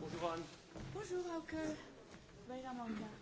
Bonjour Anne. Bonjour Auke. Bonjour gaan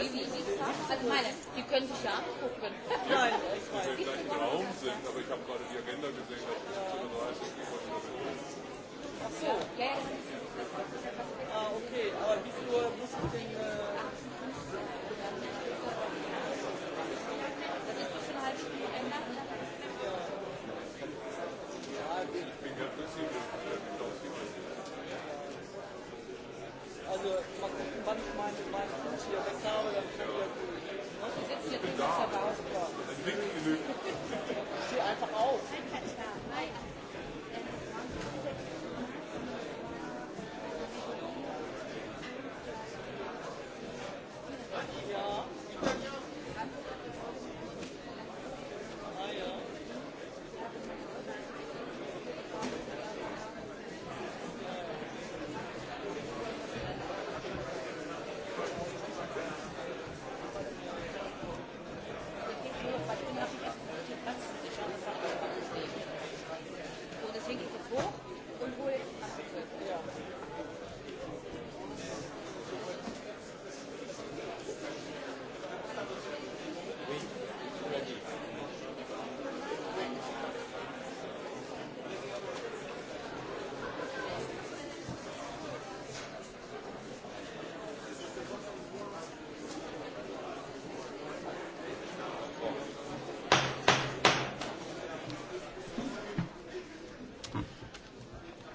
Wie sieht Also meine, die können sich ja angucken. Nein, ich weiß. Die vielleicht Raum sind, aber ich habe gerade die Agenda gesehen, dass es 35 Ach so. Ja, Ah, okay. Aber wie viel Uhr musst du denn Landgemeinde Mainz-Frontier, Westerhavel, dann können wir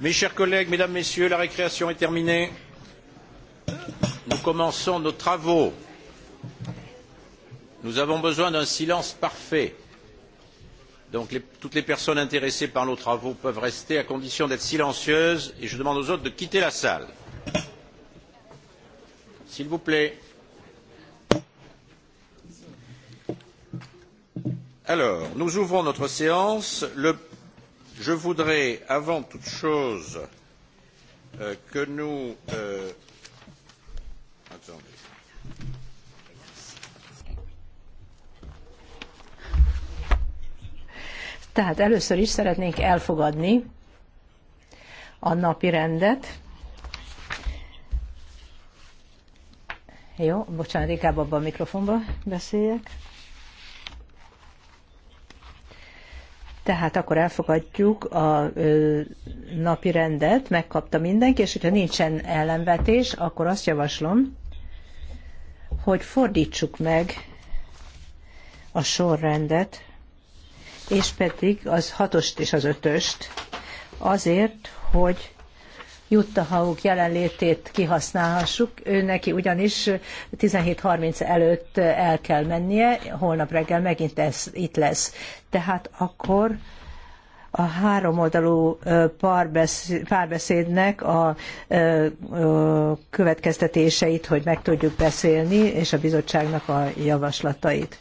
Mes chers collègues, mesdames, messieurs, la récréation est terminée. Nous commençons nos travaux. Nous avons besoin d'un silence parfait. Donc les, toutes les personnes intéressées par nos travaux peuvent rester à condition d'être silencieuses et je demande aux autres de quitter la salle. S'il vous plaît. Alors, nous ouvrons notre séance. Le je voudrais avant toute chose euh, que nous euh, Tehát először is szeretnénk elfogadni a napi rendet. Jó, bocsánat, inkább abban a mikrofonba beszéljek. Tehát akkor elfogadjuk a napi rendet, megkapta mindenki, és hogyha nincsen ellenvetés, akkor azt javaslom, hogy fordítsuk meg a sorrendet, és pedig az hatost és az ötöst, azért, hogy Jutta Haug jelenlétét kihasználhassuk. Ő neki ugyanis 17.30 előtt el kell mennie, holnap reggel megint ez, itt lesz. Tehát akkor a háromoldalú párbeszédnek a következtetéseit, hogy meg tudjuk beszélni, és a bizottságnak a javaslatait.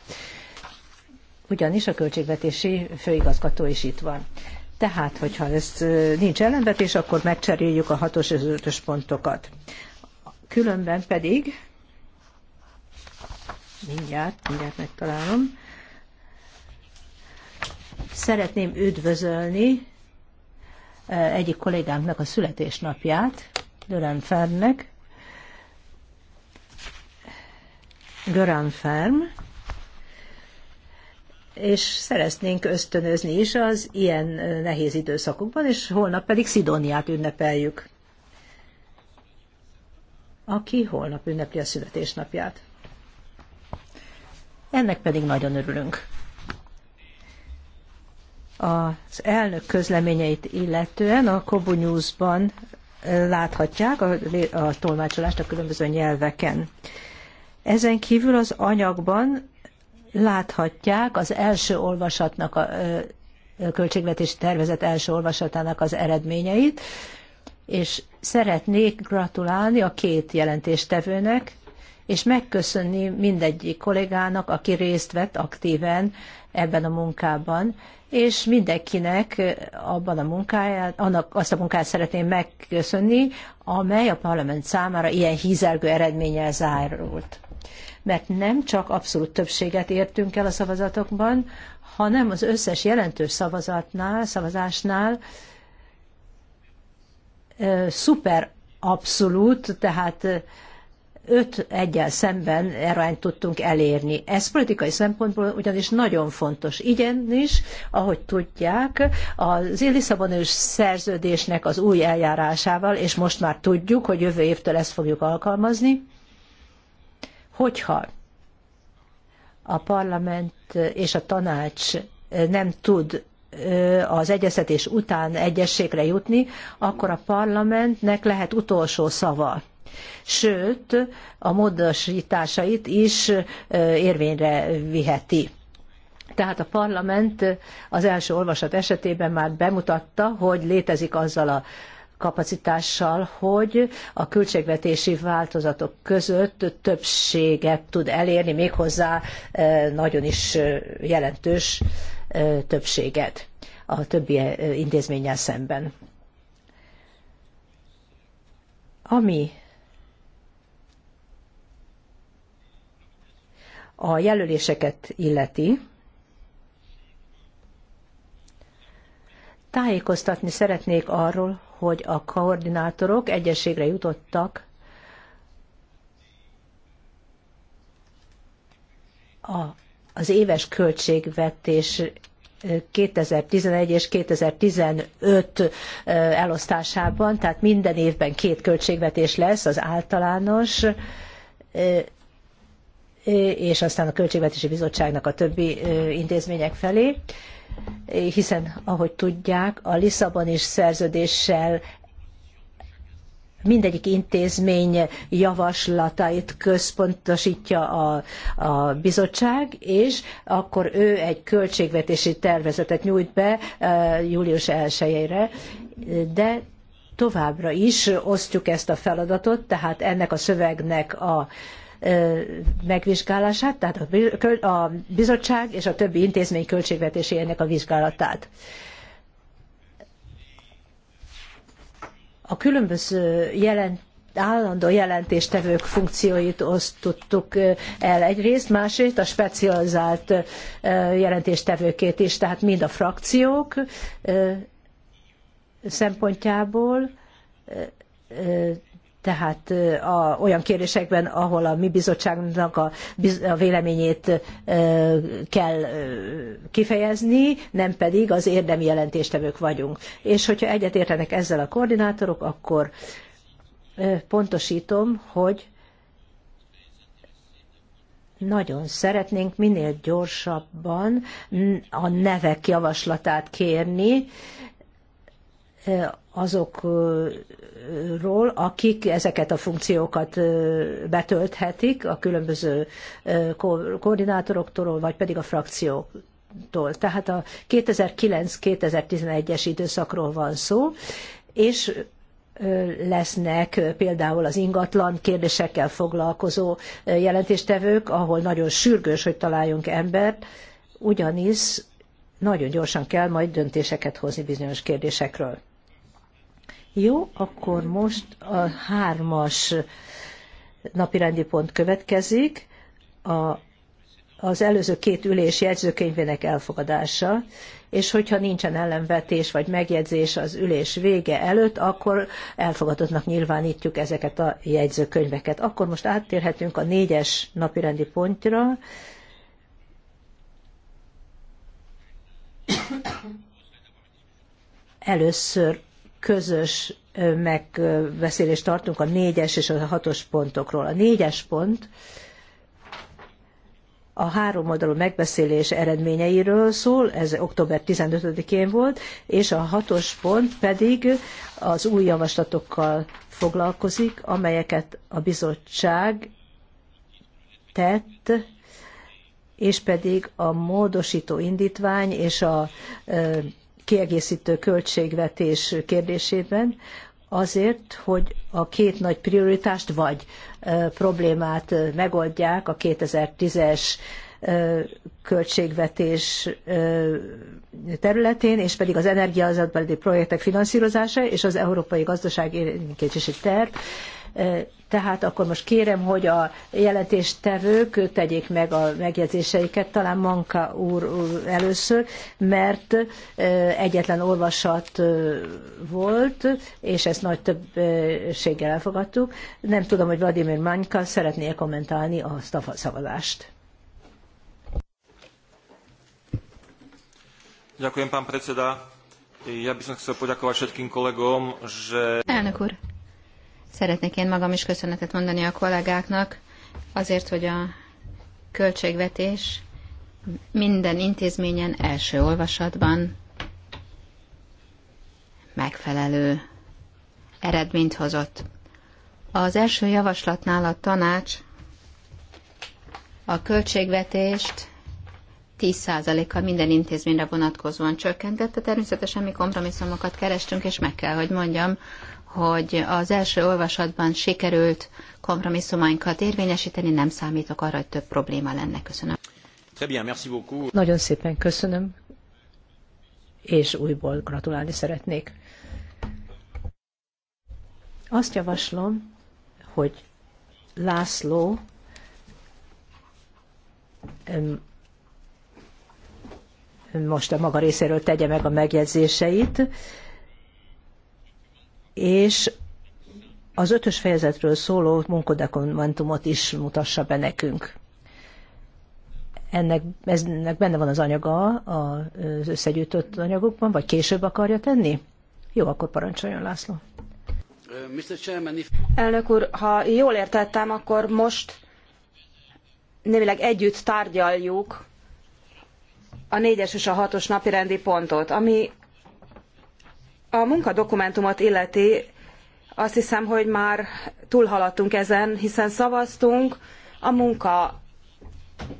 Ugyanis a költségvetési főigazgató is itt van. Tehát, hogyha ez nincs ellenvetés, akkor megcseréljük a hatos és ötös pontokat. Különben pedig, mindjárt, mindjárt megtalálom, szeretném üdvözölni egyik kollégámnak a születésnapját, Dörren Fernnek, Göran Ferm, és szeretnénk ösztönözni is az ilyen nehéz időszakokban, és holnap pedig Szidóniát ünnepeljük, aki holnap ünnepli a születésnapját. Ennek pedig nagyon örülünk. Az elnök közleményeit illetően a Kobu News-ban eh, láthatják a, a tolmácsolást a különböző nyelveken. Ezen kívül az anyagban láthatják az első olvasatnak a költségvetési tervezet első olvasatának az eredményeit, és szeretnék gratulálni a két jelentéstevőnek, és megköszönni mindegyik kollégának, aki részt vett aktíven ebben a munkában, és mindenkinek abban a munkáját, annak azt a munkát szeretném megköszönni, amely a parlament számára ilyen hízelgő eredménnyel zárult mert nem csak abszolút többséget értünk el a szavazatokban, hanem az összes jelentős szavazatnál, szavazásnál szuper abszolút, tehát öt egyel szemben erányt tudtunk elérni. Ez politikai szempontból ugyanis nagyon fontos. Igenis, ahogy tudják, az Lisszabonős szerződésnek az új eljárásával, és most már tudjuk, hogy jövő évtől ezt fogjuk alkalmazni, Hogyha a parlament és a tanács nem tud az egyeztetés után egyességre jutni, akkor a parlamentnek lehet utolsó szava. Sőt, a módosításait is érvényre viheti. Tehát a parlament az első olvasat esetében már bemutatta, hogy létezik azzal a kapacitással, hogy a költségvetési változatok között többséget tud elérni, méghozzá e, nagyon is e, jelentős e, többséget a többi intézménnyel szemben. Ami a jelöléseket illeti, tájékoztatni szeretnék arról, hogy a koordinátorok egyességre jutottak a, az éves költségvetés 2011 és 2015 elosztásában, tehát minden évben két költségvetés lesz, az általános, és aztán a Költségvetési Bizottságnak a többi intézmények felé hiszen, ahogy tudják, a Lisszaboni szerződéssel mindegyik intézmény javaslatait központosítja a, a bizottság, és akkor ő egy költségvetési tervezetet nyújt be július 1-ére, de továbbra is osztjuk ezt a feladatot, tehát ennek a szövegnek a megvizsgálását, tehát a bizottság és a többi intézmény költségvetésének a vizsgálatát. A különböző jelent állandó jelentéstevők funkcióit osztottuk el egyrészt, másrészt a specializált jelentéstevőkét is, tehát mind a frakciók szempontjából tehát a, olyan kérdésekben, ahol a mi bizottságunknak a, a véleményét kell kifejezni, nem pedig az érdemi jelentéstevők vagyunk. És hogyha egyetértenek ezzel a koordinátorok, akkor ö, pontosítom, hogy nagyon szeretnénk minél gyorsabban a nevek javaslatát kérni, azokról, akik ezeket a funkciókat betölthetik, a különböző koordinátoroktól, vagy pedig a frakcióktól. Tehát a 2009-2011-es időszakról van szó, és lesznek például az ingatlan kérdésekkel foglalkozó jelentéstevők, ahol nagyon sürgős, hogy találjunk embert, ugyanis nagyon gyorsan kell majd döntéseket hozni bizonyos kérdésekről. Jó, akkor most a hármas napirendi pont következik, a, az előző két ülés jegyzőkönyvének elfogadása, és hogyha nincsen ellenvetés vagy megjegyzés az ülés vége előtt, akkor elfogadottnak nyilvánítjuk ezeket a jegyzőkönyveket. Akkor most áttérhetünk a négyes napirendi pontra. Először közös megbeszélést tartunk a négyes és a hatos pontokról. A négyes pont a három oldalú megbeszélés eredményeiről szól, ez október 15-én volt, és a hatos pont pedig az új javaslatokkal foglalkozik, amelyeket a bizottság tett, és pedig a módosító indítvány és a kiegészítő költségvetés kérdésében, azért, hogy a két nagy prioritást vagy problémát megoldják a 2010-es költségvetés területén, és pedig az energiazatbeli projektek finanszírozása és az európai gazdaság érintési terv, tehát akkor most kérem, hogy a jelentéstevők tegyék meg a megjegyzéseiket, talán Manka úr először, mert egyetlen olvasat volt, és ezt nagy többséggel elfogadtuk. Nem tudom, hogy Vladimir Manka szeretné -e kommentálni a szavazást. Ďakujem, pán predseda. Ja by som chcel poďakovať všetkým kolegom, že... Elnök úr, Szeretnék én magam is köszönetet mondani a kollégáknak azért, hogy a költségvetés minden intézményen első olvasatban megfelelő eredményt hozott. Az első javaslatnál a tanács a költségvetést 10%-kal minden intézményre vonatkozóan csökkentette. Természetesen mi kompromisszumokat kerestünk, és meg kell, hogy mondjam, hogy az első olvasatban sikerült kompromisszumainkat érvényesíteni, nem számítok arra, hogy több probléma lenne. Köszönöm. Bien, Nagyon szépen köszönöm, és újból gratulálni szeretnék. Azt javaslom, hogy László most a maga részéről tegye meg a megjegyzéseit, és az ötös fejezetről szóló munkodekonventumot is mutassa be nekünk. Ennek, ennek benne van az anyaga az összegyűjtött anyagokban, vagy később akarja tenni? Jó, akkor parancsoljon László. Elnök úr, ha jól értettem, akkor most némileg együtt tárgyaljuk a négyes és a hatos napirendi pontot, ami a munkadokumentumot illeti, azt hiszem, hogy már túlhaladtunk ezen, hiszen szavaztunk, a munka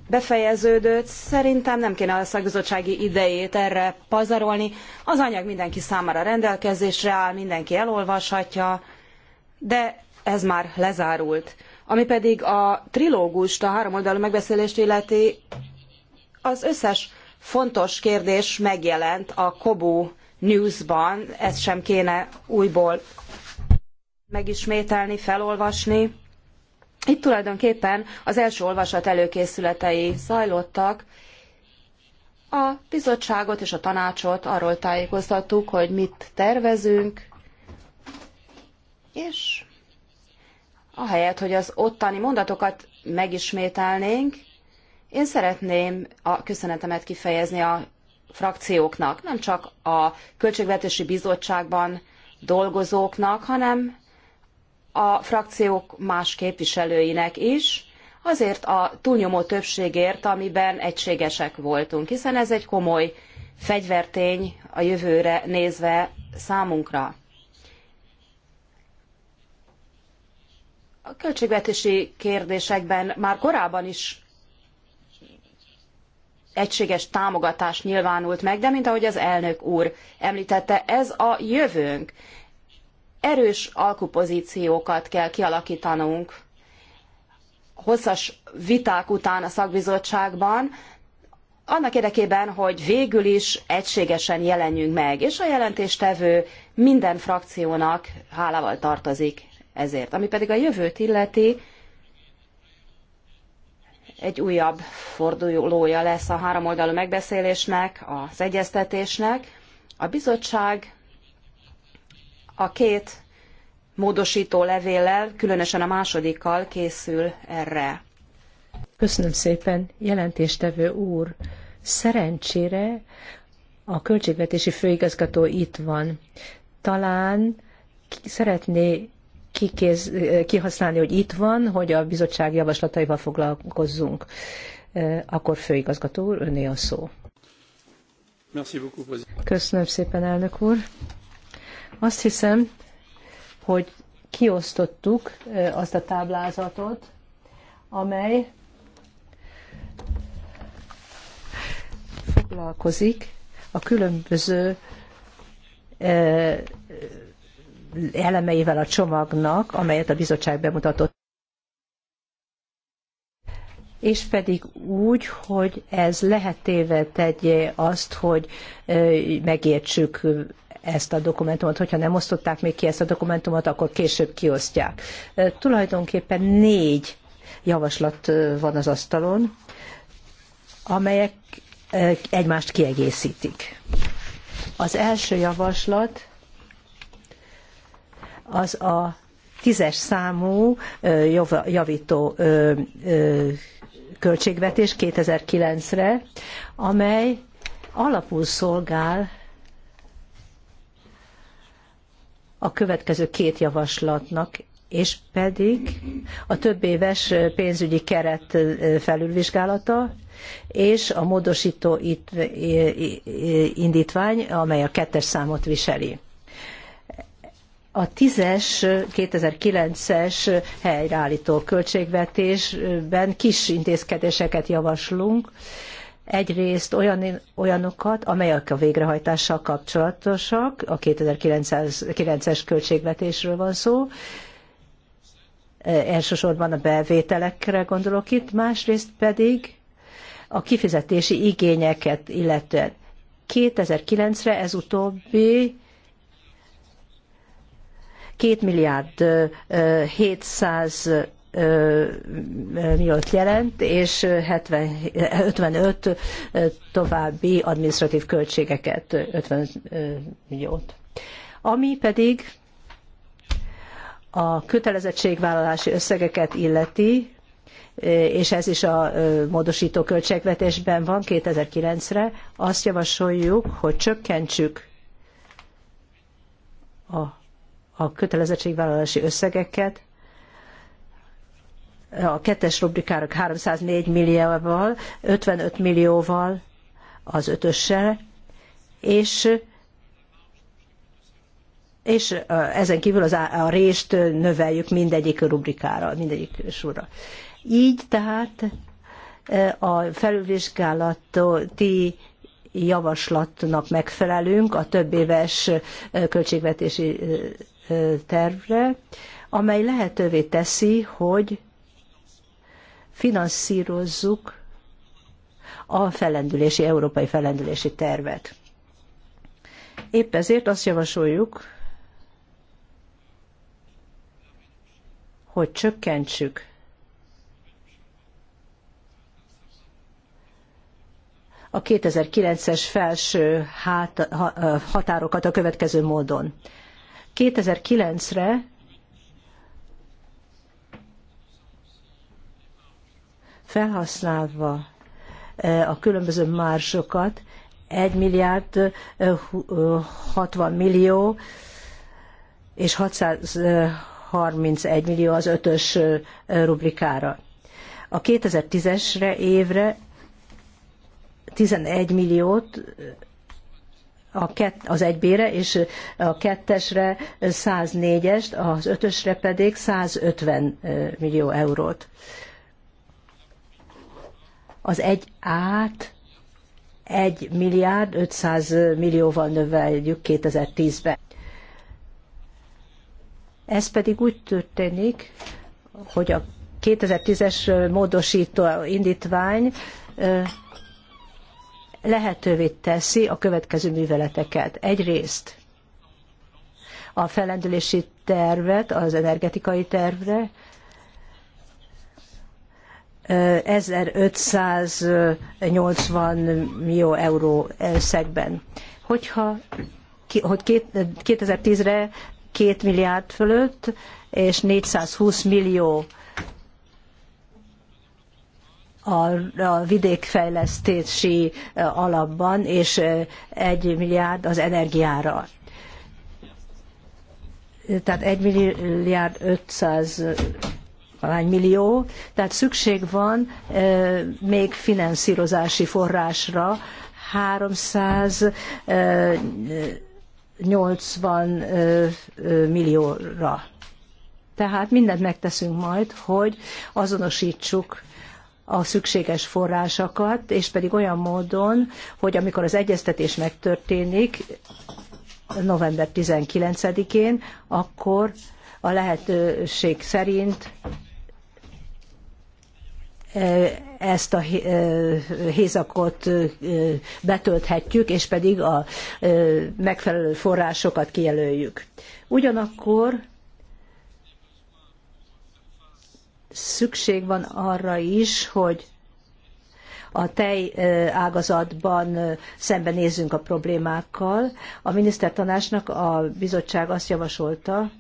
befejeződött, szerintem nem kéne a szakbizottsági idejét erre pazarolni. Az anyag mindenki számára rendelkezésre áll, mindenki elolvashatja, de ez már lezárult. Ami pedig a trilógust, a háromoldalú megbeszélést illeti, az összes fontos kérdés megjelent a Kobó Newsban, ezt sem kéne újból megismételni, felolvasni. Itt tulajdonképpen az első olvasat előkészületei zajlottak. A bizottságot és a tanácsot arról tájékoztattuk, hogy mit tervezünk, és ahelyett, hogy az ottani mondatokat megismételnénk, én szeretném a köszönetemet kifejezni a frakcióknak, nem csak a Költségvetési Bizottságban dolgozóknak, hanem a frakciók más képviselőinek is, azért a túlnyomó többségért, amiben egységesek voltunk, hiszen ez egy komoly fegyvertény a jövőre nézve számunkra. A költségvetési kérdésekben már korábban is egységes támogatás nyilvánult meg, de mint ahogy az elnök úr említette, ez a jövőnk. Erős alkupozíciókat kell kialakítanunk hosszas viták után a szakbizottságban, annak érdekében, hogy végül is egységesen jelenjünk meg, és a jelentéstevő minden frakciónak hálával tartozik ezért. Ami pedig a jövőt illeti, egy újabb fordulója lesz a háromoldalú megbeszélésnek, az egyeztetésnek. A bizottság a két módosító levéllel, különösen a másodikkal készül erre. Köszönöm szépen, jelentéstevő úr. Szerencsére a költségvetési főigazgató itt van. Talán szeretné kikéz, kihasználni, hogy itt van, hogy a bizottság javaslataival foglalkozzunk. Akkor főigazgató úr, öné a szó. Köszönöm szépen, elnök úr. Azt hiszem, hogy kiosztottuk azt a táblázatot, amely foglalkozik a különböző elemeivel a csomagnak, amelyet a bizottság bemutatott. És pedig úgy, hogy ez lehetéve tegye azt, hogy megértsük ezt a dokumentumot. Hogyha nem osztották még ki ezt a dokumentumot, akkor később kiosztják. Tulajdonképpen négy javaslat van az asztalon, amelyek egymást kiegészítik. Az első javaslat az a tízes számú javító költségvetés 2009-re, amely alapul szolgál a következő két javaslatnak, és pedig a több éves pénzügyi keret felülvizsgálata, és a módosító indítvány, amely a kettes számot viseli a 10 2009-es helyreállító költségvetésben kis intézkedéseket javaslunk. Egyrészt olyan, olyanokat, amelyek a végrehajtással kapcsolatosak, a 2009-es költségvetésről van szó, elsősorban a bevételekre gondolok itt, másrészt pedig a kifizetési igényeket illetően. 2009-re ez utóbbi 2 milliárd 700 milliót jelent, és 70, 55 további administratív költségeket, 50 milliót. Ami pedig a kötelezettségvállalási összegeket illeti, és ez is a módosító költségvetésben van 2009-re, azt javasoljuk, hogy csökkentsük a a kötelezettségvállalási összegeket a kettes rubrikára 304 millióval, 55 millióval az ötössel, és és ezen kívül az, a részt növeljük mindegyik rubrikára, mindegyik sorra. Így tehát a felülvizsgálati javaslatnak megfelelünk a több éves költségvetési tervre, amely lehetővé teszi, hogy finanszírozzuk a felendülési, európai felendülési tervet. Épp ezért azt javasoljuk, hogy csökkentsük a 2009-es felső hát, határokat a következő módon. 2009-re felhasználva e, a különböző márzsokat, 1 milliárd 60 e, e, millió és 631 millió az ötös rubrikára. A 2010-esre évre 11 milliót a kett, az 1B-re, és a 2-esre 104-est, az 5-ösre pedig 150 millió eurót. Az egy át 1 milliárd 500 millióval növeljük 2010-ben. Ez pedig úgy történik, hogy a 2010-es módosító indítvány lehetővé teszi a következő műveleteket. Egyrészt a felendülési tervet, az energetikai tervre, 1580 millió euró összegben. Hogyha hogy 2010-re 2 milliárd fölött és 420 millió a, a vidékfejlesztési alapban, és egy milliárd az energiára. Tehát egy milliárd 500 valány millió, tehát szükség van még finanszírozási forrásra 300 80 millióra. Tehát mindent megteszünk majd, hogy azonosítsuk a szükséges forrásokat, és pedig olyan módon, hogy amikor az egyeztetés megtörténik november 19-én, akkor a lehetőség szerint ezt a hézakot betölthetjük, és pedig a megfelelő forrásokat kijelöljük. Ugyanakkor szükség van arra is, hogy a tej ágazatban szembenézzünk a problémákkal. A minisztertanácsnak a bizottság azt javasolta,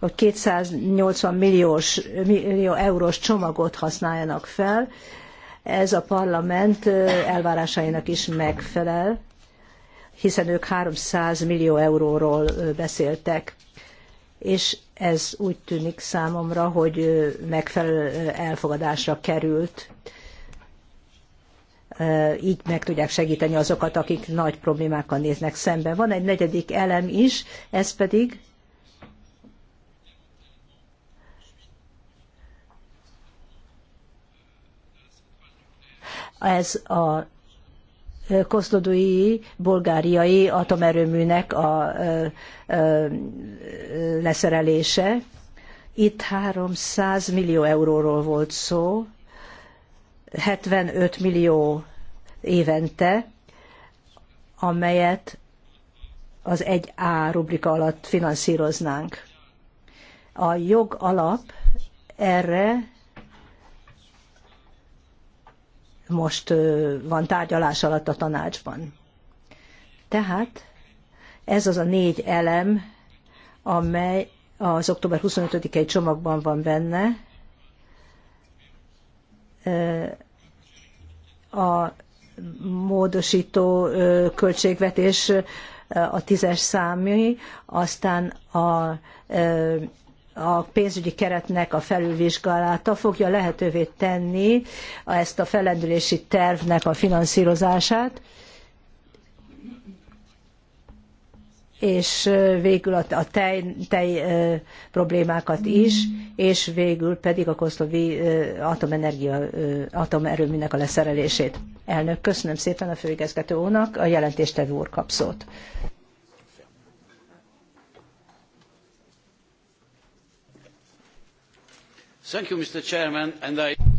hogy 280 milliós, millió eurós csomagot használjanak fel. Ez a parlament elvárásainak is megfelel, hiszen ők 300 millió euróról beszéltek. És ez úgy tűnik számomra, hogy megfelelő elfogadásra került. Így meg tudják segíteni azokat, akik nagy problémákkal néznek szembe. Van egy negyedik elem is, ez pedig ez a koszlodói bulgáriai atomerőműnek a leszerelése. Itt 300 millió euróról volt szó, 75 millió évente, amelyet az 1A rubrika alatt finanszíroznánk. A jog alap erre most van tárgyalás alatt a tanácsban. Tehát ez az a négy elem, amely az október 25-i csomagban van benne. A módosító költségvetés a tízes számú, aztán a a pénzügyi keretnek a felülvizsgálata fogja lehetővé tenni ezt a felendülési tervnek a finanszírozását, és végül a tej, tej problémákat is, és végül pedig a koszlovi atomenergia, atomerőműnek a leszerelését. Elnök, köszönöm szépen a főigazgató úrnak, a jelentéstevő úr kap szót.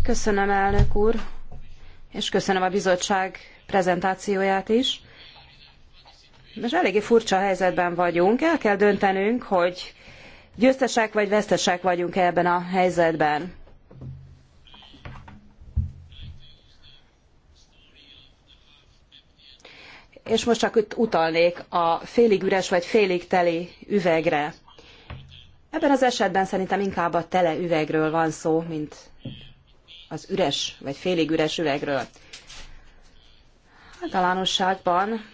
Köszönöm, elnök úr, és köszönöm a bizottság prezentációját is. Most eléggé furcsa helyzetben vagyunk. El kell döntenünk, hogy győztesek vagy vesztesek vagyunk -e ebben a helyzetben. És most csak utalnék a félig üres vagy félig teli üvegre. Ebben az esetben szerintem inkább a tele üvegről van szó, mint az üres vagy félig üres üvegről. Általánosságban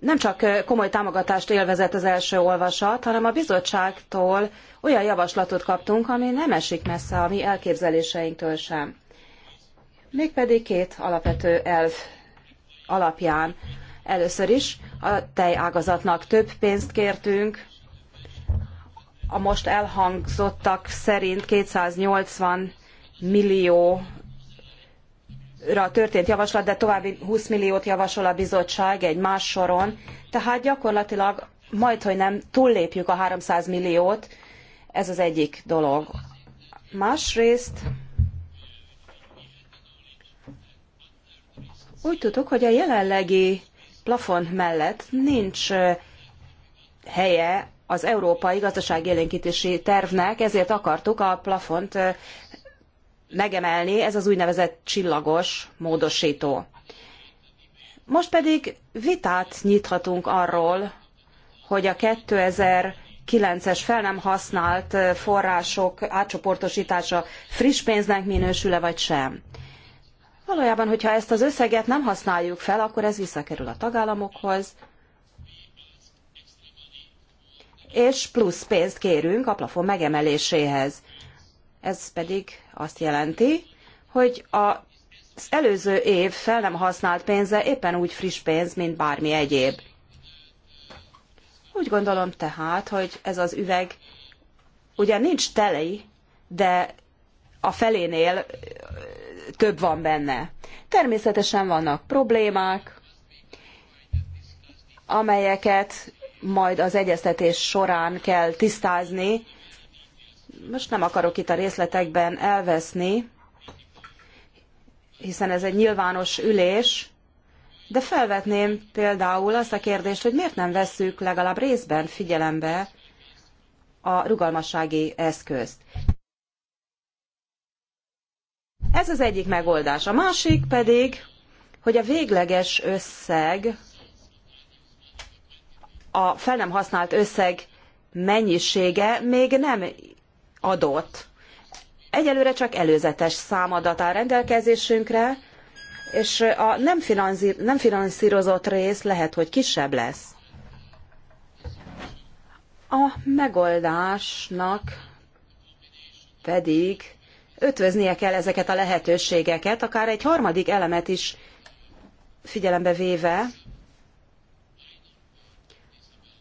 nem csak komoly támogatást élvezett az első olvasat, hanem a bizottságtól olyan javaslatot kaptunk, ami nem esik messze a mi elképzeléseinktől sem. Mégpedig két alapvető elv alapján. Először is a tejágazatnak több pénzt kértünk, a most elhangzottak szerint 280 millióra történt javaslat, de további 20 milliót javasol a bizottság egy más soron, tehát gyakorlatilag majd, hogy nem túllépjük a 300 milliót, ez az egyik dolog. Másrészt úgy tudtuk, hogy a jelenlegi plafon mellett nincs helye az európai gazdaságélénkítési tervnek, ezért akartuk a plafont megemelni, ez az úgynevezett csillagos módosító. Most pedig vitát nyithatunk arról, hogy a 2009-es fel nem használt források átcsoportosítása friss pénznek minősül-e vagy sem. Valójában, hogyha ezt az összeget nem használjuk fel, akkor ez visszakerül a tagállamokhoz, és plusz pénzt kérünk a plafon megemeléséhez. Ez pedig azt jelenti, hogy az előző év fel nem használt pénze éppen úgy friss pénz, mint bármi egyéb. Úgy gondolom tehát, hogy ez az üveg ugyan nincs teli, de a felénél több van benne. Természetesen vannak problémák, amelyeket majd az egyeztetés során kell tisztázni. Most nem akarok itt a részletekben elveszni, hiszen ez egy nyilvános ülés, de felvetném például azt a kérdést, hogy miért nem vesszük legalább részben figyelembe a rugalmassági eszközt. Ez az egyik megoldás. A másik pedig, hogy a végleges összeg, a fel nem használt összeg mennyisége még nem adott. Egyelőre csak előzetes számadat áll rendelkezésünkre, és a nem, finanszí- nem finanszírozott rész lehet, hogy kisebb lesz. A megoldásnak pedig ötvöznie kell ezeket a lehetőségeket, akár egy harmadik elemet is figyelembe véve,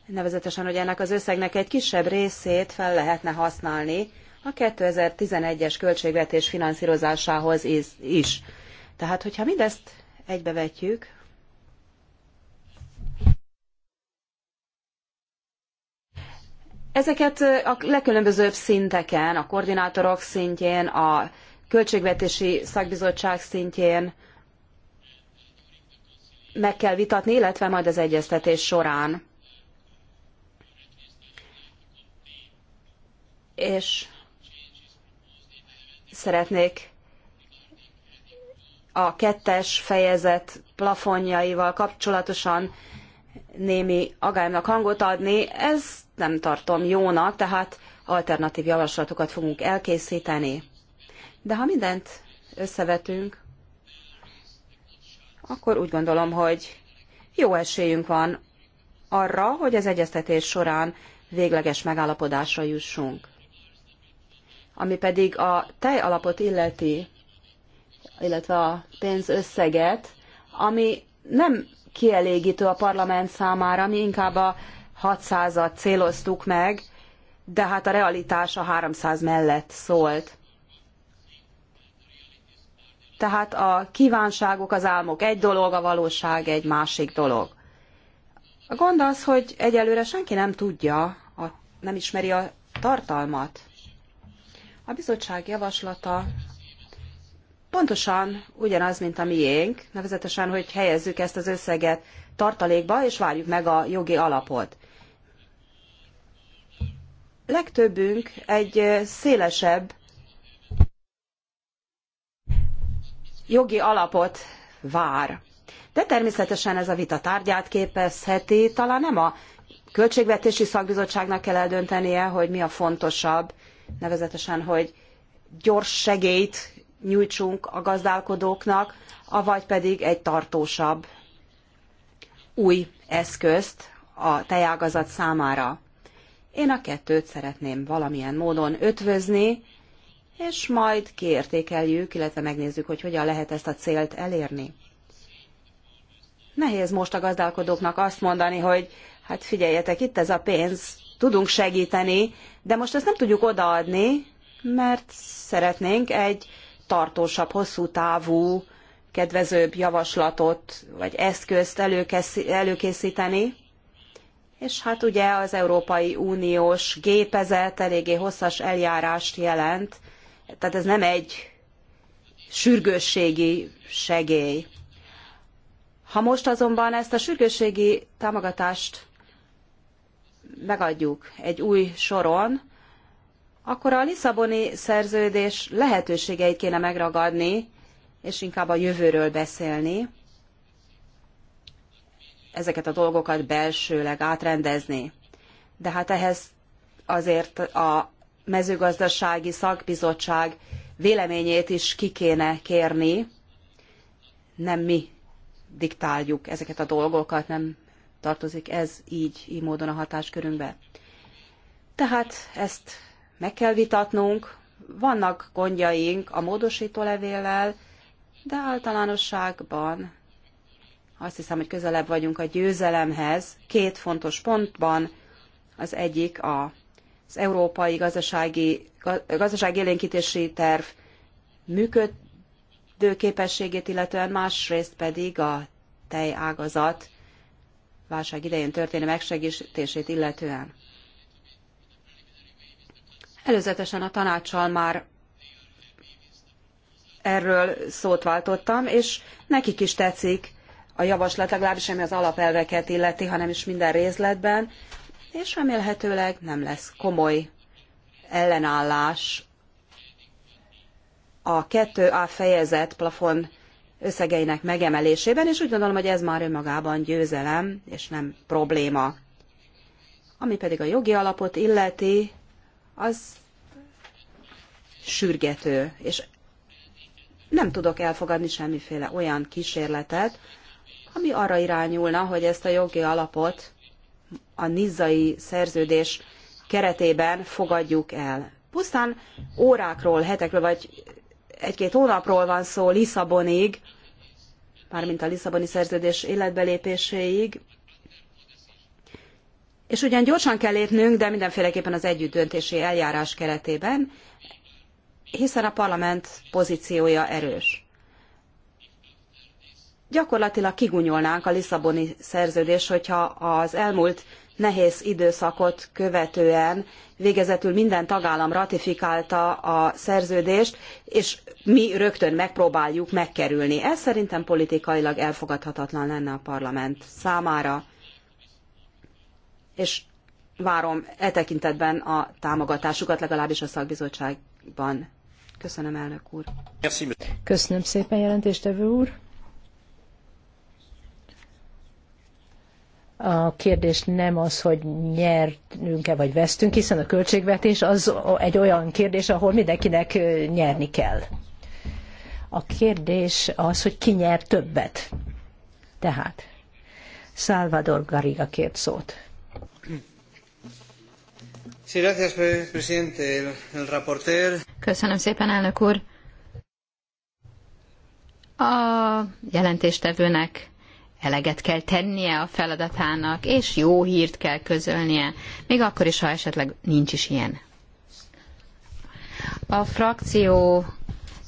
nevezetesen, hogy ennek az összegnek egy kisebb részét fel lehetne használni a 2011-es költségvetés finanszírozásához is. Tehát, hogyha mindezt egybevetjük, Ezeket a legkülönbözőbb szinteken, a koordinátorok szintjén, a költségvetési szakbizottság szintjén meg kell vitatni, illetve majd az egyeztetés során. És szeretnék a kettes fejezet plafonjaival kapcsolatosan némi agályomnak hangot adni. Ezt nem tartom jónak, tehát alternatív javaslatokat fogunk elkészíteni. De ha mindent összevetünk, akkor úgy gondolom, hogy jó esélyünk van arra, hogy az egyeztetés során végleges megállapodásra jussunk. Ami pedig a tejalapot illeti, illetve a pénzösszeget, ami nem kielégítő a parlament számára, ami inkább a 600-at céloztuk meg, de hát a realitás a 300 mellett szólt. Tehát a kívánságok, az álmok egy dolog, a valóság egy másik dolog. A gond az, hogy egyelőre senki nem tudja, a, nem ismeri a tartalmat. A bizottság javaslata pontosan ugyanaz, mint a miénk, nevezetesen, hogy helyezzük ezt az összeget tartalékba, és várjuk meg a jogi alapot. Legtöbbünk egy szélesebb jogi alapot vár. De természetesen ez a vita tárgyát képezheti, talán nem a költségvetési szakbizottságnak kell eldöntenie, hogy mi a fontosabb, nevezetesen, hogy gyors segélyt nyújtsunk a gazdálkodóknak, avagy pedig egy tartósabb új eszközt a tejágazat számára. Én a kettőt szeretném valamilyen módon ötvözni, és majd kiértékeljük, illetve megnézzük, hogy hogyan lehet ezt a célt elérni. Nehéz most a gazdálkodóknak azt mondani, hogy hát figyeljetek, itt ez a pénz, tudunk segíteni, de most ezt nem tudjuk odaadni, mert szeretnénk egy tartósabb, hosszú távú kedvezőbb javaslatot vagy eszközt előkészíteni. És hát ugye az Európai Uniós gépezet eléggé hosszas eljárást jelent, tehát ez nem egy sürgősségi segély. Ha most azonban ezt a sürgősségi támogatást megadjuk egy új soron, akkor a Lisszaboni szerződés lehetőségeit kéne megragadni, és inkább a jövőről beszélni, ezeket a dolgokat belsőleg átrendezni. De hát ehhez azért a mezőgazdasági szakbizottság véleményét is ki kéne kérni. Nem mi diktáljuk ezeket a dolgokat, nem tartozik ez így, így módon a hatáskörünkbe. Tehát ezt meg kell vitatnunk. Vannak gondjaink a módosító levéllel, de általánosságban azt hiszem, hogy közelebb vagyunk a győzelemhez két fontos pontban. Az egyik a, az európai gazdasági, élénkítési terv működőképességét, illetően másrészt pedig a tejágazat válság idején történő megsegítését illetően. Előzetesen a tanácssal már erről szót váltottam, és nekik is tetszik a javaslat, legalábbis ami az alapelveket illeti, hanem is minden részletben, és remélhetőleg nem lesz komoly ellenállás a 2A fejezet plafon összegeinek megemelésében, és úgy gondolom, hogy ez már önmagában győzelem, és nem probléma. Ami pedig a jogi alapot illeti, az sürgető, és nem tudok elfogadni semmiféle olyan kísérletet, ami arra irányulna, hogy ezt a jogi alapot a nizzai szerződés keretében fogadjuk el. Pusztán órákról, hetekről vagy egy-két hónapról van szó Lisszabonig, mármint a Lisszaboni szerződés életbelépéséig, és ugyan gyorsan kell lépnünk, de mindenféleképpen az együttdöntési eljárás keretében hiszen a parlament pozíciója erős. Gyakorlatilag kigunyolnánk a Lisszaboni szerződés, hogyha az elmúlt nehéz időszakot követően végezetül minden tagállam ratifikálta a szerződést, és mi rögtön megpróbáljuk megkerülni. Ez szerintem politikailag elfogadhatatlan lenne a parlament számára, és várom e tekintetben a támogatásukat legalábbis a szakbizottságban. Köszönöm, elnök úr. Köszönöm szépen, jelentéstevő úr. A kérdés nem az, hogy nyertünk-e vagy vesztünk, hiszen a költségvetés az egy olyan kérdés, ahol mindenkinek nyerni kell. A kérdés az, hogy ki nyer többet. Tehát Salvador Garriga kért szót. Köszönöm szépen, elnök úr. A jelentéstevőnek eleget kell tennie a feladatának, és jó hírt kell közölnie, még akkor is, ha esetleg nincs is ilyen. A frakció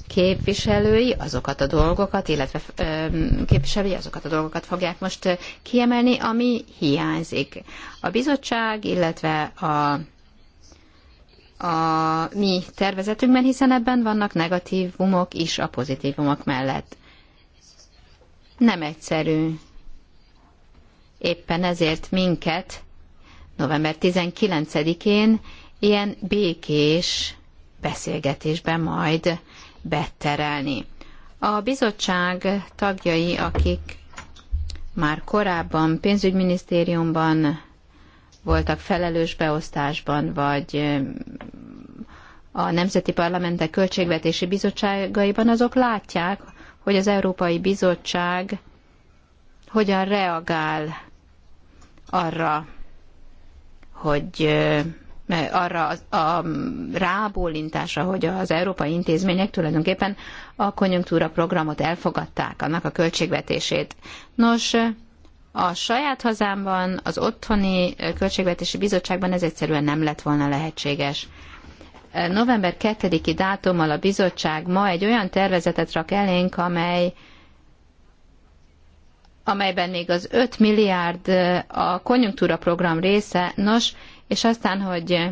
képviselői azokat a dolgokat, illetve képviselői azokat a dolgokat fogják most kiemelni, ami hiányzik. A bizottság, illetve a a mi tervezetünkben, hiszen ebben vannak negatívumok is a pozitívumok mellett. Nem egyszerű. Éppen ezért minket november 19-én ilyen békés beszélgetésben majd betterelni. A bizottság tagjai, akik már korábban pénzügyminisztériumban voltak felelős beosztásban, vagy a Nemzeti Parlamentek Költségvetési Bizottságaiban, azok látják, hogy az Európai Bizottság hogyan reagál arra, hogy arra a rábólintása, hogy az európai intézmények tulajdonképpen a konjunktúra programot elfogadták, annak a költségvetését. Nos, a saját hazámban, az otthoni költségvetési bizottságban ez egyszerűen nem lett volna lehetséges. November 2-i dátummal a bizottság ma egy olyan tervezetet rak elénk, amely amelyben még az 5 milliárd a konjunktúra program része, nos, és aztán, hogy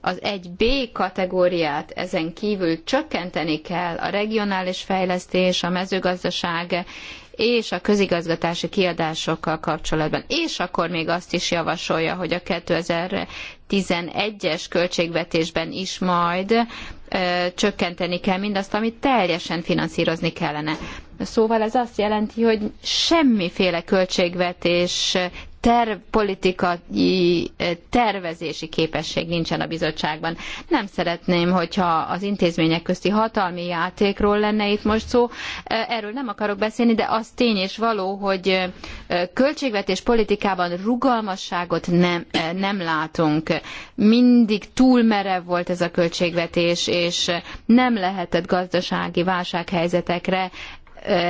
az 1B kategóriát ezen kívül csökkenteni kell a regionális fejlesztés, a mezőgazdaság és a közigazgatási kiadásokkal kapcsolatban. És akkor még azt is javasolja, hogy a 2011-es költségvetésben is majd ö, csökkenteni kell mindazt, amit teljesen finanszírozni kellene. Szóval ez azt jelenti, hogy semmiféle költségvetés terv, politikai eh, tervezési képesség nincsen a bizottságban. Nem szeretném, hogyha az intézmények közti hatalmi játékról lenne itt most szó. Eh, erről nem akarok beszélni, de az tény és való, hogy eh, költségvetés politikában rugalmasságot nem, nem látunk. Mindig túl merev volt ez a költségvetés, és nem lehetett gazdasági válsághelyzetekre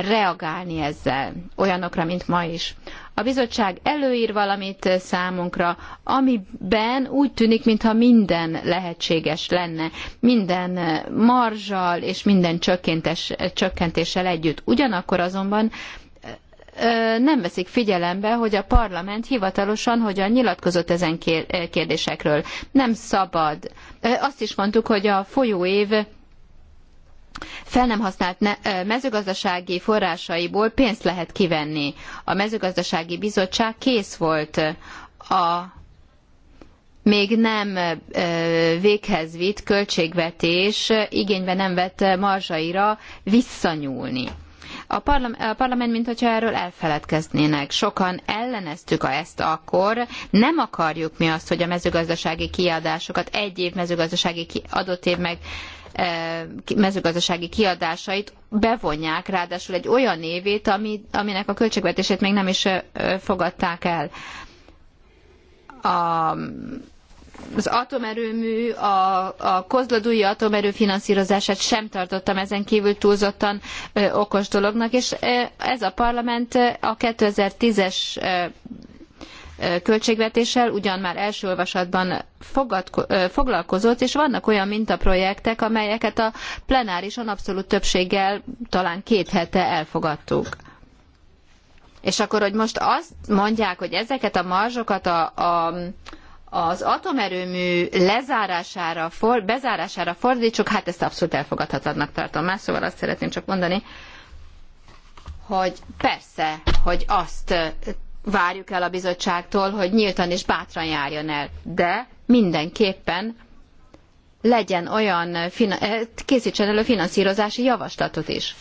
reagálni ezzel, olyanokra, mint ma is a bizottság előír valamit számunkra, amiben úgy tűnik, mintha minden lehetséges lenne, minden marzsal és minden csökkentéssel együtt. Ugyanakkor azonban nem veszik figyelembe, hogy a parlament hivatalosan hogyan nyilatkozott ezen kérdésekről. Nem szabad. Azt is mondtuk, hogy a folyóév fel nem használt mezőgazdasági forrásaiból pénzt lehet kivenni. A mezőgazdasági bizottság kész volt a még nem véghez vitt költségvetés igénybe nem vett marzsaira visszanyúlni. A, parlament, a parlament, mintha erről elfeledkeznének. Sokan elleneztük ezt akkor. Nem akarjuk mi azt, hogy a mezőgazdasági kiadásokat egy év mezőgazdasági adott év meg E, mezőgazdasági kiadásait bevonják, ráadásul egy olyan évét, ami, aminek a költségvetését még nem is e, e, fogadták el. A, az atomerőmű, a, a kozladúi atomerő finanszírozását sem tartottam ezen kívül túlzottan okos dolognak, és ez a parlament a 2010-es költségvetéssel ugyan már első olvasatban foglalkozott, és vannak olyan mintaprojektek, amelyeket a plenárison abszolút többséggel talán két hete elfogadtuk. És akkor, hogy most azt mondják, hogy ezeket a marzsokat a, a az atomerőmű lezárására, for, bezárására fordítsuk, hát ezt abszolút elfogadhatatlannak tartom. Más szóval azt szeretném csak mondani, hogy persze, hogy azt várjuk el a bizottságtól, hogy nyíltan és bátran járjon el. De mindenképpen legyen olyan, eh, készítsen elő finanszírozási javaslatot is.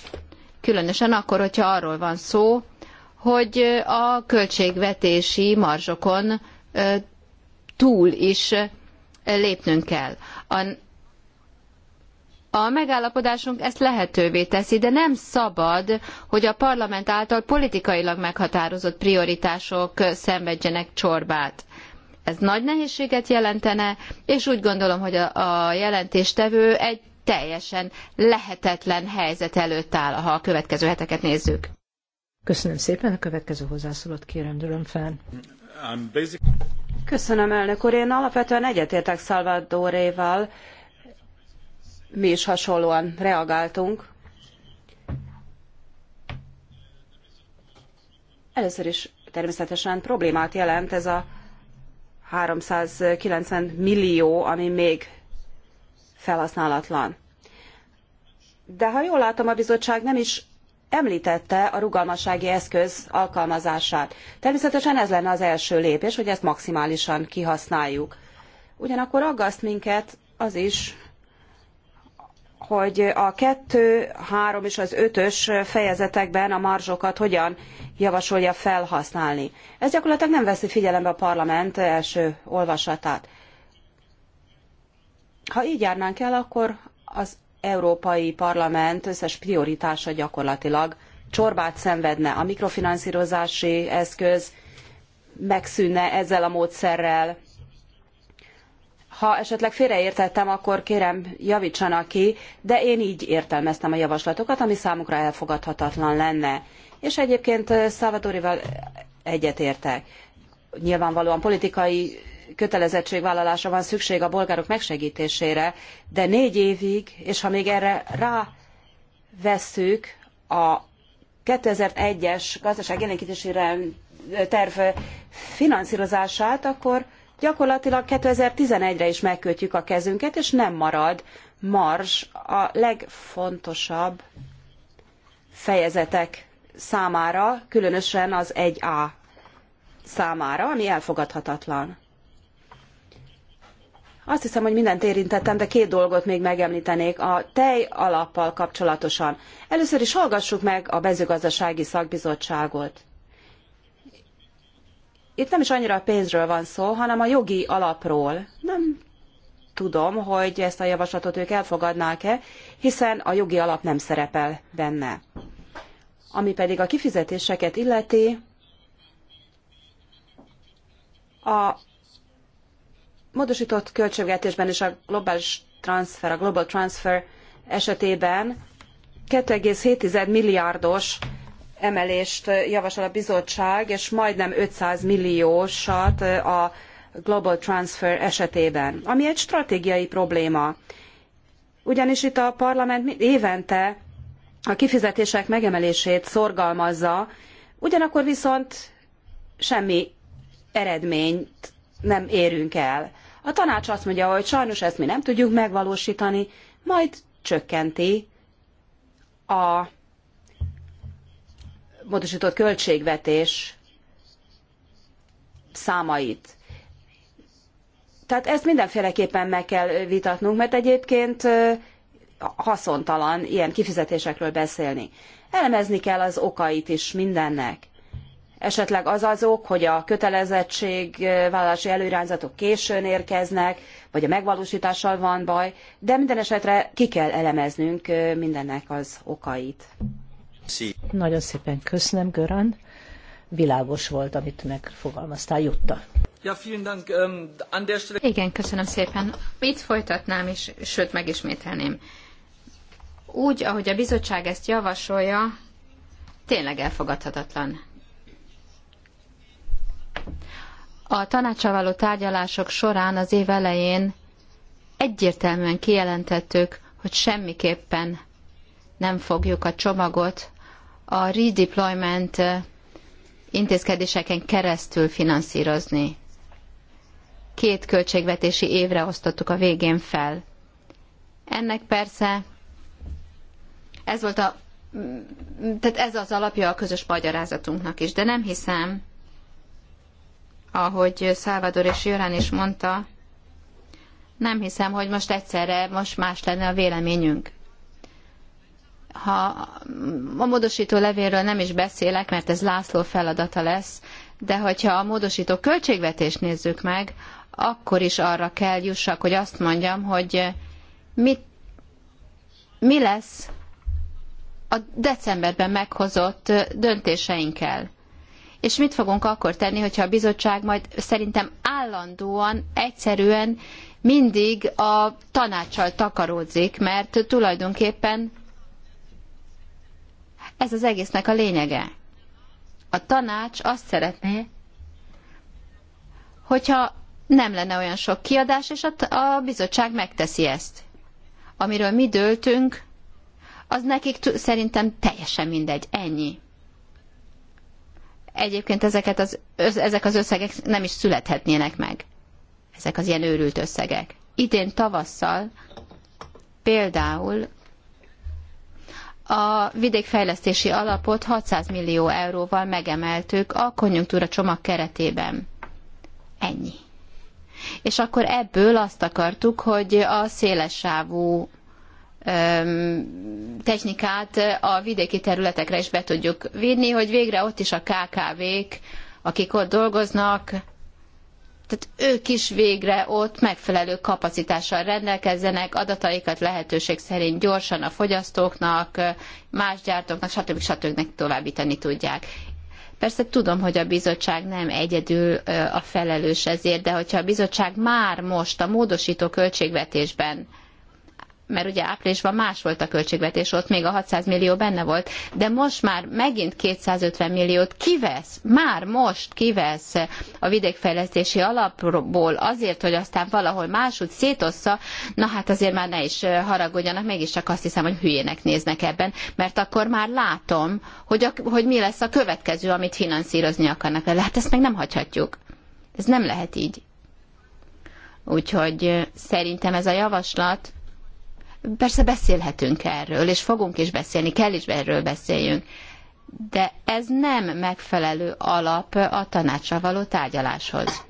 Különösen akkor, hogyha arról van szó, hogy a költségvetési marzsokon eh, túl is eh, lépnünk kell. A a megállapodásunk ezt lehetővé teszi, de nem szabad, hogy a parlament által politikailag meghatározott prioritások szenvedjenek csorbát. Ez nagy nehézséget jelentene, és úgy gondolom, hogy a, a jelentéstevő egy teljesen lehetetlen helyzet előtt áll, ha a következő heteket nézzük. Köszönöm szépen, a következő hozzászólót kérem, dőlöm fel. Köszönöm, elnök úr. Én alapvetően egyetértek Salvadoréval, mi is hasonlóan reagáltunk. Először is természetesen problémát jelent ez a 390 millió, ami még felhasználatlan. De ha jól látom, a bizottság nem is említette a rugalmassági eszköz alkalmazását. Természetesen ez lenne az első lépés, hogy ezt maximálisan kihasználjuk. Ugyanakkor aggaszt minket az is, hogy a kettő, három és az ötös fejezetekben a marzsokat hogyan javasolja felhasználni. Ez gyakorlatilag nem veszi figyelembe a parlament első olvasatát. Ha így járnánk el, akkor az Európai Parlament összes prioritása gyakorlatilag csorbát szenvedne. A mikrofinanszírozási eszköz megszűnne ezzel a módszerrel, ha esetleg félreértettem, akkor kérem, javítsanak ki, de én így értelmeztem a javaslatokat, ami számukra elfogadhatatlan lenne. És egyébként eh, Szávadorival egyetértek. Nyilvánvalóan politikai kötelezettségvállalásra van szükség a bolgárok megsegítésére, de négy évig, és ha még erre rávesszük a 2001-es gazdaságélénkítési terv finanszírozását, akkor gyakorlatilag 2011-re is megkötjük a kezünket, és nem marad mars a legfontosabb fejezetek számára, különösen az 1A számára, ami elfogadhatatlan. Azt hiszem, hogy mindent érintettem, de két dolgot még megemlítenék a tej alappal kapcsolatosan. Először is hallgassuk meg a mezőgazdasági szakbizottságot itt nem is annyira a pénzről van szó, hanem a jogi alapról. Nem tudom, hogy ezt a javaslatot ők elfogadnák-e, hiszen a jogi alap nem szerepel benne. Ami pedig a kifizetéseket illeti, a módosított költségvetésben és a globális transfer, a global transfer esetében 2,7 milliárdos emelést javasol a bizottság, és majdnem 500 milliósat a Global Transfer esetében, ami egy stratégiai probléma. Ugyanis itt a parlament évente a kifizetések megemelését szorgalmazza, ugyanakkor viszont semmi eredményt nem érünk el. A tanács azt mondja, hogy sajnos ezt mi nem tudjuk megvalósítani, majd csökkenti a módosított költségvetés számait. Tehát ezt mindenféleképpen meg kell vitatnunk, mert egyébként haszontalan ilyen kifizetésekről beszélni. Elemezni kell az okait is mindennek. Esetleg az az ok, hogy a kötelezettségvállalási előirányzatok későn érkeznek, vagy a megvalósítással van baj, de minden esetre ki kell elemeznünk mindennek az okait. Sí. Nagyon szépen köszönöm, Göran. Világos volt, amit megfogalmaztál, Jutta. Ja, Dank, um, stelle... Igen, köszönöm szépen. Itt folytatnám, és sőt, megismételném. Úgy, ahogy a bizottság ezt javasolja, tényleg elfogadhatatlan. A tanácsa tárgyalások során az év elején egyértelműen kijelentettük, hogy semmiképpen nem fogjuk a csomagot a redeployment intézkedéseken keresztül finanszírozni. Két költségvetési évre osztottuk a végén fel. Ennek persze ez volt a tehát ez az alapja a közös magyarázatunknak is, de nem hiszem, ahogy Salvador és Jörán is mondta, nem hiszem, hogy most egyszerre most más lenne a véleményünk ha a módosító levélről nem is beszélek, mert ez László feladata lesz, de hogyha a módosító költségvetést nézzük meg, akkor is arra kell jussak, hogy azt mondjam, hogy mit, mi lesz a decemberben meghozott döntéseinkkel. És mit fogunk akkor tenni, hogyha a bizottság majd szerintem állandóan, egyszerűen mindig a tanácssal takaródzik, mert tulajdonképpen ez az egésznek a lényege. A tanács azt szeretné, hogyha nem lenne olyan sok kiadás, és a, a bizottság megteszi ezt. Amiről mi döltünk, az nekik szerintem teljesen mindegy. Ennyi. Egyébként ezeket az, ezek az összegek nem is születhetnének meg. Ezek az ilyen őrült összegek. Idén tavasszal például a vidékfejlesztési alapot 600 millió euróval megemeltük a konjunktúra csomag keretében. Ennyi. És akkor ebből azt akartuk, hogy a szélessávú technikát a vidéki területekre is be tudjuk vinni, hogy végre ott is a KKV-k, akik ott dolgoznak, tehát ők is végre ott megfelelő kapacitással rendelkezzenek, adataikat lehetőség szerint gyorsan a fogyasztóknak, más gyártóknak, stb. stb. továbbítani tudják. Persze tudom, hogy a bizottság nem egyedül a felelős ezért, de hogyha a bizottság már most a módosító költségvetésben mert ugye áprilisban más volt a költségvetés, ott még a 600 millió benne volt, de most már megint 250 milliót kivesz, már most kivesz a vidékfejlesztési alapból azért, hogy aztán valahol máshogy szétossza, na hát azért már ne is haragudjanak, mégiscsak azt hiszem, hogy hülyének néznek ebben, mert akkor már látom, hogy, a, hogy mi lesz a következő, amit finanszírozni akarnak. De hát ezt meg nem hagyhatjuk. Ez nem lehet így. Úgyhogy szerintem ez a javaslat Persze beszélhetünk erről, és fogunk is beszélni, kell is erről beszéljünk. De ez nem megfelelő alap a tanácsra való tárgyaláshoz.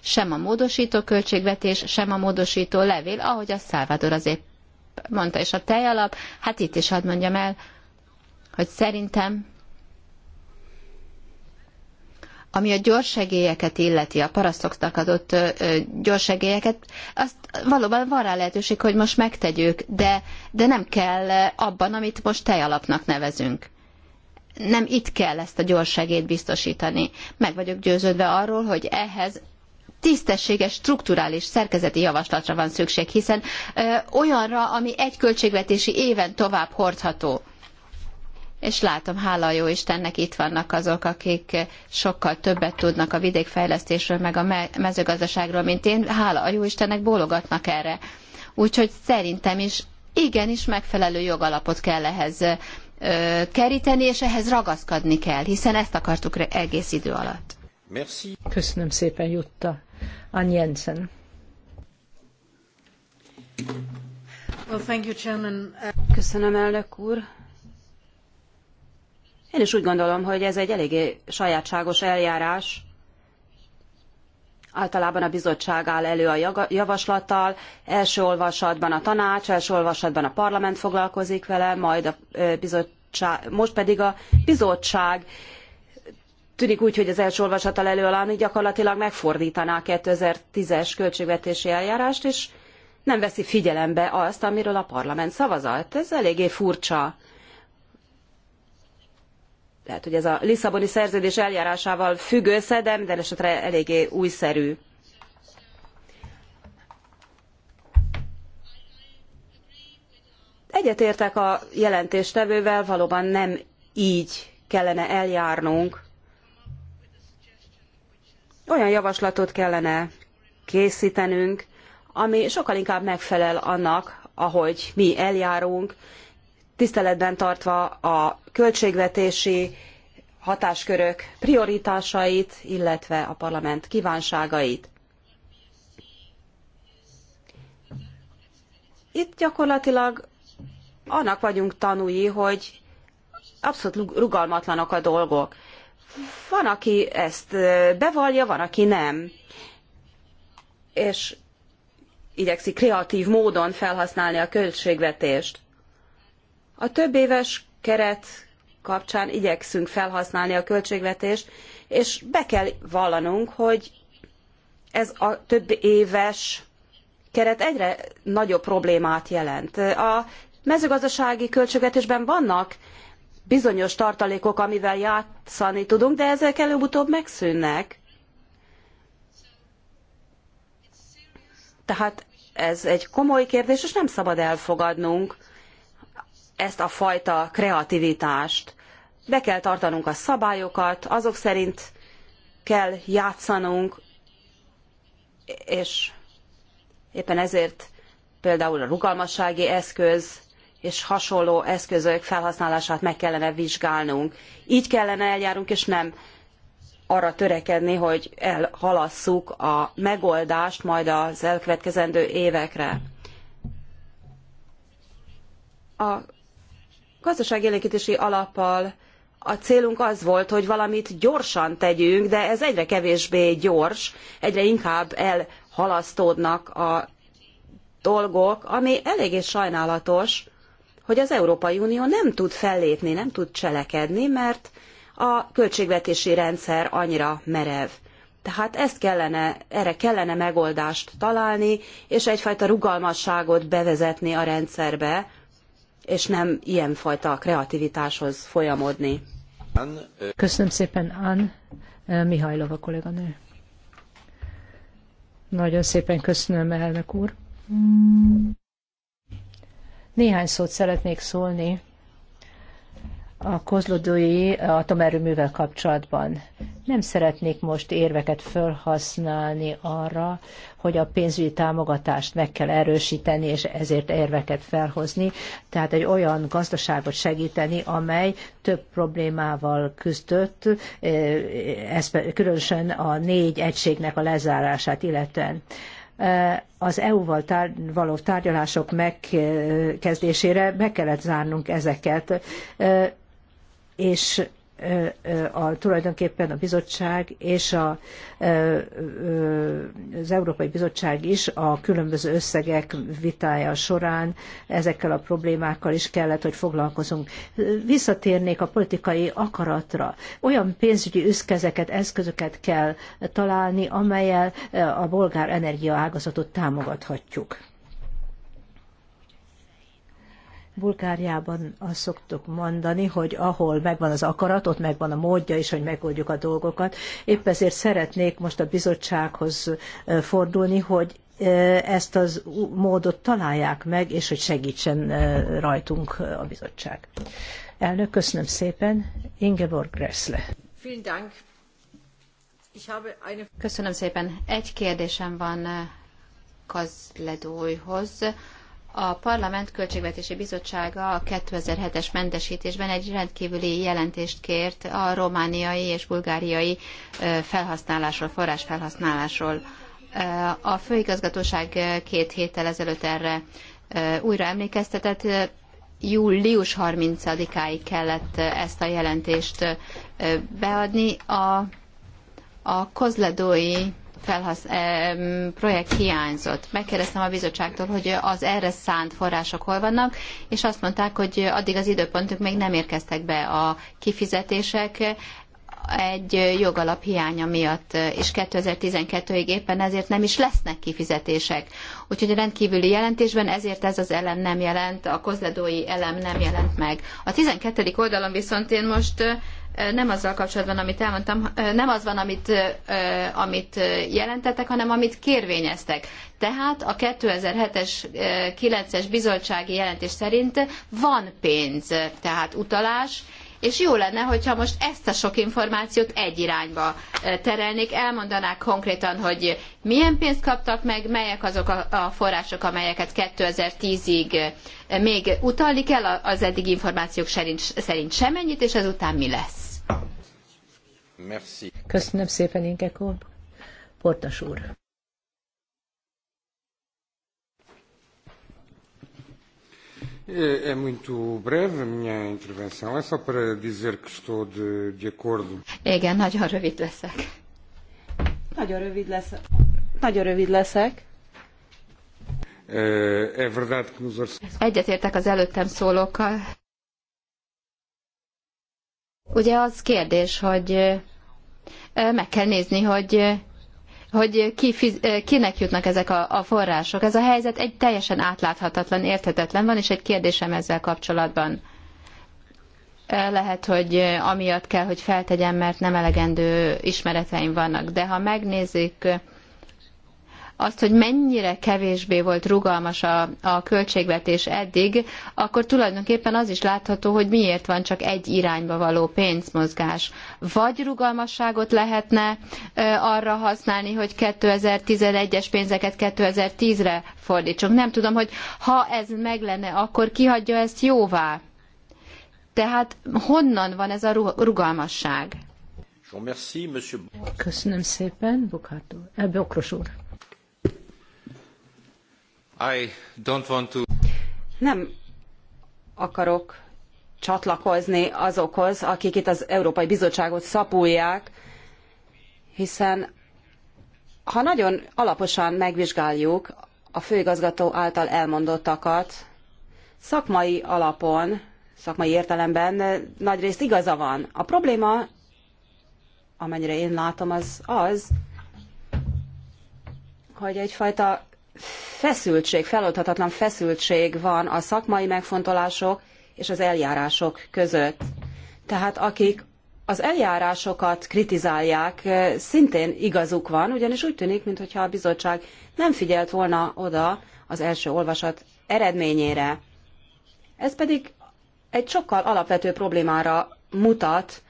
Sem a módosító költségvetés, sem a módosító levél, ahogy a Szálvador azért mondta, és a tejalap, hát itt is hadd mondjam el, hogy szerintem ami a gyorssegélyeket illeti, a parasztoknak adott gyorssegélyeket, azt valóban van rá lehetőség, hogy most megtegyük, de, de nem kell abban, amit most tejalapnak nevezünk nem itt kell ezt a gyorssegét biztosítani. Meg vagyok győződve arról, hogy ehhez tisztességes, strukturális szerkezeti javaslatra van szükség, hiszen ö, olyanra, ami egy költségvetési éven tovább hordható és látom, hála jó Istennek itt vannak azok, akik sokkal többet tudnak a vidékfejlesztésről, meg a mezőgazdaságról, mint én. Hála a jó Istennek bólogatnak erre. Úgyhogy szerintem is igenis megfelelő jogalapot kell ehhez ö, keríteni, és ehhez ragaszkodni kell, hiszen ezt akartuk egész idő alatt. Merci. Köszönöm szépen, Jutta. Ann Jensen. Well, thank you, Chairman. Köszönöm, elnök úr. Én is úgy gondolom, hogy ez egy eléggé sajátságos eljárás. Általában a bizottság áll elő a javaslattal, első olvasatban a tanács, első olvasatban a parlament foglalkozik vele, majd a bizottság, most pedig a bizottság tűnik úgy, hogy az első olvasattal elő alá, gyakorlatilag megfordítaná a 2010-es költségvetési eljárást, és nem veszi figyelembe azt, amiről a parlament szavazott. Ez eléggé furcsa lehet, hogy ez a Lisszaboni szerződés eljárásával függ össze, de minden esetre eléggé újszerű. Egyetértek a jelentéstevővel, valóban nem így kellene eljárnunk. Olyan javaslatot kellene készítenünk, ami sokkal inkább megfelel annak, ahogy mi eljárunk, tiszteletben tartva a költségvetési hatáskörök prioritásait, illetve a parlament kívánságait. Itt gyakorlatilag annak vagyunk tanúi, hogy abszolút rugalmatlanok a dolgok. Van, aki ezt bevallja, van, aki nem. És igyekszik kreatív módon felhasználni a költségvetést. A több éves keret kapcsán igyekszünk felhasználni a költségvetést, és be kell vallanunk, hogy ez a több éves keret egyre nagyobb problémát jelent. A mezőgazdasági költségvetésben vannak bizonyos tartalékok, amivel játszani tudunk, de ezek előbb-utóbb megszűnnek. Tehát ez egy komoly kérdés, és nem szabad elfogadnunk, ezt a fajta kreativitást. Be kell tartanunk a szabályokat, azok szerint kell játszanunk, és éppen ezért például a rugalmassági eszköz és hasonló eszközök felhasználását meg kellene vizsgálnunk. Így kellene eljárnunk, és nem arra törekedni, hogy elhalasszuk a megoldást majd az elkövetkezendő évekre. A gazdaságélénkítési alappal a célunk az volt, hogy valamit gyorsan tegyünk, de ez egyre kevésbé gyors, egyre inkább elhalasztódnak a dolgok, ami eléggé sajnálatos, hogy az Európai Unió nem tud fellépni, nem tud cselekedni, mert a költségvetési rendszer annyira merev. Tehát ezt kellene, erre kellene megoldást találni, és egyfajta rugalmasságot bevezetni a rendszerbe, és nem ilyenfajta kreativitáshoz folyamodni. Köszönöm szépen, Ann eh, Mihajlova kolléganő. Nagyon szépen köszönöm, elnök úr. Néhány szót szeretnék szólni a kozlodói atomerőművel kapcsolatban. Nem szeretnék most érveket felhasználni arra, hogy a pénzügyi támogatást meg kell erősíteni, és ezért érveket felhozni. Tehát egy olyan gazdaságot segíteni, amely több problémával küzdött, ez különösen a négy egységnek a lezárását illetően az EU-val tár- való tárgyalások megkezdésére meg kellett zárnunk ezeket és a, tulajdonképpen a bizottság és a, az Európai Bizottság is a különböző összegek vitája során ezekkel a problémákkal is kellett, hogy foglalkozunk. Visszatérnék a politikai akaratra. Olyan pénzügyi üszkezeket, eszközöket kell találni, amelyel a bolgár energiaágazatot támogathatjuk. Bulgáriában azt szoktuk mondani, hogy ahol megvan az akarat, ott megvan a módja is, hogy megoldjuk a dolgokat. Épp ezért szeretnék most a bizottsághoz fordulni, hogy ezt az módot találják meg, és hogy segítsen rajtunk a bizottság. Elnök, köszönöm szépen. Ingeborg Gressle. Köszönöm szépen. Egy kérdésem van Kazledójhoz a Parlament Költségvetési Bizottsága a 2007-es mentesítésben egy rendkívüli jelentést kért a romániai és bulgáriai felhasználásról, forrás felhasználásról. A főigazgatóság két héttel ezelőtt erre újra emlékeztetett, július 30-áig kellett ezt a jelentést beadni. A, a kozledói felhasz, projekt hiányzott. Megkérdeztem a bizottságtól, hogy az erre szánt források hol vannak, és azt mondták, hogy addig az időpontunk még nem érkeztek be a kifizetések, egy jogalap hiánya miatt, és 2012-ig éppen ezért nem is lesznek kifizetések. Úgyhogy a rendkívüli jelentésben ezért ez az elem nem jelent, a kozledói elem nem jelent meg. A 12. oldalon viszont én most nem azzal kapcsolatban, amit elmondtam, nem az van, amit, amit jelentettek, hanem amit kérvényeztek. Tehát a 2007-es, 9-es bizottsági jelentés szerint van pénz, tehát utalás, és jó lenne, hogyha most ezt a sok információt egy irányba terelnék, elmondanák konkrétan, hogy milyen pénzt kaptak meg, melyek azok a források, amelyeket 2010-ig még utalni kell az eddig információk szerint, szerint semennyit, és ezután mi lesz. Merci. Köszönöm szépen, Inke Korb. Portas úr. É, muito breve a minha intervenção. É só para dizer que estou de, de acordo. Igen, nagyon rövid leszek. Nagyon rövid leszek. Nagyon rövid leszek. É, é verdade que nos Egyetértek az előttem szólókkal. Ugye az kérdés, hogy meg kell nézni, hogy hogy ki, kinek jutnak ezek a, a források. Ez a helyzet egy teljesen átláthatatlan, érthetetlen van, és egy kérdésem ezzel kapcsolatban. Lehet, hogy amiatt kell, hogy feltegyem, mert nem elegendő ismereteim vannak, de ha megnézik, azt, hogy mennyire kevésbé volt rugalmas a, a költségvetés eddig, akkor tulajdonképpen az is látható, hogy miért van csak egy irányba való pénzmozgás. Vagy rugalmasságot lehetne arra használni, hogy 2011-es pénzeket 2010-re fordítsunk. Nem tudom, hogy ha ez meg lenne, akkor kihagyja ezt jóvá. Tehát honnan van ez a rugalmasság? Köszönöm szépen, eh, Bokros úr. Nem akarok csatlakozni azokhoz, akik itt az Európai Bizottságot szapulják, hiszen ha nagyon alaposan megvizsgáljuk a főigazgató által elmondottakat, szakmai alapon, szakmai értelemben nagyrészt igaza van. A probléma, amennyire én látom, az az, hogy egyfajta feszültség, feloldhatatlan feszültség van a szakmai megfontolások és az eljárások között. Tehát akik az eljárásokat kritizálják, szintén igazuk van, ugyanis úgy tűnik, mintha a bizottság nem figyelt volna oda az első olvasat eredményére. Ez pedig egy sokkal alapvető problémára mutat,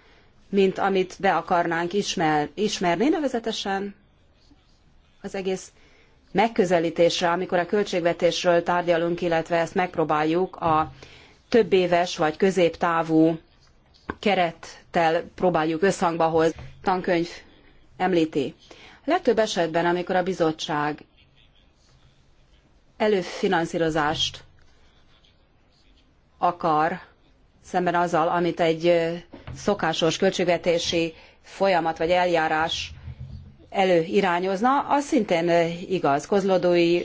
mint amit be akarnánk ismer, ismerni, nevezetesen az egész megközelítésre, amikor a költségvetésről tárgyalunk, illetve ezt megpróbáljuk a több éves vagy középtávú kerettel próbáljuk összhangba hozni. Tankönyv említi. Legtöbb esetben, amikor a bizottság előfinanszírozást akar, szemben azzal, amit egy szokásos költségvetési folyamat vagy eljárás előirányozna, az szintén igaz. Kozlodói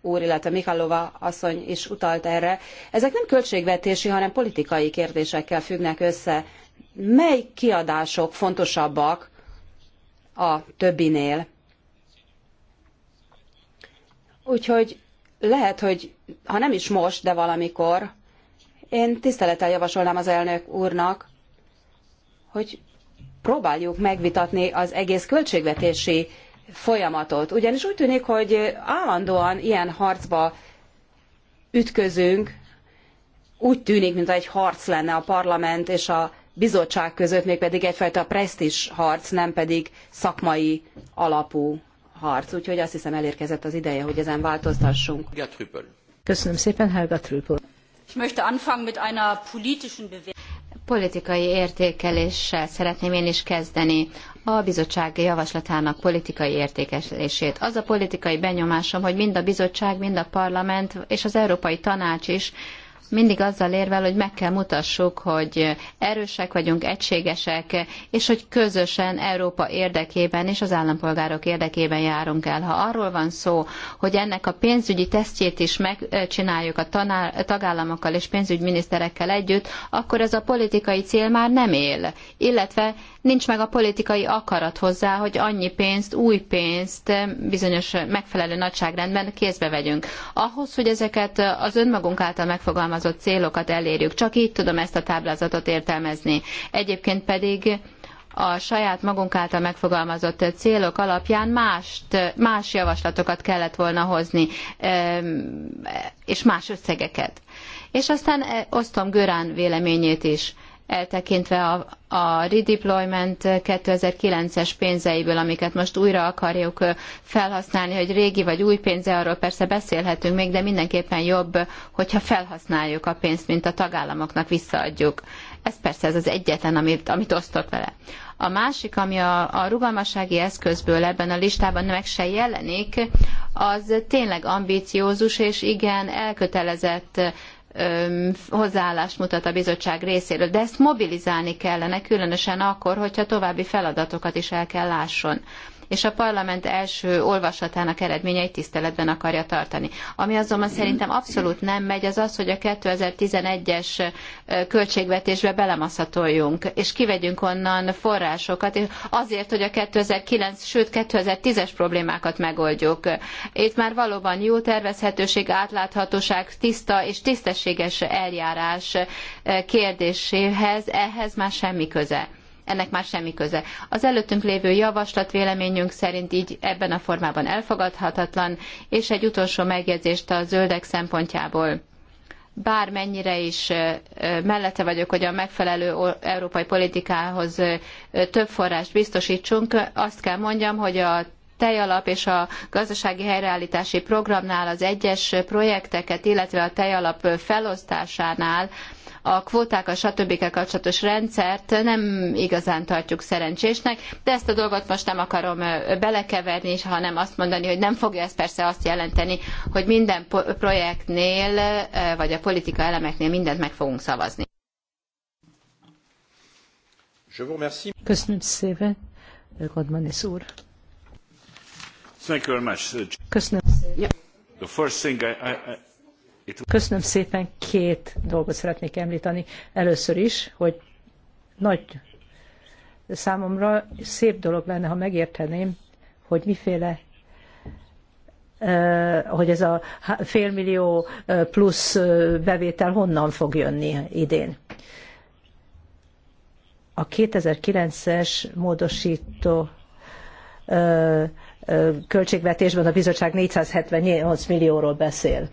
úr, illetve Mihalova asszony is utalt erre. Ezek nem költségvetési, hanem politikai kérdésekkel függnek össze. Mely kiadások fontosabbak a többinél? Úgyhogy lehet, hogy ha nem is most, de valamikor, én tisztelettel javasolnám az elnök úrnak, hogy próbáljuk megvitatni az egész költségvetési folyamatot. Ugyanis úgy tűnik, hogy állandóan ilyen harcba ütközünk, úgy tűnik, mintha egy harc lenne a parlament és a bizottság között, mégpedig egyfajta presztis harc, nem pedig szakmai alapú harc. Úgyhogy azt hiszem elérkezett az ideje, hogy ezen változtassunk. Köszönöm szépen, Helga Trüppel. Ich möchte anfangen mit einer politischen Bewertung politikai értékeléssel szeretném én is kezdeni a bizottság javaslatának politikai értékelését. Az a politikai benyomásom, hogy mind a bizottság, mind a parlament és az Európai Tanács is mindig azzal érvel, hogy meg kell mutassuk, hogy erősek vagyunk, egységesek, és hogy közösen Európa érdekében és az állampolgárok érdekében járunk el. Ha arról van szó, hogy ennek a pénzügyi tesztjét is megcsináljuk a tanár, tagállamokkal és pénzügyminiszterekkel együtt, akkor ez a politikai cél már nem él, illetve nincs meg a politikai akarat hozzá, hogy annyi pénzt, új pénzt bizonyos megfelelő nagyságrendben kézbe vegyünk. Ahhoz, hogy ezeket az önmagunk által megfogalmazott megfogalmazott célokat elérjük. Csak így tudom ezt a táblázatot értelmezni. Egyébként pedig a saját magunk által megfogalmazott célok alapján mást, más javaslatokat kellett volna hozni, és más összegeket. És aztán eh, osztom Görán véleményét is eltekintve a, a redeployment 2009-es pénzeiből, amiket most újra akarjuk felhasználni, hogy régi vagy új pénze, arról persze beszélhetünk még, de mindenképpen jobb, hogyha felhasználjuk a pénzt, mint a tagállamoknak visszaadjuk. Ez persze ez az egyetlen, amit, amit osztok vele. A másik, ami a, a rugalmassági eszközből ebben a listában meg se jelenik, az tényleg ambiciózus és igen elkötelezett hozzáállást mutat a bizottság részéről, de ezt mobilizálni kellene, különösen akkor, hogyha további feladatokat is el kell lásson és a parlament első olvasatának eredményeit tiszteletben akarja tartani. Ami azonban szerintem abszolút nem megy, az az, hogy a 2011-es költségvetésbe belemaszatoljunk, és kivegyünk onnan forrásokat, és azért, hogy a 2009, sőt 2010-es problémákat megoldjuk. Itt már valóban jó tervezhetőség, átláthatóság, tiszta és tisztességes eljárás kérdéséhez, ehhez már semmi köze ennek már semmi köze. Az előttünk lévő javaslat véleményünk szerint így ebben a formában elfogadhatatlan, és egy utolsó megjegyzést a zöldek szempontjából bármennyire is mellette vagyok, hogy a megfelelő európai politikához több forrást biztosítsunk, azt kell mondjam, hogy a tejalap és a gazdasági helyreállítási programnál az egyes projekteket, illetve a tejalap felosztásánál a kvótákkal, stb. kapcsolatos rendszert nem igazán tartjuk szerencsésnek, de ezt a dolgot most nem akarom belekeverni, hanem azt mondani, hogy nem fogja ez persze azt jelenteni, hogy minden projektnél, vagy a politika elemeknél mindent meg fogunk szavazni. Köszönöm szépen, Godmanis úr. Thank you very much. Köszönöm. The first thing I, I, I... Köszönöm szépen, két dolgot szeretnék említeni. Először is, hogy nagy számomra szép dolog lenne, ha megérteném, hogy miféle hogy ez a félmillió plusz bevétel honnan fog jönni idén. A 2009-es módosító költségvetésben a bizottság 478 millióról beszél.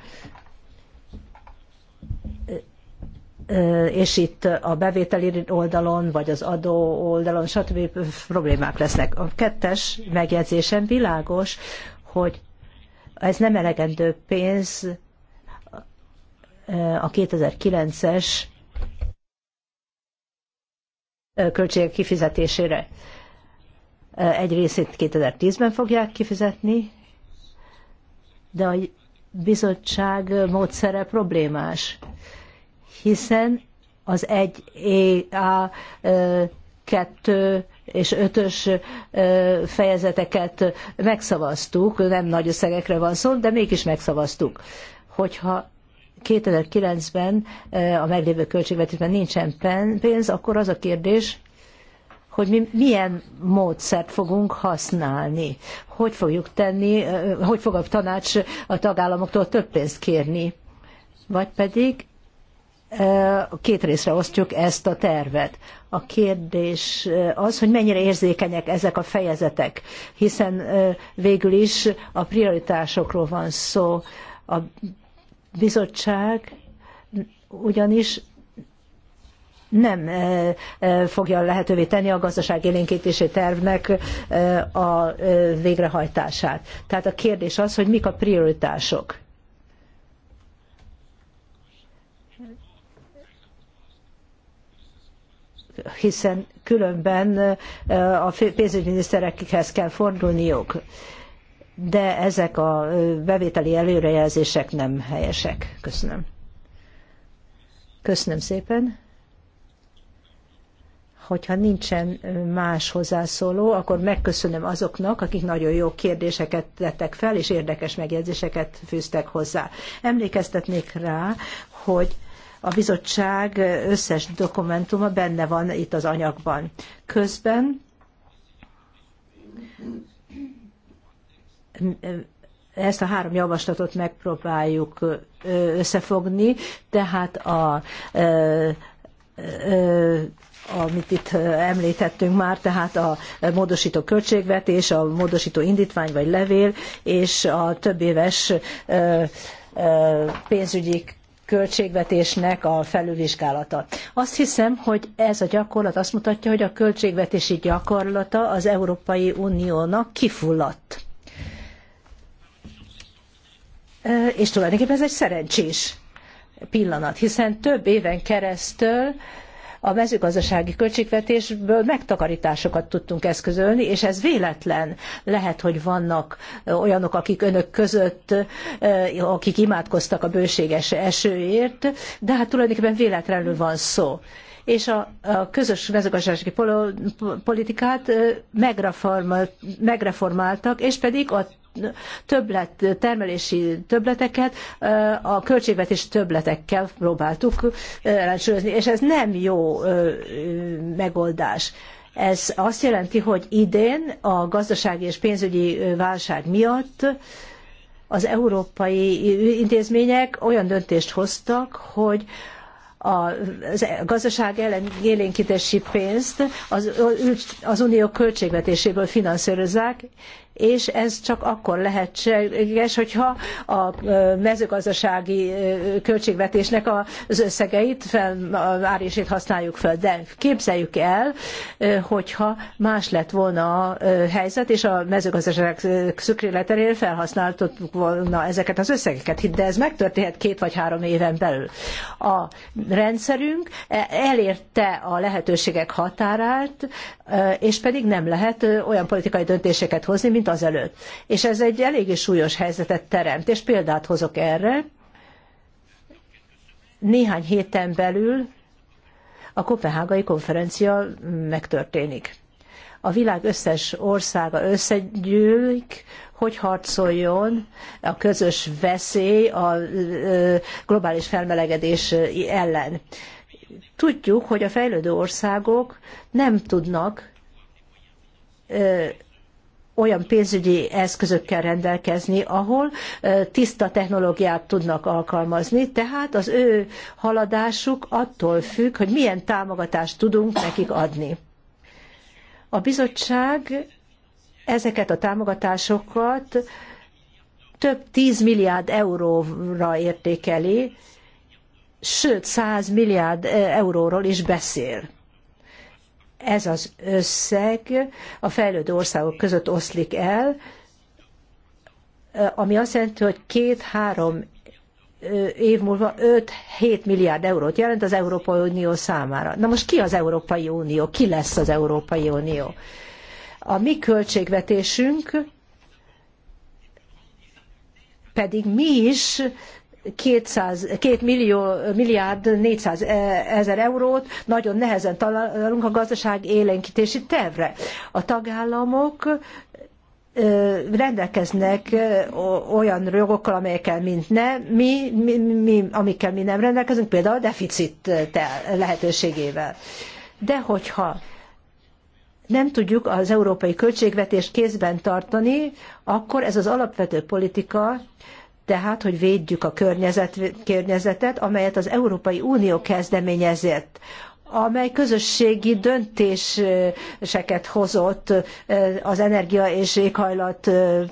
és itt a bevételi oldalon, vagy az adó oldalon, stb. problémák lesznek. A kettes megjegyzésem világos, hogy ez nem elegendő pénz a 2009-es költségek kifizetésére. Egy részét 2010-ben fogják kifizetni, de a bizottság módszere problémás hiszen az á, a kettő és ötös ö, fejezeteket megszavaztuk, nem nagy összegekre van szó, de mégis megszavaztuk. Hogyha 2009-ben a meglévő költségvetésben nincsen pénz, akkor az a kérdés, hogy mi milyen módszert fogunk használni. Hogy fogjuk tenni, hogy fog a tanács a tagállamoktól több pénzt kérni. Vagy pedig Eh, két részre osztjuk ezt a tervet. A kérdés eh, az, hogy mennyire érzékenyek ezek a fejezetek, hiszen eh, végül is a prioritásokról van szó. A bizottság ugyanis nem fogja lehetővé tenni a gazdaság élénkítési tervnek a végrehajtását. Tehát a kérdés az, hogy mik a prioritások hiszen különben eh, a pénzügyminiszterekhez kell fordulniuk. De ezek a bevételi előrejelzések nem helyesek. Köszönöm. Köszönöm szépen. Hogyha nincsen más hozzászóló, akkor megköszönöm azoknak, akik nagyon jó kérdéseket tettek fel, és érdekes megjegyzéseket fűztek hozzá. Emlékeztetnék rá, hogy a bizottság összes dokumentuma benne van itt az anyagban. Közben ezt a három javaslatot megpróbáljuk összefogni, tehát a amit itt említettünk már, tehát a módosító költségvetés, a módosító indítvány vagy levél, és a több éves pénzügyi költségvetésnek a felülvizsgálata. Azt hiszem, hogy ez a gyakorlat azt mutatja, hogy a költségvetési gyakorlata az Európai Uniónak kifulladt. És tulajdonképpen ez egy szerencsés pillanat, hiszen több éven keresztül a mezőgazdasági költségvetésből megtakarításokat tudtunk eszközölni, és ez véletlen. Lehet, hogy vannak olyanok, akik önök között, akik imádkoztak a bőséges esőért, de hát tulajdonképpen véletlenül van szó és a, a közös mezőgazdasági politikát megreformáltak, és pedig a többlet, termelési többleteket a költségvetés többletekkel próbáltuk ellensúlyozni, és ez nem jó megoldás. Ez azt jelenti, hogy idén a gazdasági és pénzügyi válság miatt az európai intézmények olyan döntést hoztak, hogy a gazdaság élénkítési pénzt az, az unió költségvetéséből finanszírozzák, és ez csak akkor lehetséges, hogyha a mezőgazdasági költségvetésnek az összegeit, fel, árését használjuk fel. De képzeljük el, hogyha más lett volna a helyzet, és a mezőgazdaság szükségleterére felhasználtuk volna ezeket az összegeket. De ez megtörténhet két vagy három éven belül. A rendszerünk e, elérte a lehetőségek határát, és pedig nem lehet olyan politikai döntéseket hozni, mint azelőtt. És ez egy eléggé súlyos helyzetet teremt, és példát hozok erre. Néhány héten belül a Kopenhágai konferencia megtörténik. A világ összes országa összegyűlik, hogy harcoljon a közös veszély a globális felmelegedés ellen. Tudjuk, hogy a fejlődő országok nem tudnak olyan pénzügyi eszközökkel rendelkezni, ahol tiszta technológiát tudnak alkalmazni, tehát az ő haladásuk attól függ, hogy milyen támogatást tudunk nekik adni. A bizottság ezeket a támogatásokat több 10 milliárd euróra értékeli, sőt 100 milliárd euróról is beszél ez az összeg a fejlődő országok között oszlik el, ami azt jelenti, hogy két-három év múlva 5-7 milliárd eurót jelent az Európai Unió számára. Na most ki az Európai Unió? Ki lesz az Európai Unió? A mi költségvetésünk pedig mi is 200, 2 millió, milliárd 400 e, ezer eurót nagyon nehezen találunk a gazdaság élénkítési tervre. A tagállamok e, rendelkeznek e, olyan jogokkal, amelyekkel mint ne, mi, mi, mi, amikkel mi nem rendelkezünk, például a deficit lehetőségével. De hogyha nem tudjuk az európai költségvetést kézben tartani, akkor ez az alapvető politika tehát, hogy védjük a környezet, környezetet, amelyet az Európai Unió kezdeményezett amely közösségi döntéseket hozott az energia és éghajlat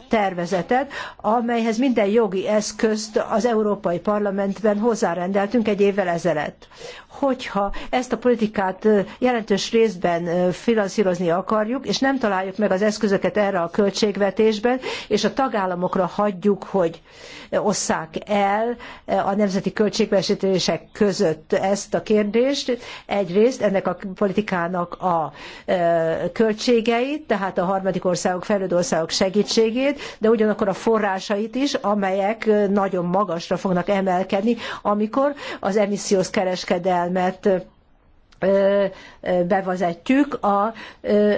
tervezetet, amelyhez minden jogi eszközt az Európai Parlamentben hozzárendeltünk egy évvel ezelőtt hogyha ezt a politikát jelentős részben finanszírozni akarjuk, és nem találjuk meg az eszközöket erre a költségvetésben, és a tagállamokra hagyjuk, hogy osszák el a nemzeti költségvetések között ezt a kérdést, egyrészt ennek a politikának a költségeit, tehát a harmadik országok, fejlődő országok segítségét, de ugyanakkor a forrásait is, amelyek nagyon magasra fognak emelkedni, amikor az emissziós kereskedel jövedelmet bevezetjük, a,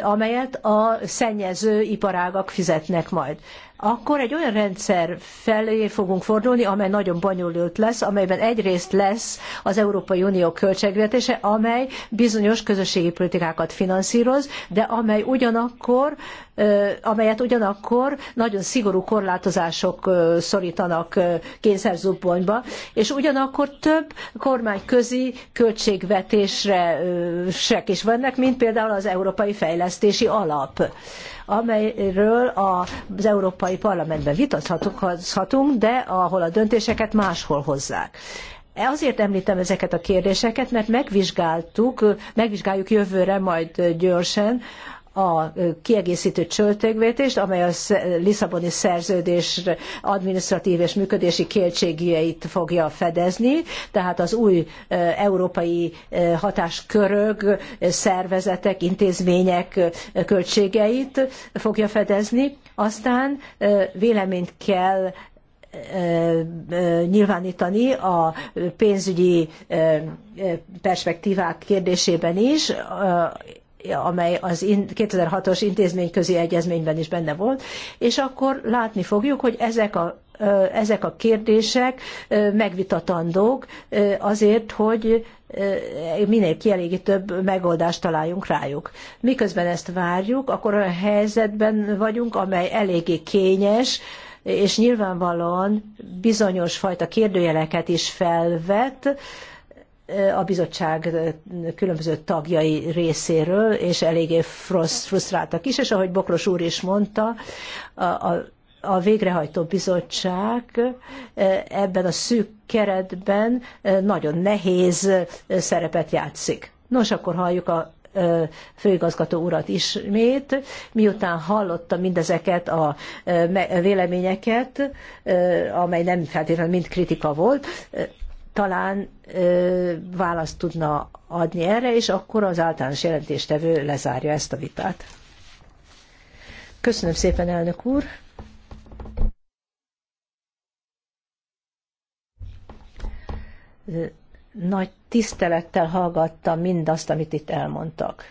amelyet a szennyező iparágak fizetnek majd. Akkor egy olyan rendszer felé fogunk fordulni, amely nagyon bonyolult lesz, amelyben egyrészt lesz az Európai Unió költségvetése, amely bizonyos közösségi politikákat finanszíroz, de amely ugyanakkor amelyet ugyanakkor nagyon szigorú korlátozások szorítanak kényszerzubbonyba, és ugyanakkor több kormányközi költségvetésre sek is vannak, mint például az Európai Fejlesztési Alap amelyről az Európai Parlamentben vitathatunk, de ahol a döntéseket máshol hozzák. Azért említem ezeket a kérdéseket, mert megvizsgáltuk, megvizsgáljuk jövőre majd gyorsan a kiegészítő csöltögvétést, amely a Lisszaboni szerződés adminisztratív és működési költségeit fogja fedezni, tehát az új európai hatáskörök, szervezetek, intézmények költségeit fogja fedezni. Aztán véleményt kell nyilvánítani a pénzügyi perspektívák kérdésében is, amely az 2006-os intézményközi egyezményben is benne volt, és akkor látni fogjuk, hogy ezek a ezek a kérdések megvitatandók azért, hogy minél kielégítőbb megoldást találjunk rájuk. Miközben ezt várjuk, akkor olyan helyzetben vagyunk, amely eléggé kényes, és nyilvánvalóan bizonyos fajta kérdőjeleket is felvet, a bizottság különböző tagjai részéről, és eléggé frusztráltak is, és ahogy Bokros úr is mondta, a, a a végrehajtó bizottság ebben a szűk keretben nagyon nehéz szerepet játszik. Nos, akkor halljuk a főigazgató urat ismét, miután hallotta mindezeket a véleményeket, amely nem feltétlenül mind kritika volt, talán választ tudna adni erre, és akkor az általános jelentéstevő lezárja ezt a vitát. Köszönöm szépen, elnök úr! Nagy tisztelettel hallgattam mindazt, amit itt elmondtak.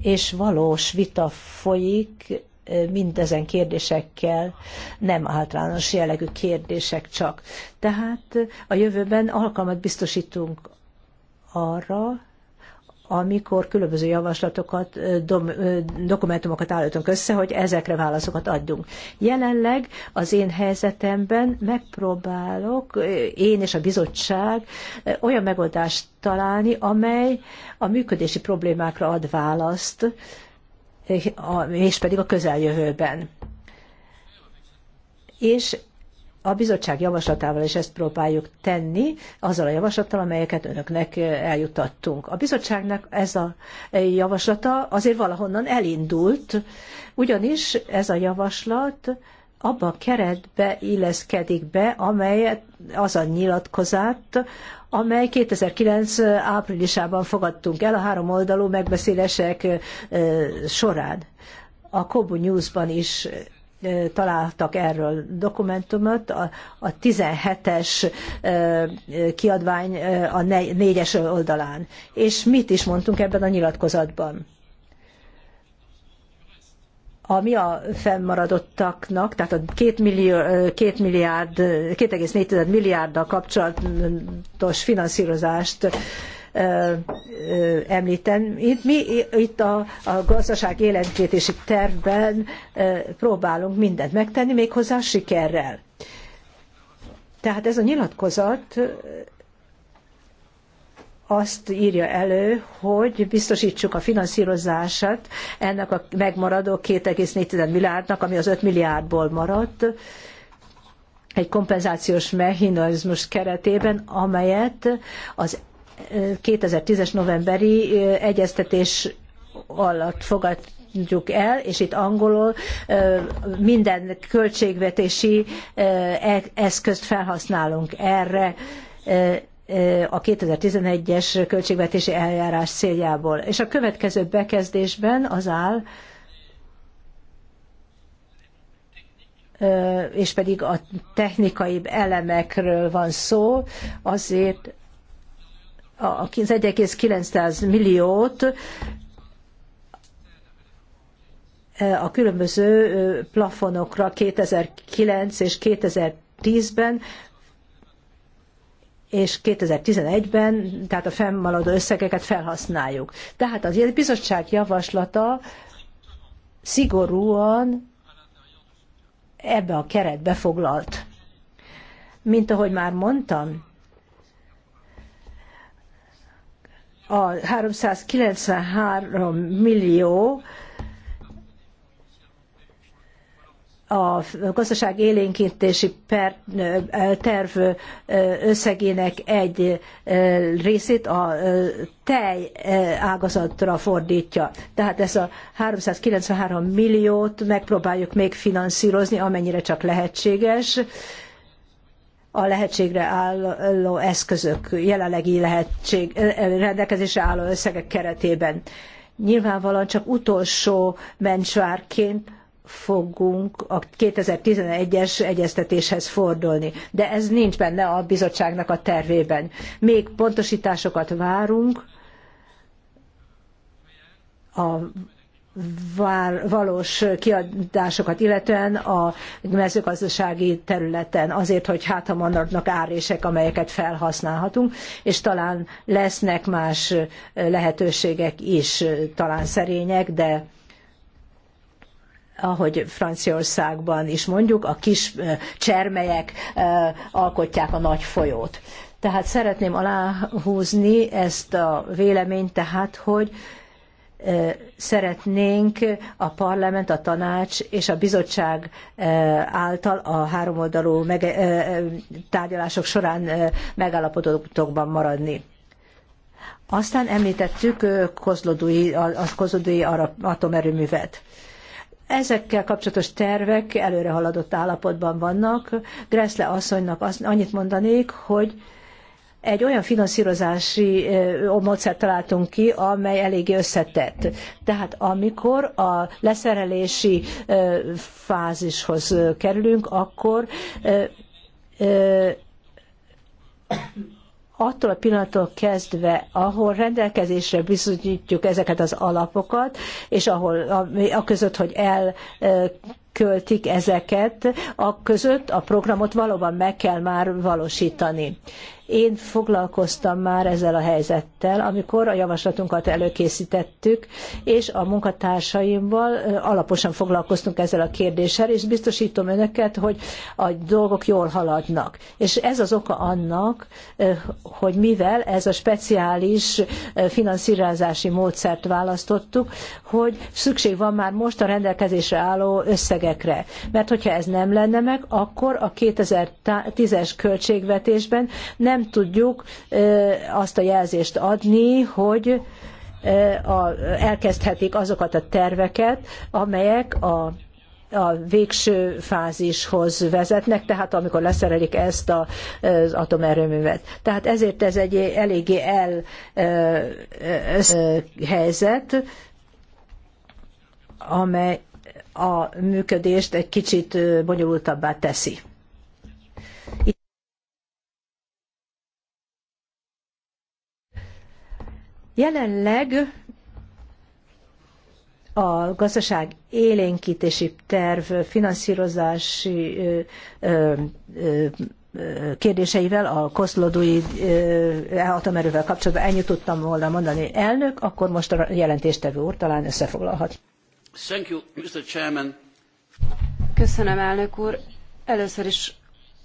És valós vita folyik mindezen kérdésekkel, nem általános jellegű kérdések csak. Tehát a jövőben alkalmat biztosítunk arra, amikor különböző javaslatokat, dokumentumokat állítunk össze, hogy ezekre válaszokat adjunk. Jelenleg az én helyzetemben megpróbálok, én és a bizottság olyan megoldást találni, amely a működési problémákra ad választ, és pedig a közeljövőben. És a bizottság javaslatával is ezt próbáljuk tenni, azzal a javaslattal, amelyeket önöknek eljuttattunk. A bizottságnak ez a javaslata azért valahonnan elindult, ugyanis ez a javaslat abba a keretbe illeszkedik be, amelyet az a nyilatkozat, amely 2009. áprilisában fogadtunk el a három oldalú megbeszélések során. A Kobu News-ban is találtak erről dokumentumot, a, a 17-es kiadvány a 4-es oldalán. És mit is mondtunk ebben a nyilatkozatban? ami a fennmaradottaknak, tehát a 2, millió, 2 milliárd, 2,4 milliárddal kapcsolatos finanszírozást említem. Itt mi itt a, a gazdaság életkétési tervben próbálunk mindent megtenni, méghozzá sikerrel. Tehát ez a nyilatkozat azt írja elő, hogy biztosítsuk a finanszírozását ennek a megmaradó 2,4 milliárdnak, ami az 5 milliárdból maradt, egy kompenzációs mechanizmus keretében, amelyet az 2010-es novemberi egyeztetés alatt fogadjuk el, és itt angolul minden költségvetési e-, eszközt felhasználunk erre a 2011-es költségvetési eljárás céljából. És a következő bekezdésben az áll, és pedig a technikai elemekről van szó, azért az 1,9 milliót a különböző plafonokra 2009 és 2010-ben és 2011-ben, tehát a fennmaradó összegeket felhasználjuk. Tehát az bizottság javaslata szigorúan ebbe a keretbe foglalt. Mint ahogy már mondtam, a 393 millió a gazdaság élénkítési per, terv összegének egy részét a tej ágazatra fordítja. Tehát ezt a 393 milliót megpróbáljuk még finanszírozni, amennyire csak lehetséges a lehetségre álló eszközök, jelenlegi lehetség, rendelkezésre álló összegek keretében. Nyilvánvalóan csak utolsó mencsvárként fogunk a 2011-es egyeztetéshez fordulni, de ez nincs benne a bizottságnak a tervében. Még pontosításokat várunk a valós kiadásokat illetően a mezőgazdasági területen azért, hogy hát ha maradnak árések, amelyeket felhasználhatunk, és talán lesznek más lehetőségek is, talán szerények, de ahogy Franciaországban is mondjuk, a kis csermelyek alkotják a nagy folyót. Tehát szeretném aláhúzni ezt a véleményt, tehát, hogy szeretnénk a parlament, a tanács és a bizottság által a háromoldalú tárgyalások során megállapodottakban maradni. Aztán említettük a Kozlodui atomerőművet. Ezekkel kapcsolatos tervek előre haladott állapotban vannak. Gressle asszonynak annyit mondanék, hogy egy olyan finanszírozási módszert találtunk ki, amely eléggé összetett. Tehát amikor a leszerelési fázishoz kerülünk, akkor attól a pillanattól kezdve, ahol rendelkezésre bizonyítjuk ezeket az alapokat, és ahol a, között, hogy el költik ezeket, a között a programot valóban meg kell már valósítani. Én foglalkoztam már ezzel a helyzettel, amikor a javaslatunkat előkészítettük, és a munkatársaimmal alaposan foglalkoztunk ezzel a kérdéssel, és biztosítom önöket, hogy a dolgok jól haladnak. És ez az oka annak, hogy mivel ez a speciális finanszírozási módszert választottuk, hogy szükség van már most a rendelkezésre álló összegekre. Mert hogyha ez nem lenne meg, akkor a 2010-es költségvetésben nem nem tudjuk azt a jelzést adni, hogy elkezdhetik azokat a terveket, amelyek a a végső fázishoz vezetnek, tehát amikor leszerelik ezt a, az atomerőművet. Tehát ezért ez egy eléggé el helyzet, amely a működést egy kicsit bonyolultabbá teszi. Jelenleg a gazdaság élénkítési terv finanszírozási kérdéseivel, a koszlodói atomerővel kapcsolatban ennyit tudtam volna mondani elnök, akkor most a jelentéstevő úr talán összefoglalhat. Thank you, Mr. Chairman. Köszönöm, elnök úr. Először is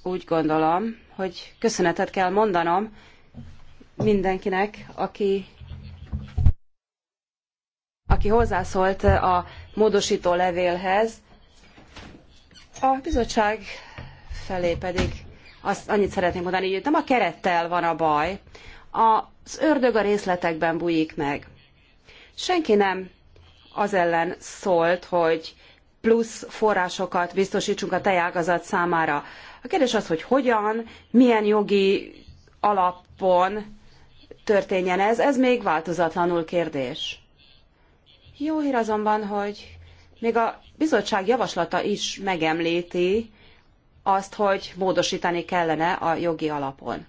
úgy gondolom, hogy köszönetet kell mondanom mindenkinek, aki aki hozzászólt a módosító levélhez. A bizottság felé pedig azt annyit szeretném mondani, hogy nem a kerettel van a baj, az ördög a részletekben bújik meg. Senki nem az ellen szólt, hogy plusz forrásokat biztosítsunk a tejágazat számára. A kérdés az, hogy hogyan, milyen jogi alapon történjen ez, ez még változatlanul kérdés. Jó hír azonban, hogy még a bizottság javaslata is megemlíti azt, hogy módosítani kellene a jogi alapon.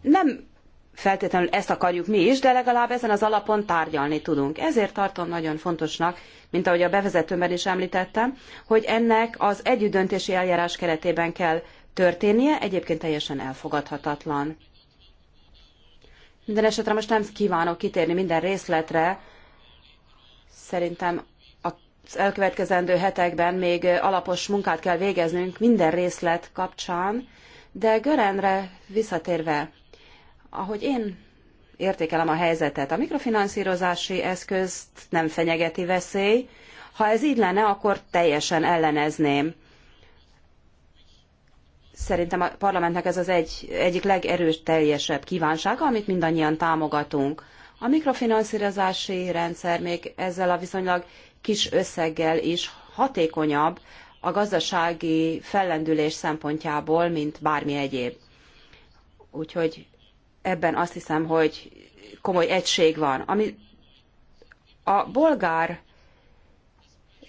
Nem feltétlenül ezt akarjuk mi is, de legalább ezen az alapon tárgyalni tudunk. Ezért tartom nagyon fontosnak, mint ahogy a bevezetőmben is említettem, hogy ennek az együttdöntési eljárás keretében kell történnie, egyébként teljesen elfogadhatatlan. Minden esetre most nem kívánok kitérni minden részletre. Szerintem az elkövetkezendő hetekben még alapos munkát kell végeznünk minden részlet kapcsán, de Görenre visszatérve, ahogy én értékelem a helyzetet, a mikrofinanszírozási eszközt nem fenyegeti veszély. Ha ez így lenne, akkor teljesen ellenezném szerintem a parlamentnek ez az egy, egyik legerőteljesebb kívánsága, amit mindannyian támogatunk. A mikrofinanszírozási rendszer még ezzel a viszonylag kis összeggel is hatékonyabb a gazdasági fellendülés szempontjából, mint bármi egyéb. Úgyhogy ebben azt hiszem, hogy komoly egység van. Ami a bolgár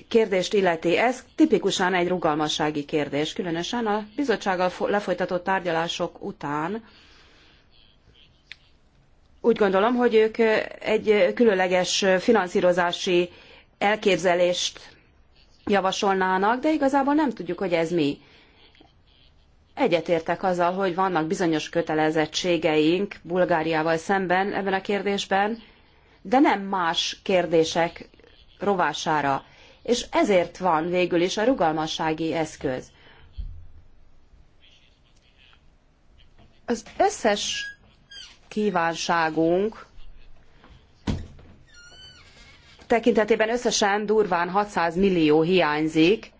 kérdést illeti, ez tipikusan egy rugalmassági kérdés, különösen a bizottsággal lefolytatott tárgyalások után. Úgy gondolom, hogy ők egy különleges finanszírozási elképzelést javasolnának, de igazából nem tudjuk, hogy ez mi. Egyetértek azzal, hogy vannak bizonyos kötelezettségeink Bulgáriával szemben ebben a kérdésben, de nem más kérdések rovására és ezért van végül is a rugalmassági eszköz. Az összes kívánságunk tekintetében összesen durván 600 millió hiányzik,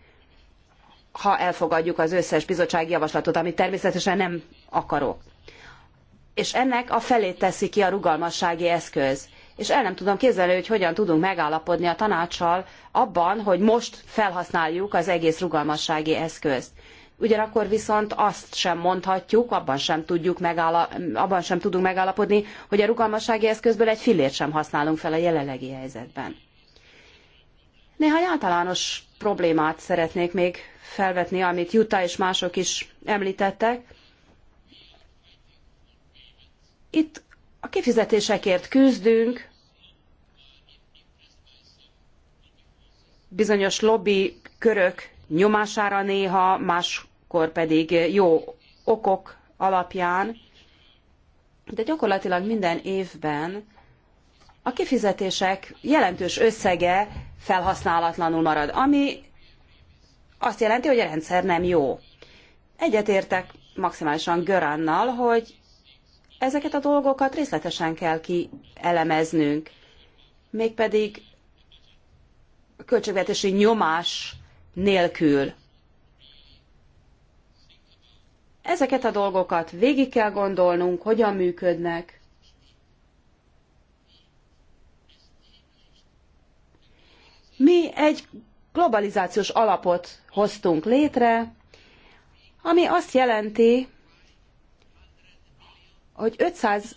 ha elfogadjuk az összes bizottsági javaslatot, amit természetesen nem akarok. És ennek a felét teszi ki a rugalmassági eszköz és el nem tudom képzelni, hogy hogyan tudunk megállapodni a tanácssal abban, hogy most felhasználjuk az egész rugalmassági eszközt. Ugyanakkor viszont azt sem mondhatjuk, abban sem, tudjuk megállap, abban sem tudunk megállapodni, hogy a rugalmassági eszközből egy fillért sem használunk fel a jelenlegi helyzetben. Néhány általános problémát szeretnék még felvetni, amit Jutta és mások is említettek. Itt a kifizetésekért küzdünk, bizonyos lobby körök nyomására néha, máskor pedig jó okok alapján, de gyakorlatilag minden évben a kifizetések jelentős összege felhasználatlanul marad, ami azt jelenti, hogy a rendszer nem jó. Egyetértek maximálisan Görannal, hogy ezeket a dolgokat részletesen kell kielemeznünk, mégpedig költségvetési nyomás nélkül. Ezeket a dolgokat végig kell gondolnunk, hogyan működnek, Mi egy globalizációs alapot hoztunk létre, ami azt jelenti, hogy 500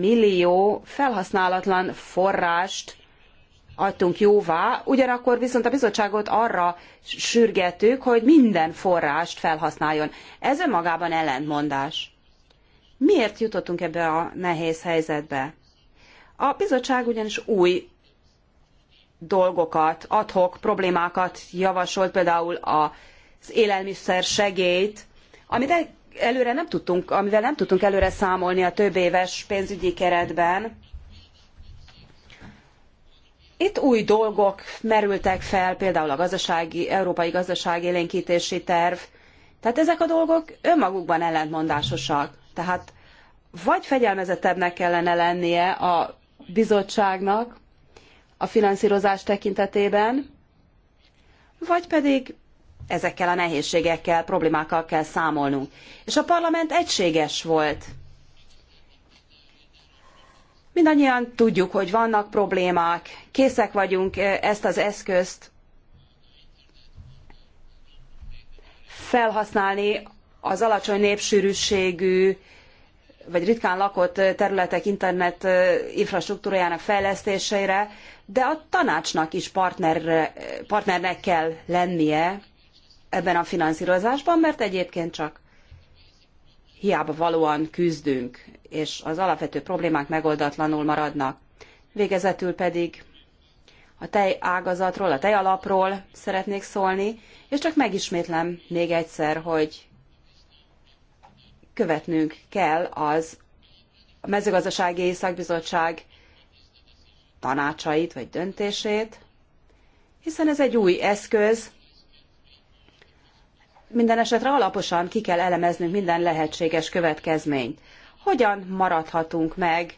millió felhasználatlan forrást adtunk jóvá, ugyanakkor viszont a bizottságot arra sürgettük, hogy minden forrást felhasználjon. Ez önmagában ellentmondás. Miért jutottunk ebbe a nehéz helyzetbe? A bizottság ugyanis új dolgokat, adhok problémákat javasolt, például az élelmiszer segélyt, amit előre nem tudtunk, amivel nem tudtunk előre számolni a több éves pénzügyi keretben, itt új dolgok merültek fel, például a gazdasági, európai gazdaságélénkítési terv. Tehát ezek a dolgok önmagukban ellentmondásosak. Tehát vagy fegyelmezettebbnek kellene lennie a bizottságnak a finanszírozás tekintetében, vagy pedig ezekkel a nehézségekkel, problémákkal kell számolnunk. És a parlament egységes volt Mindannyian tudjuk, hogy vannak problémák, készek vagyunk eh, ezt az eszközt felhasználni az alacsony népsűrűségű vagy ritkán lakott eh, területek internet eh, infrastruktúrájának fejlesztésére, de a tanácsnak is partner partnernek kell lennie ebben a finanszírozásban, mert egyébként csak hiába valóan küzdünk, és az alapvető problémák megoldatlanul maradnak. Végezetül pedig a tej ágazatról, a tej alapról szeretnék szólni, és csak megismétlem még egyszer, hogy követnünk kell az a mezőgazdasági szakbizottság tanácsait vagy döntését, hiszen ez egy új eszköz, minden esetre alaposan ki kell elemeznünk minden lehetséges következményt. Hogyan maradhatunk meg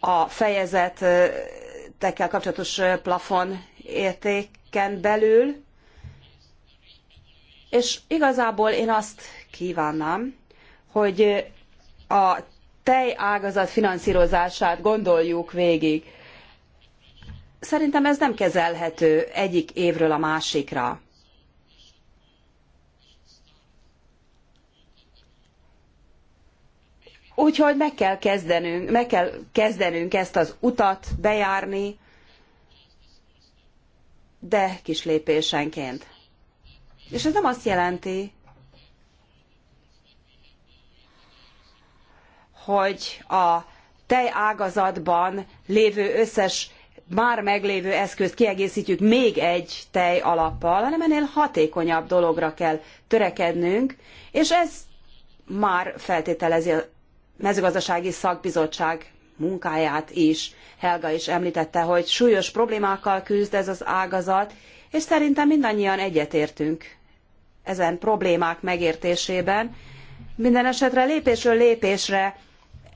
a fejezetekkel kapcsolatos plafon értéken belül, és igazából én azt kívánnám, hogy a tejágazat finanszírozását gondoljuk végig. Szerintem ez nem kezelhető egyik évről a másikra. Úgyhogy meg kell kezdenünk, meg kell kezdenünk ezt az utat bejárni, de kis lépésenként. És ez nem azt jelenti, hogy a tejágazatban lévő összes már meglévő eszközt kiegészítjük még egy tej alappal, hanem ennél hatékonyabb dologra kell törekednünk, és ez már feltételezi mezőgazdasági szakbizottság munkáját is. Helga is említette, hogy súlyos problémákkal küzd ez az ágazat, és szerintem mindannyian egyetértünk ezen problémák megértésében. Minden esetre lépésről lépésre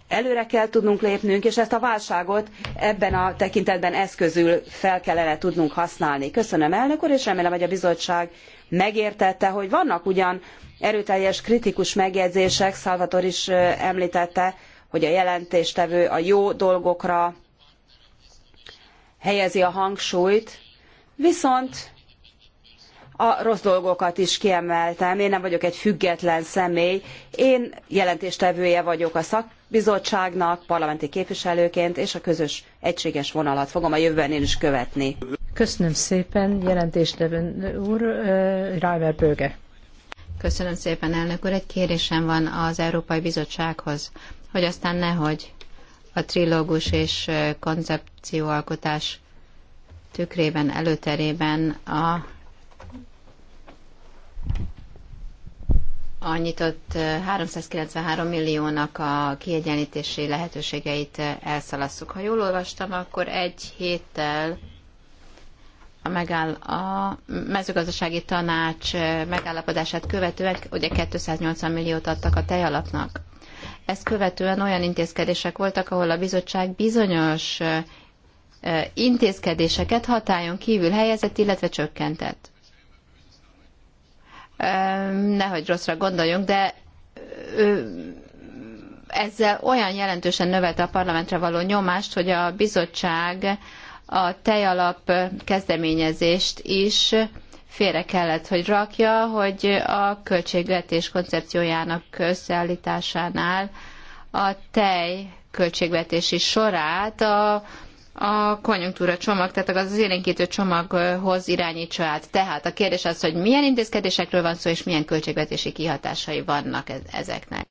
előre kell tudnunk lépnünk, és ezt a válságot ebben a tekintetben eszközül fel kellene tudnunk használni. Köszönöm elnök úr, és remélem, hogy a bizottság megértette, hogy vannak ugyan erőteljes kritikus megjegyzések, Salvator is említette, hogy a jelentéstevő a jó dolgokra helyezi a hangsúlyt, viszont a rossz dolgokat is kiemeltem. Én nem vagyok egy független személy. Én jelentéstevője vagyok a szakbizottságnak, parlamenti képviselőként, és a közös egységes vonalat fogom a jövőben én is követni. Köszönöm szépen, jelentéstevő úr, Reimer Böge. Köszönöm szépen, elnök úr. Egy kérésem van az Európai Bizottsághoz, hogy aztán nehogy a trilógus és koncepcióalkotás tükrében, előterében a, a nyitott 393 milliónak a kiegyenlítési lehetőségeit elszalasszuk. Ha jól olvastam, akkor egy héttel a, megáll, a mezőgazdasági tanács eh, megállapodását követően ugye 280 milliót adtak a tejalapnak. Ezt követően olyan intézkedések voltak, ahol a bizottság bizonyos eh, eh, intézkedéseket hatályon kívül helyezett, illetve csökkentett. Nehogy rosszra gondoljunk, de ezzel olyan jelentősen növelte a parlamentre való nyomást, hogy a bizottság a tejalap kezdeményezést is félre kellett, hogy rakja, hogy a költségvetés koncepciójának összeállításánál a tej költségvetési sorát a a konjunktúra csomag, tehát az élénkítő csomaghoz irányítsa át. Tehát a kérdés az, hogy milyen intézkedésekről van szó, és milyen költségvetési kihatásai vannak e- ezeknek.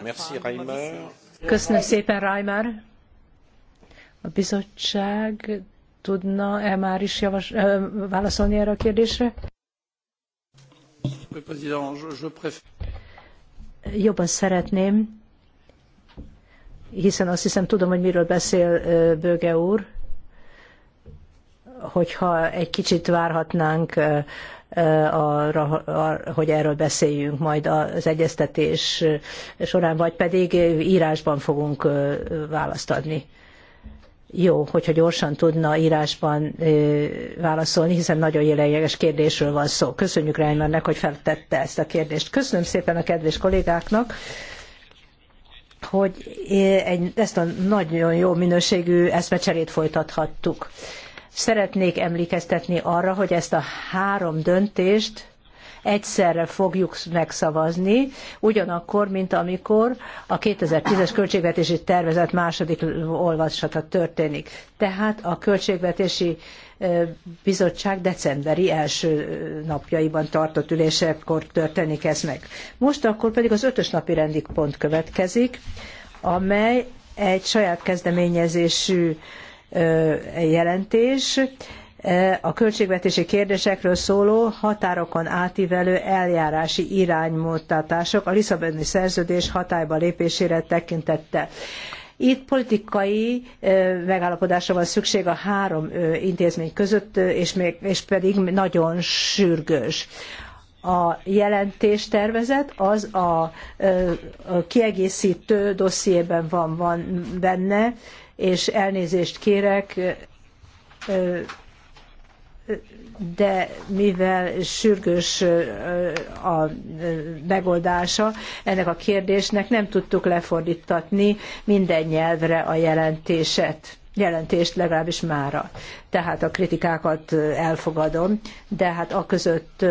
Merci, Reimer. Köszönöm szépen, Reimer. A bizottság tudna-e már is javas, válaszolni erre a kérdésre? Jobban szeretném, hiszen azt hiszem tudom, hogy miről beszél Böge úr, hogyha egy kicsit várhatnánk Eh, arra, hogy erről beszéljünk majd az egyeztetés eh, során, vagy pedig írásban fogunk eh, választ adni. Jó, hogyha gyorsan tudna írásban válaszolni, hiszen nagyon jelenleges kérdésről van szó. Köszönjük Reimernek, hogy feltette ezt a kérdést. Köszönöm szépen a kedves kollégáknak hogy ezt a nagyon jó minőségű eszmecserét folytathattuk. Szeretnék emlékeztetni arra, hogy ezt a három döntést egyszerre fogjuk megszavazni, ugyanakkor, mint amikor a 2010-es költségvetési tervezet második olvasata történik. Tehát a költségvetési bizottság decemberi első napjaiban tartott ülésekor történik ez meg. Most akkor pedig az ötös napi rendi pont következik, amely egy saját kezdeményezésű jelentés a költségvetési kérdésekről szóló határokon átívelő eljárási iránymutatások a Lisszaboni szerződés hatályba lépésére tekintettel. Itt politikai megállapodásra van szükség a három intézmény között, és, még, és pedig nagyon sürgős a jelentéstervezet az a, a kiegészítő dossziében van, van benne, és elnézést kérek, de mivel sürgős a megoldása ennek a kérdésnek, nem tudtuk lefordítatni minden nyelvre a jelentéset jelentést legalábbis mára. Tehát a kritikákat elfogadom, de hát aközött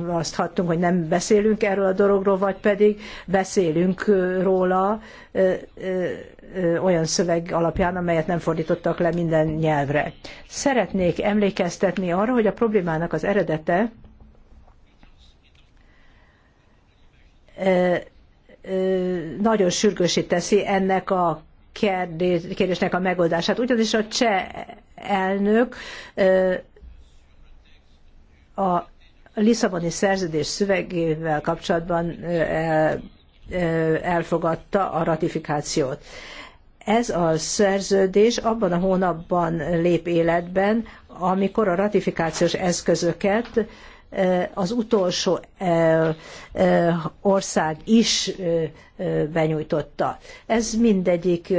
választhattunk, hogy nem beszélünk erről a dologról, vagy pedig beszélünk róla, olyan szöveg alapján, amelyet nem fordítottak le minden nyelvre. Szeretnék emlékeztetni arra, hogy a problémának az eredete nagyon sürgősé teszi ennek a kérdésnek a megoldását. Ugyanis a cseh elnök a Lisszaboni szerződés szövegével kapcsolatban elfogadta a ratifikációt. Ez a szerződés abban a hónapban lép életben, amikor a ratifikációs eszközöket eh, az utolsó eh, eh, ország is benyújtotta. Ez mindegyik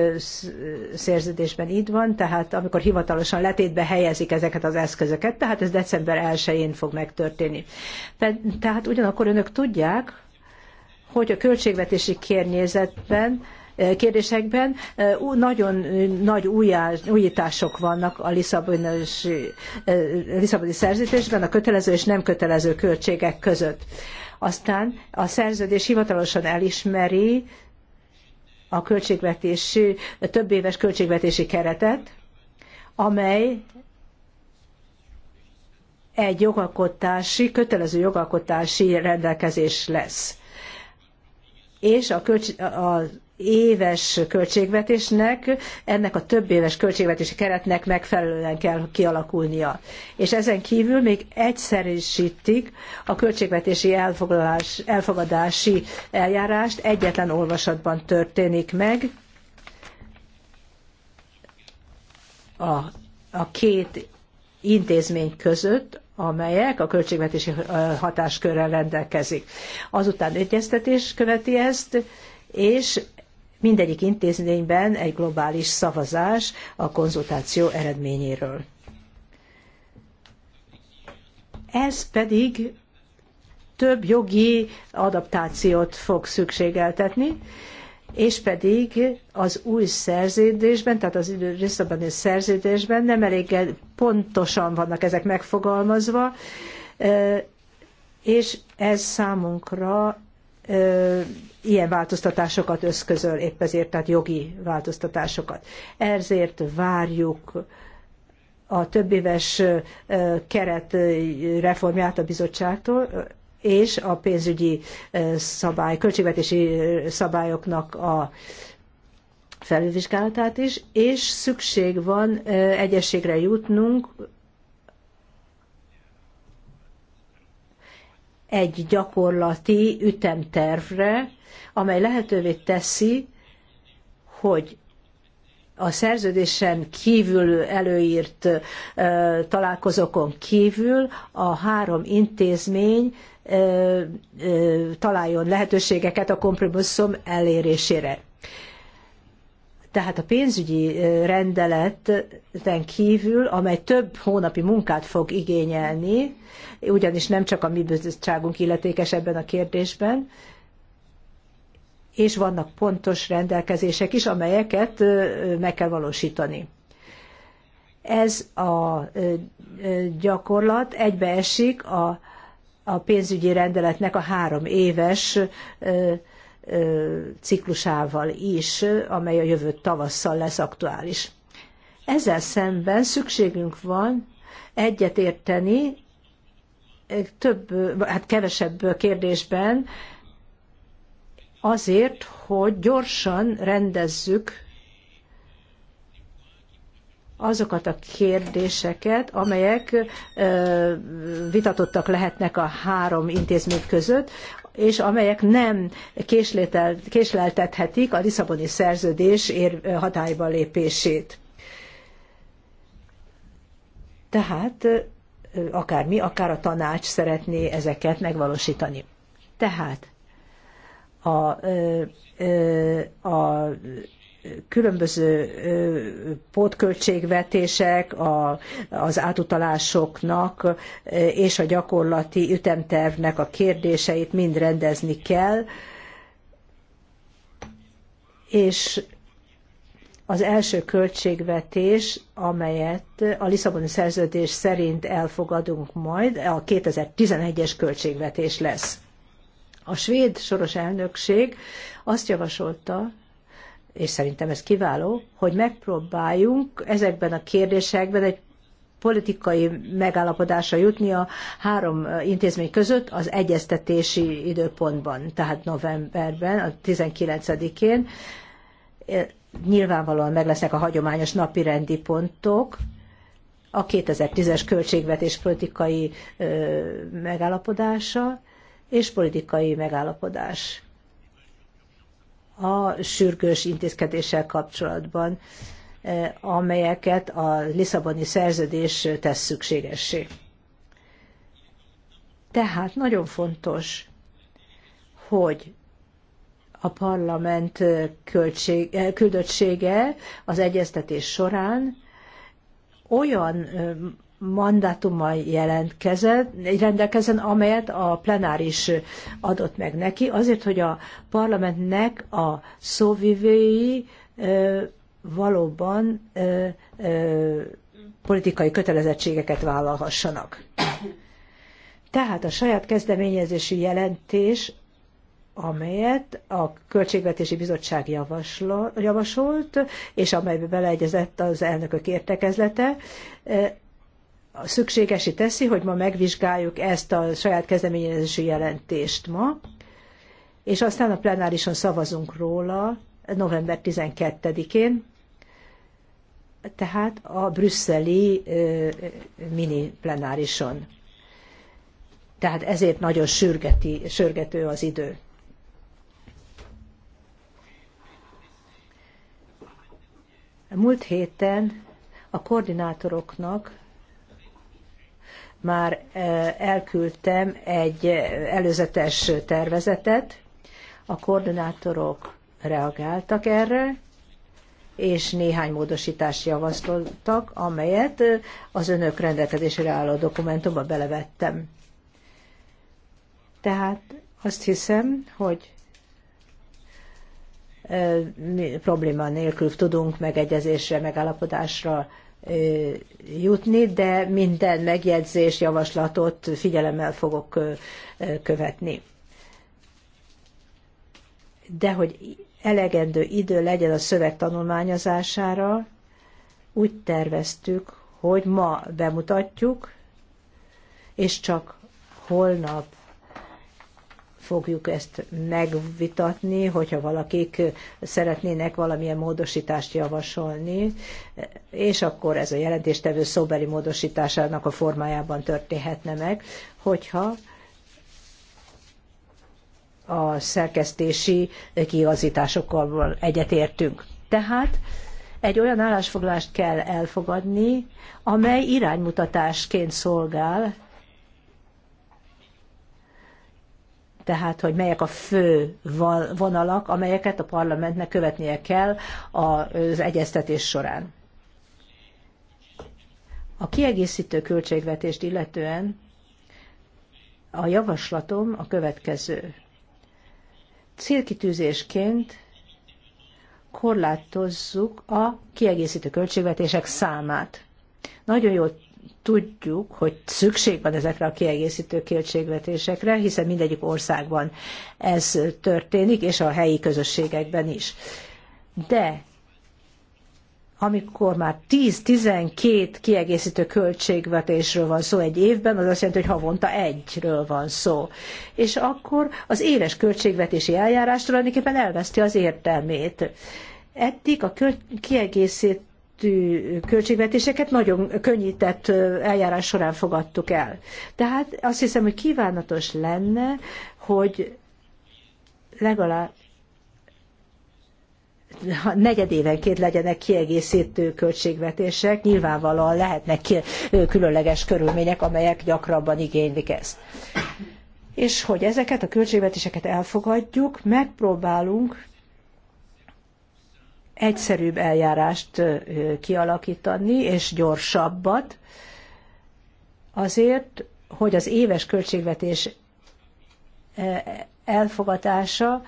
szerződésben így van, tehát amikor hivatalosan letétbe helyezik ezeket az eszközöket, tehát ez december 1-én fog megtörténni. Tehát ugyanakkor önök tudják, hogy a költségvetési környezetben kérdésekben nagyon nagy újítások vannak a Lisszaboni szerződésben, a kötelező és nem kötelező költségek között. Aztán a szerződés hivatalosan elismeri a költségvetési, több éves költségvetési keretet, amely egy jogalkotási, kötelező jogalkotási rendelkezés lesz. És a, a éves költségvetésnek, ennek a több éves költségvetési keretnek megfelelően kell kialakulnia. És ezen kívül még egyszerűsítik a költségvetési elfogadási eljárást, egyetlen olvasatban történik meg a, a két intézmény között, amelyek a költségvetési hatáskörrel rendelkezik. Azután egyeztetés követi ezt, és mindegyik intézményben egy globális szavazás a konzultáció eredményéről. Ez pedig több jogi adaptációt fog szükségeltetni, és pedig az új szerződésben, tehát az Lisszaboni szerződésben nem elég pontosan vannak ezek megfogalmazva, és ez számunkra ilyen változtatásokat összközöl, épp ezért, tehát jogi változtatásokat. Ezért várjuk a többéves keret reformját a bizottságtól, és a pénzügyi szabály, költségvetési szabályoknak a felülvizsgálatát is, és szükség van egyességre jutnunk egy gyakorlati ütemtervre, amely lehetővé teszi, hogy a szerződésen kívül előírt találkozókon kívül a három intézmény találjon lehetőségeket a kompromisszum elérésére. Tehát a pénzügyi rendeleten kívül, amely több hónapi munkát fog igényelni, ugyanis nem csak a mi bizottságunk illetékes ebben a kérdésben, és vannak pontos rendelkezések is, amelyeket meg kell valósítani. Ez a gyakorlat egybeesik a, a pénzügyi rendeletnek a három éves ciklusával is, amely a jövő tavasszal lesz aktuális. Ezzel szemben szükségünk van egyetérteni több, hát kevesebb kérdésben, azért, hogy gyorsan rendezzük azokat a kérdéseket, amelyek vitatottak lehetnek a három intézmény között, és amelyek nem késleltethetik a Lisszaboni szerződés hatályba lépését. Tehát akár mi, akár a tanács szeretné ezeket megvalósítani. Tehát a, a különböző pótköltségvetések, a, az átutalásoknak és a gyakorlati ütemtervnek a kérdéseit mind rendezni kell, és az első költségvetés, amelyet a Lisszaboni szerződés szerint elfogadunk majd, a 2011-es költségvetés lesz. A svéd soros elnökség azt javasolta, és szerintem ez kiváló, hogy megpróbáljunk ezekben a kérdésekben egy politikai megállapodásra jutni a három intézmény között az egyeztetési időpontban, tehát novemberben, a 19-én. Nyilvánvalóan meg lesznek a hagyományos napi rendi pontok, a 2010-es költségvetés politikai megállapodása, és politikai megállapodás a sürgős intézkedéssel kapcsolatban, eh, amelyeket a Lisszaboni szerződés tesz szükségessé. Tehát nagyon fontos, hogy a parlament eh, költség, eh, küldöttsége az egyeztetés során olyan mandátummal jelentkezen, rendelkezen, amelyet a plenáris adott meg neki, azért, hogy a parlamentnek a szóvivői valóban politikai kötelezettségeket vállalhassanak. Tehát a saját kezdeményezési jelentés, amelyet a Költségvetési Bizottság javasolt, és amelybe beleegyezett az elnökök értekezlete, szükségesi teszi, hogy ma megvizsgáljuk ezt a saját kezdeményezésű jelentést ma, és aztán a plenárison szavazunk róla november 12-én, tehát a brüsszeli mini plenárison. Tehát ezért nagyon sürgeti, sürgető az idő. Múlt héten a koordinátoroknak már elküldtem egy előzetes tervezetet, a koordinátorok reagáltak erre, és néhány módosítást javasoltak, amelyet az önök rendelkezésére álló dokumentumba belevettem. Tehát azt hiszem, hogy probléma nélkül tudunk megegyezésre, megállapodásra jutni, de minden megjegyzés, javaslatot figyelemmel fogok követni. De hogy elegendő idő legyen a szöveg tanulmányozására, úgy terveztük, hogy ma bemutatjuk, és csak holnap fogjuk ezt megvitatni, hogyha valakik szeretnének valamilyen módosítást javasolni, és akkor ez a jelentéstevő szóbeli módosításának a formájában történhetne meg, hogyha a szerkesztési kiigazításokkal egyetértünk. Tehát egy olyan állásfoglalást kell elfogadni, amely iránymutatásként szolgál tehát hogy melyek a fő vonalak, amelyeket a parlamentnek követnie kell az egyeztetés során. A kiegészítő költségvetést illetően a javaslatom a következő. Célkitűzésként korlátozzuk a kiegészítő költségvetések számát. Nagyon jól tudjuk, hogy szükség van ezekre a kiegészítő költségvetésekre, hiszen mindegyik országban ez történik, és a helyi közösségekben is. De amikor már 10-12 kiegészítő költségvetésről van szó egy évben, az azt jelenti, hogy havonta egyről van szó. És akkor az éles költségvetési eljárás tulajdonképpen elveszti az értelmét. Eddig a kiegészítő szintű költségvetéseket nagyon könnyített eljárás során fogadtuk el. Tehát azt hiszem, hogy kívánatos lenne, hogy legalább negyedévenként legyenek kiegészítő költségvetések, nyilvánvalóan lehetnek különleges körülmények, amelyek gyakrabban igénylik ezt. És hogy ezeket a költségvetéseket elfogadjuk, megpróbálunk egyszerűbb eljárást kialakítani, és gyorsabbat, azért, hogy az éves költségvetés elfogadása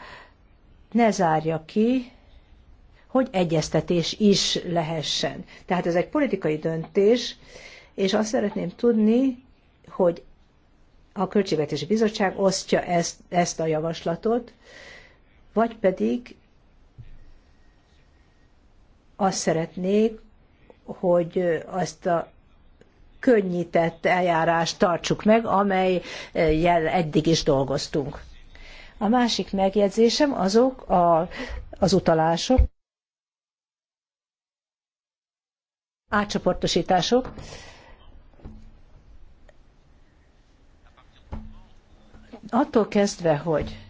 ne zárja ki, hogy egyeztetés is lehessen. Tehát ez egy politikai döntés, és azt szeretném tudni, hogy a Költségvetési Bizottság osztja ezt, ezt a javaslatot, vagy pedig azt szeretnék, hogy azt a könnyített eljárást tartsuk meg, amely eh, jel eddig is dolgoztunk. A másik megjegyzésem azok a, az utalások, átcsoportosítások, attól kezdve, hogy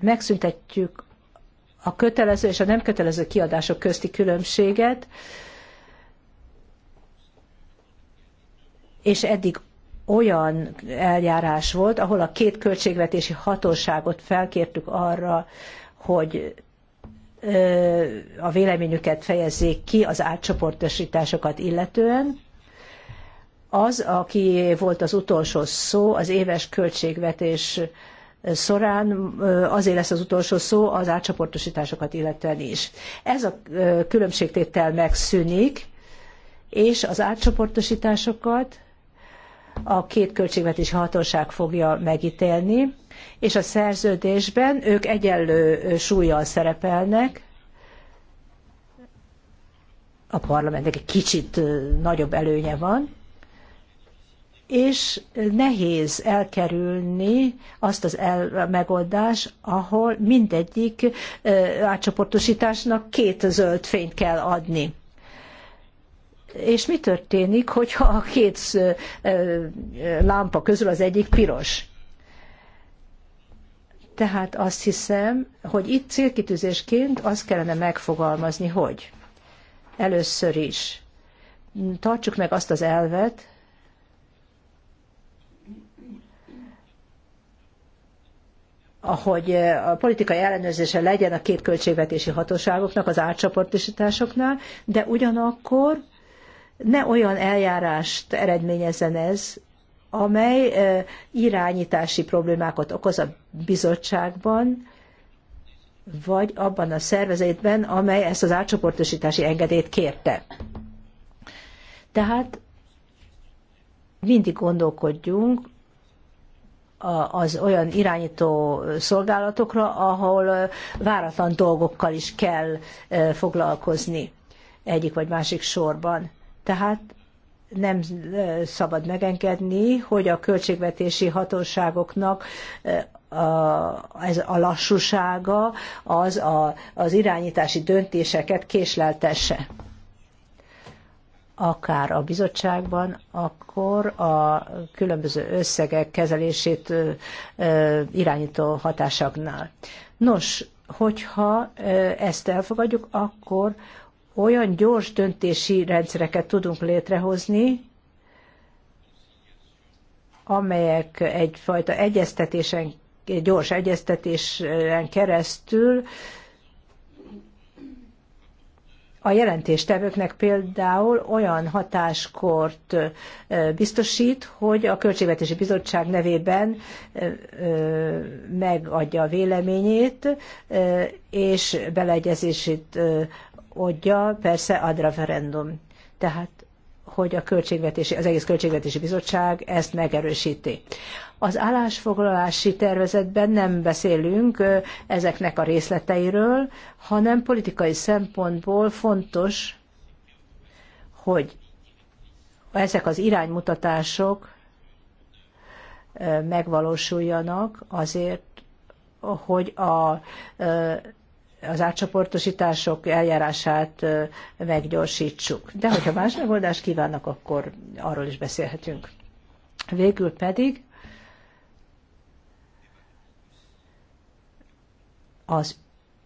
megszüntetjük a kötelező és a nem kötelező kiadások közti különbséget, és eddig olyan eljárás volt, ahol a két költségvetési hatóságot felkértük arra, hogy a véleményüket fejezzék ki az átcsoportosításokat illetően. Az, aki volt az utolsó szó az éves költségvetés során azért lesz az utolsó szó az átcsoportosításokat illetően is. Ez a különbségtétel megszűnik, és az átcsoportosításokat a két költségvetési hatóság fogja megítélni, és a szerződésben ők egyenlő súlyjal szerepelnek, a parlamentnek egy kicsit nagyobb előnye van, és nehéz elkerülni azt az el, megoldás, ahol mindegyik átcsoportosításnak két zöld fényt kell adni. És mi történik, hogyha a két lámpa közül az egyik piros? Tehát azt hiszem, hogy itt célkitűzésként azt kellene megfogalmazni, hogy először is tartsuk meg azt az elvet, hogy eh, a politikai ellenőrzése legyen a két költségvetési hatóságoknak, az átcsoportosításoknál, de ugyanakkor ne olyan eljárást eredményezzen ez, amely eh, irányítási problémákat okoz a bizottságban, vagy abban a szervezetben, amely ezt az átcsoportosítási engedélyt kérte. Tehát mindig gondolkodjunk az olyan irányító szolgálatokra, ahol váratlan dolgokkal is kell foglalkozni egyik vagy másik sorban. Tehát nem szabad megengedni, hogy a költségvetési hatóságoknak a, ez a lassúsága az a, az irányítási döntéseket késleltesse akár a bizottságban, akkor a különböző összegek kezelését irányító hatásoknál. Nos, hogyha ezt elfogadjuk, akkor olyan gyors döntési rendszereket tudunk létrehozni, amelyek egyfajta egyeztetésen, gyors egyeztetésen keresztül a jelentéstevőknek például olyan hatáskort biztosít, hogy a Költségvetési Bizottság nevében megadja a véleményét, és beleegyezését adja, persze ad referendum. Tehát hogy a költségvetési, az egész költségvetési bizottság ezt megerősíti. Az állásfoglalási tervezetben nem beszélünk ezeknek a részleteiről, hanem politikai szempontból fontos, hogy ezek az iránymutatások megvalósuljanak azért, hogy a az átcsoportosítások eljárását meggyorsítsuk. De hogyha más megoldást kívánnak, akkor arról is beszélhetünk. Végül pedig az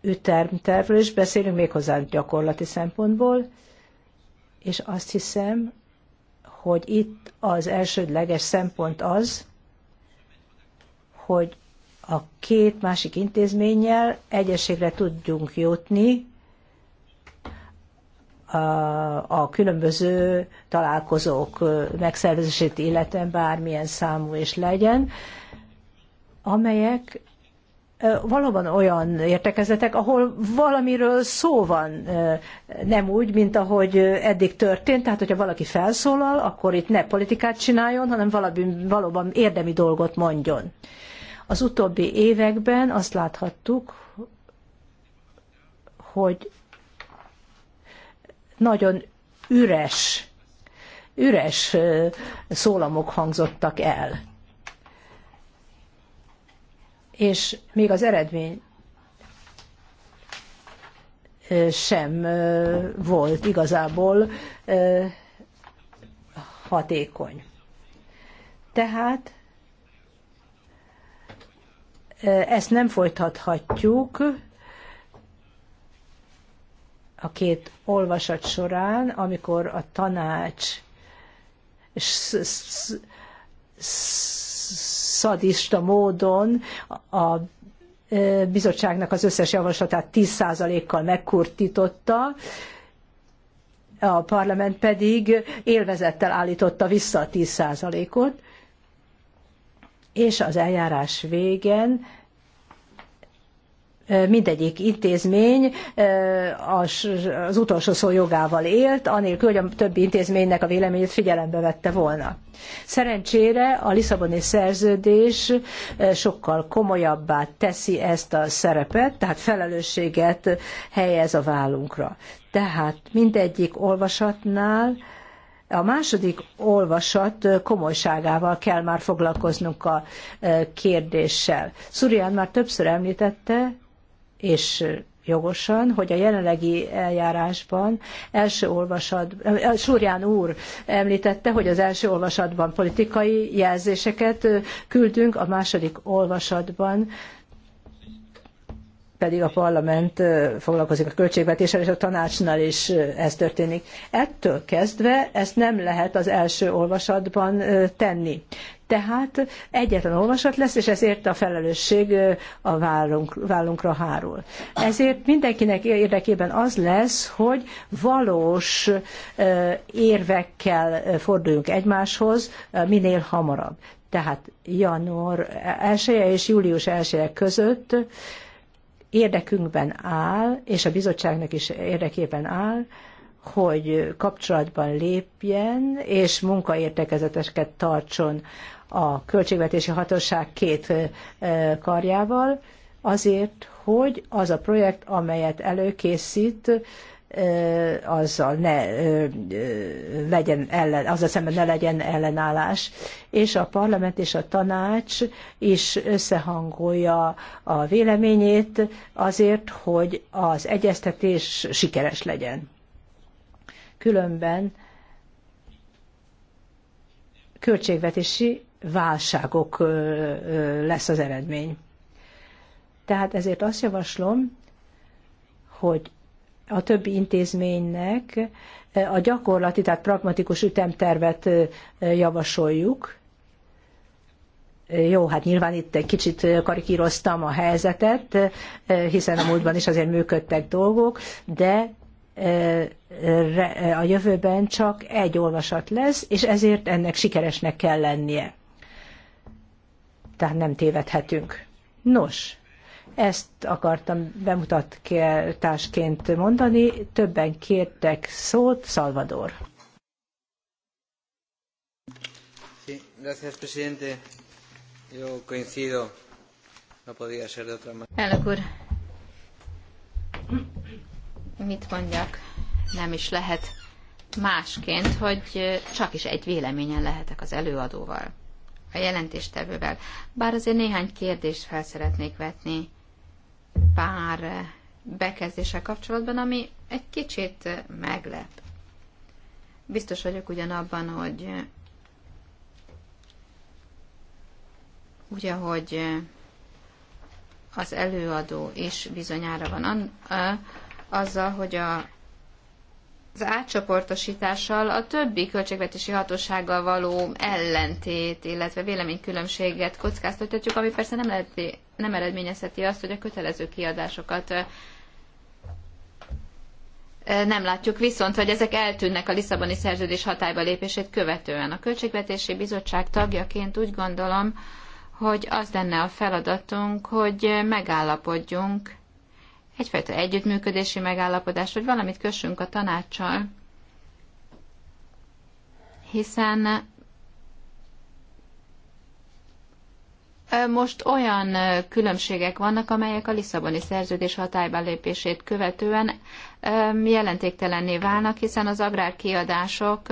ütermtervről is beszélünk, méghozzá gyakorlati szempontból, és azt hiszem, hogy itt az elsődleges szempont az, hogy a két másik intézménnyel egyességre tudjunk jutni a, a különböző találkozók megszervezését illetően bármilyen számú is legyen, amelyek valóban olyan értekezetek, ahol valamiről szó van, nem úgy, mint ahogy eddig történt, tehát hogyha valaki felszólal, akkor itt ne politikát csináljon, hanem valami, valóban érdemi dolgot mondjon. Az utóbbi években azt láthattuk, hogy nagyon üres, üres szólamok hangzottak el. És még az eredmény sem volt igazából hatékony. Tehát ezt nem folytathatjuk a két olvasat során, amikor a tanács szadista módon a bizottságnak az összes javaslatát 10%-kal megkurtította, a parlament pedig élvezettel állította vissza a 10%-ot és az eljárás végén mindegyik intézmény az utolsó szó jogával élt, anélkül, hogy a többi intézménynek a véleményét figyelembe vette volna. Szerencsére a Lisszaboni szerződés sokkal komolyabbá teszi ezt a szerepet, tehát felelősséget helyez a vállunkra. Tehát mindegyik olvasatnál a második olvasat komolyságával kell már foglalkoznunk a e, kérdéssel. Szurián már többször említette, és jogosan, hogy a jelenlegi eljárásban első olvasat, e, Súrján úr említette, hogy az első olvasatban politikai jelzéseket küldtünk, a második olvasatban pedig a parlament foglalkozik a költségvetéssel, és a tanácsnál is ez történik. Ettől kezdve ezt nem lehet az első olvasatban tenni. Tehát egyetlen olvasat lesz, és ezért a felelősség a vállunk, vállunkra hárul. Ezért mindenkinek érdekében az lesz, hogy valós érvekkel forduljunk egymáshoz minél hamarabb. Tehát január 1 és július 1 között érdekünkben áll, és a bizottságnak is érdekében áll, hogy kapcsolatban lépjen, és munkaértekezeteket tartson a költségvetési hatóság két karjával, azért, hogy az a projekt, amelyet előkészít, azzal ne legyen ellen, azzal szemben ne legyen ellenállás, és a parlament és a tanács is összehangolja a véleményét azért, hogy az egyeztetés sikeres legyen. Különben költségvetési válságok lesz az eredmény. Tehát ezért azt javaslom, hogy a többi intézménynek a gyakorlati, tehát pragmatikus ütemtervet javasoljuk. Jó, hát nyilván itt egy kicsit karikíroztam a helyzetet, hiszen a múltban is azért működtek dolgok, de a jövőben csak egy olvasat lesz, és ezért ennek sikeresnek kell lennie. Tehát nem tévedhetünk. Nos, ezt akartam bemutatásként mondani. Többen kértek szót. Salvador. Sí, gracias, presidente. Yo coincido. No podía ser de otra manera. Elnök úr, mit mondjak? Nem is lehet másként, hogy csak is egy véleményen lehetek az előadóval, a jelentéstevővel. Bár azért néhány kérdést fel szeretnék vetni pár bekezdéssel kapcsolatban, ami egy kicsit meglep. Biztos vagyok ugyanabban, hogy ugye, hogy az előadó is bizonyára van azzal, hogy a az átcsoportosítással a többi költségvetési hatósággal való ellentét, illetve véleménykülönbséget kockáztatjuk, ami persze nem, lehet, nem eredményezheti azt, hogy a kötelező kiadásokat nem látjuk viszont, hogy ezek eltűnnek a Lisszaboni szerződés hatályba lépését követően. A Költségvetési Bizottság tagjaként úgy gondolom, hogy az lenne a feladatunk, hogy megállapodjunk egyfajta együttműködési megállapodást, hogy valamit kössünk a tanácssal, hiszen most olyan különbségek vannak, amelyek a Lisszaboni szerződés hatályba lépését követően jelentéktelenné válnak, hiszen az agrárkiadások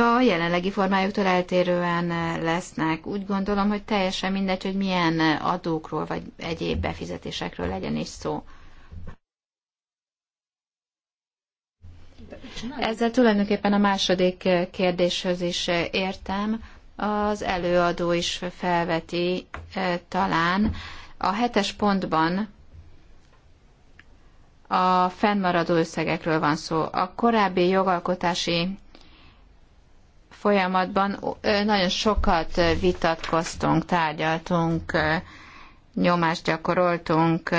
a jelenlegi formájuktól eltérően lesznek. Úgy gondolom, hogy teljesen mindegy, hogy milyen adókról vagy egyéb befizetésekről legyen is szó. Ezzel tulajdonképpen a második kérdéshöz is értem. Az előadó is felveti talán. A hetes pontban a fennmaradó összegekről van szó. A korábbi jogalkotási folyamatban nagyon sokat vitatkoztunk, tárgyaltunk, nyomást gyakoroltunk,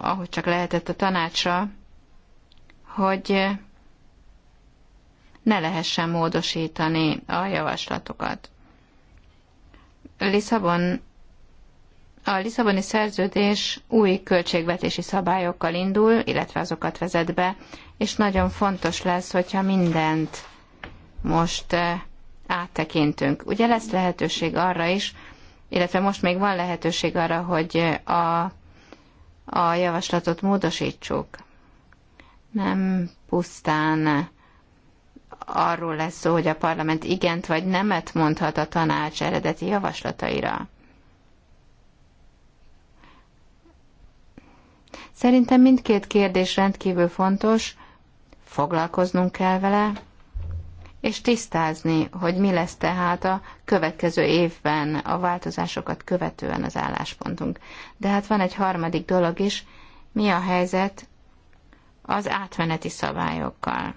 ahogy csak lehetett a tanácsra, hogy ne lehessen módosítani a javaslatokat. Lisszabon a Lisszaboni szerződés új költségvetési szabályokkal indul, illetve azokat vezet be, és nagyon fontos lesz, hogyha mindent most eh, áttekintünk. Ugye lesz lehetőség arra is, illetve most még van lehetőség arra, hogy eh, a, a javaslatot módosítsuk. Nem pusztán arról lesz szó, hogy a parlament igent vagy nemet mondhat a tanács eredeti javaslataira. Szerintem mindkét kérdés rendkívül fontos, foglalkoznunk kell vele, és tisztázni, hogy mi lesz tehát a következő évben a változásokat követően az álláspontunk. De hát van egy harmadik dolog is, mi a helyzet az átmeneti szabályokkal.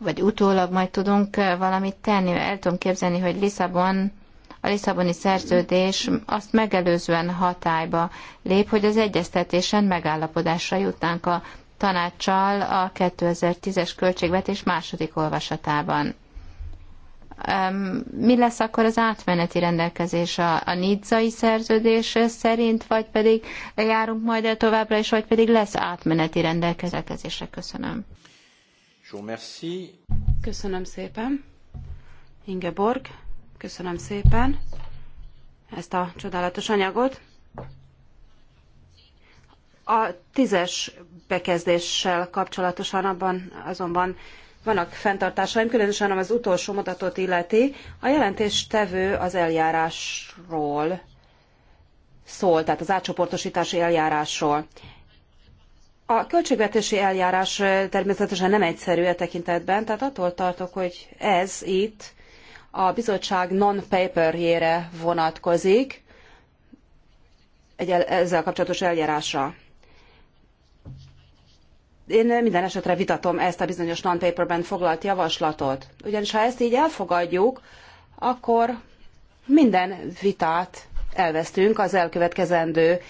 Vagy utólag majd tudunk valamit tenni. El tudom képzelni, hogy Lisszabon a Lisszaboni szerződés azt megelőzően hatályba lép, hogy az egyeztetésen megállapodásra jutnánk a tanácssal a 2010-es költségvetés második olvasatában. Mi lesz akkor az átmeneti rendelkezés a, a nidzai szerződés szerint, vagy pedig járunk majd el továbbra is, vagy pedig lesz átmeneti rendelkezésre? Köszönöm. Köszönöm szépen. Ingeborg. Köszönöm szépen ezt a csodálatos anyagot. A tízes bekezdéssel kapcsolatosan abban azonban vannak fenntartásaim, különösen az utolsó mutatót illeti. A jelentés tevő az eljárásról szól, tehát az átcsoportosítási eljárásról. A költségvetési eljárás természetesen nem egyszerű e tekintetben, tehát attól tartok, hogy ez itt a bizottság non-paperjére vonatkozik, egy ezzel kapcsolatos eljárásra. Én minden esetre vitatom ezt a bizonyos non-paperben foglalt javaslatot. Ugyanis ha ezt így elfogadjuk, akkor minden vitát elvesztünk az elkövetkezendő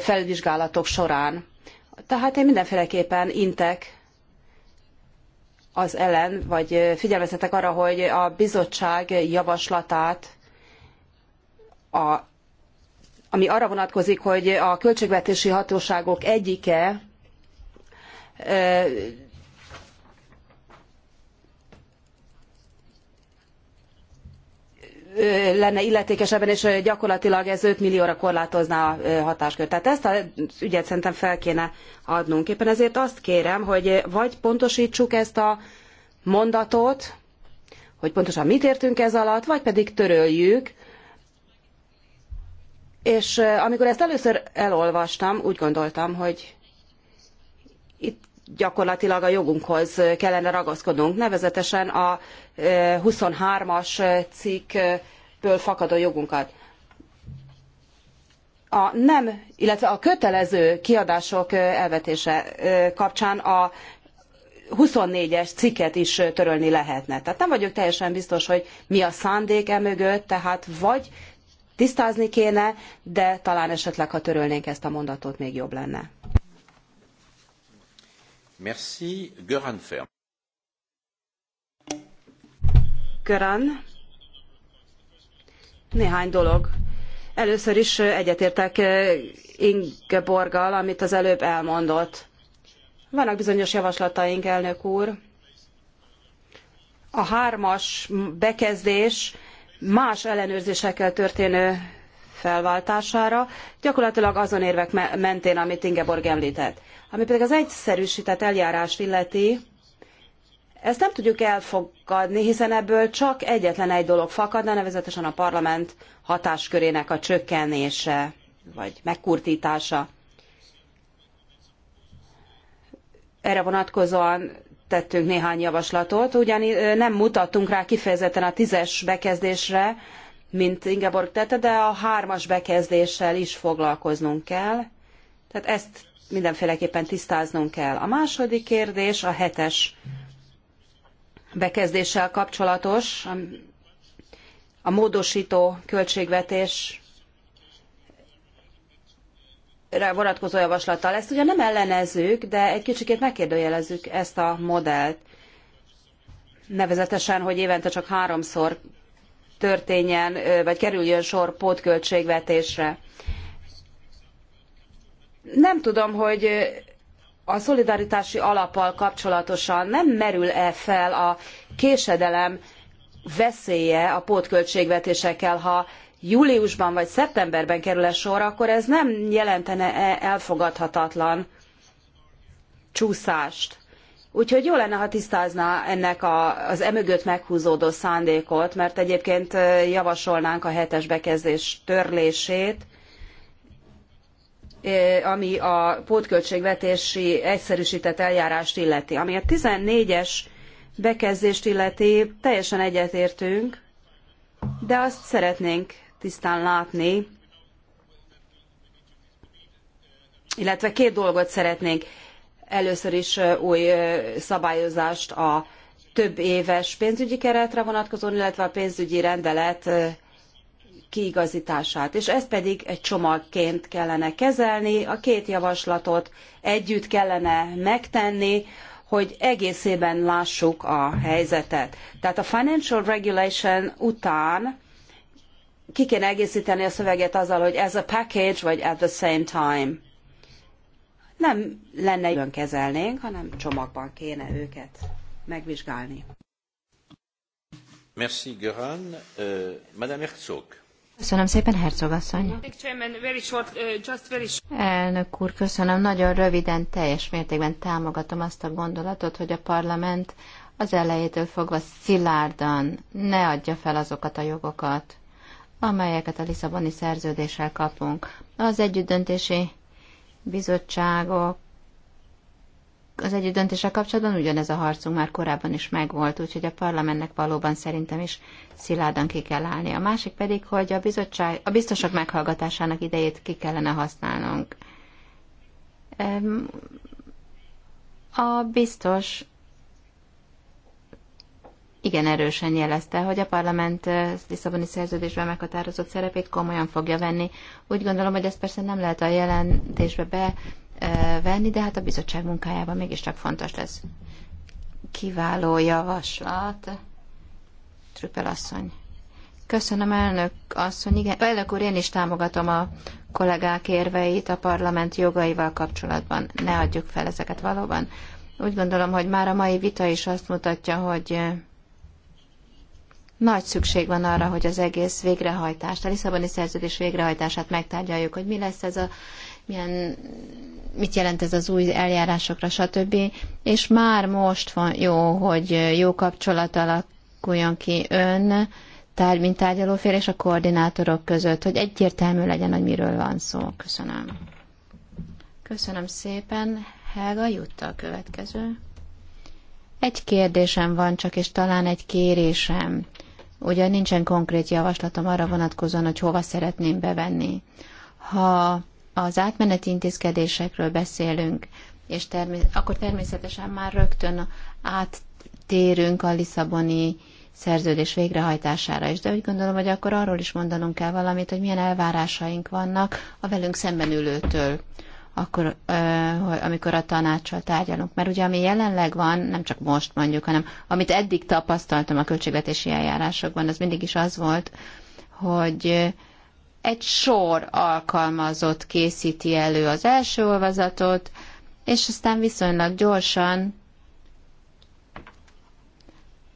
felvizsgálatok során. Tehát én mindenféleképpen intek az ellen, vagy figyelmeztetek arra, hogy a bizottság javaslatát, a, ami arra vonatkozik, hogy a költségvetési hatóságok egyike lenne illetékes ebben, és gyakorlatilag ez 5 millióra korlátozná a hatáskört. Tehát ezt az ügyet szerintem fel kéne adnunk. Éppen ezért azt kérem, hogy vagy pontosítsuk ezt a mondatot, hogy pontosan mit értünk ez alatt, vagy pedig töröljük. És amikor ezt először elolvastam, úgy gondoltam, hogy itt gyakorlatilag a jogunkhoz kellene ragaszkodnunk, nevezetesen a 23-as e, cikkből fakadó jogunkat. A nem, illetve a kötelező kiadások elvetése e, kapcsán a 24-es cikket is törölni lehetne. Tehát nem vagyok teljesen biztos, hogy mi a szándék e mögött, tehát vagy tisztázni kéne, de talán esetleg, ha törölnénk ezt a mondatot, még jobb lenne. Néhány dolog. Először is egyetértek eh, ingeborggal amit az előbb elmondott. Vannak bizonyos javaslataink, elnök úr. A hármas bekezdés más ellenőrzésekkel történő felváltására, gyakorlatilag azon érvek mentén, amit Ingeborg említett. Ami pedig az egyszerűsített eljárást illeti, ezt nem tudjuk elfogadni, hiszen ebből csak egyetlen egy dolog fakadna, nevezetesen a parlament hatáskörének a csökkenése, vagy megkurtítása. Erre vonatkozóan tettünk néhány javaslatot, ugyan nem mutattunk rá kifejezetten a tízes bekezdésre, mint Ingeborg tette, de a hármas bekezdéssel is foglalkoznunk kell. Tehát ezt mindenféleképpen tisztáznunk kell. A második kérdés a hetes bekezdéssel kapcsolatos, a módosító költségvetés vonatkozó javaslattal. Ezt ugye nem ellenezzük, de egy kicsikét megkérdőjelezzük ezt a modellt. Nevezetesen, hogy évente csak háromszor történjen, vagy kerüljön sor pótköltségvetésre. Nem tudom, hogy a szolidaritási alappal kapcsolatosan nem merül-e fel a késedelem veszélye a pótköltségvetésekkel, ha júliusban vagy szeptemberben kerül -e sor, akkor ez nem jelentene -e elfogadhatatlan csúszást. Úgyhogy jó lenne, ha tisztázná ennek a, az emögött meghúzódó szándékot, mert egyébként javasolnánk a hetes bekezdés törlését, ami a pótköltségvetési egyszerűsített eljárást illeti. Ami a 14-es bekezdést illeti, teljesen egyetértünk, de azt szeretnénk tisztán látni, illetve két dolgot szeretnénk Először is új szabályozást a több éves pénzügyi keretre vonatkozóan, illetve a pénzügyi rendelet kiigazítását, és ezt pedig egy csomagként kellene kezelni, a két javaslatot együtt kellene megtenni, hogy egészében lássuk a helyzetet. Tehát a Financial Regulation után ki kéne egészíteni a szöveget azzal, hogy as a package, vagy at the same time nem lenne külön kezelnénk, hanem csomagban kéne őket megvizsgálni. Merci, Göran. Uh, Madame Herzog. Köszönöm szépen, Herzog asszony. Uh, Elnök úr, köszönöm. Nagyon röviden, teljes mértékben támogatom azt a gondolatot, hogy a parlament az elejétől fogva szilárdan ne adja fel azokat a jogokat, amelyeket a Lisszaboni szerződéssel kapunk. Az együttdöntési bizottságok az együtt döntéssel kapcsolatban ugyanez a harcunk már korábban is megvolt, úgyhogy a parlamentnek valóban szerintem is szilárdan ki kell állni. A másik pedig, hogy a, bizottság, a biztosok meghallgatásának idejét ki kellene használnunk. A biztos igen erősen jelezte, hogy a parlament Lisszaboni szerződésben meghatározott szerepét komolyan fogja venni. Úgy gondolom, hogy ezt persze nem lehet a jelentésbe bevenni, de hát a bizottság munkájában mégiscsak fontos lesz. Kiváló javaslat. Trüppel asszony. Köszönöm, elnök asszony. Igen, elnök úr, én is támogatom a kollégák érveit a parlament jogaival kapcsolatban. Ne adjuk fel ezeket valóban. Úgy gondolom, hogy már a mai vita is azt mutatja, hogy nagy szükség van arra, hogy az egész végrehajtást, a Lisszaboni szerződés végrehajtását megtárgyaljuk, hogy mi lesz ez a, milyen, mit jelent ez az új eljárásokra, stb. És már most van jó, hogy jó kapcsolat alakuljon ki ön, tárgy, mint tárgyalófér és a koordinátorok között, hogy egyértelmű legyen, hogy miről van szó. Köszönöm. Köszönöm szépen. Helga Jutta a következő. Egy kérdésem van csak, és talán egy kérésem ugye nincsen konkrét javaslatom arra vonatkozóan, hogy hova szeretném bevenni. Ha az átmeneti intézkedésekről beszélünk, és termé- akkor természetesen már rögtön áttérünk a Lisszaboni szerződés végrehajtására is. De úgy gondolom, hogy akkor arról is mondanunk kell valamit, hogy milyen elvárásaink vannak a velünk szemben ülőtől akkor, amikor a tanácssal tárgyalunk. Mert ugye ami jelenleg van, nem csak most mondjuk, hanem amit eddig tapasztaltam a költségvetési eljárásokban, az mindig is az volt, hogy egy sor alkalmazott készíti elő az első olvazatot, és aztán viszonylag gyorsan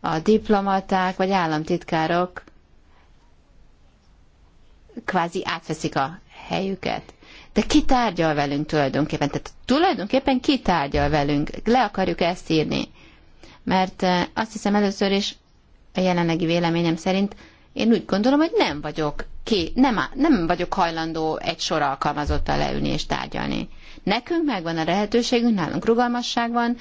a diplomaták vagy államtitkárok kvázi átveszik a helyüket. De ki tárgyal velünk tulajdonképpen? Tehát tulajdonképpen ki tárgyal velünk? Le akarjuk ezt írni. Mert eh, azt hiszem először is a jelenlegi véleményem szerint én úgy gondolom, hogy nem vagyok ki, nem, nem vagyok hajlandó egy sor alkalmazottal leülni és tárgyalni. Nekünk megvan a lehetőségünk, nálunk rugalmasság van,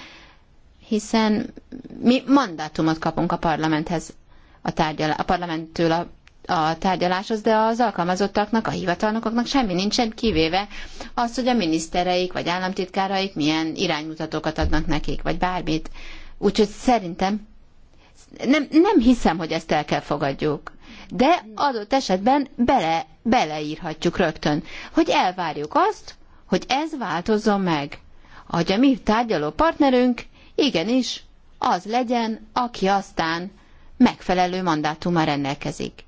hiszen mi mandátumot kapunk a parlamenthez, a, tárgyal, a parlamenttől a a tárgyaláshoz, de az alkalmazottaknak, a hivatalnokoknak semmi nincsen, kivéve azt, hogy a minisztereik vagy államtitkáraik milyen iránymutatókat adnak nekik, vagy bármit. Úgyhogy szerintem nem, nem hiszem, hogy ezt el kell fogadjuk. De adott esetben bele, beleírhatjuk rögtön, hogy elvárjuk azt, hogy ez változzon meg. Hogy a mi tárgyaló partnerünk igenis az legyen, aki aztán megfelelő mandátummal rendelkezik.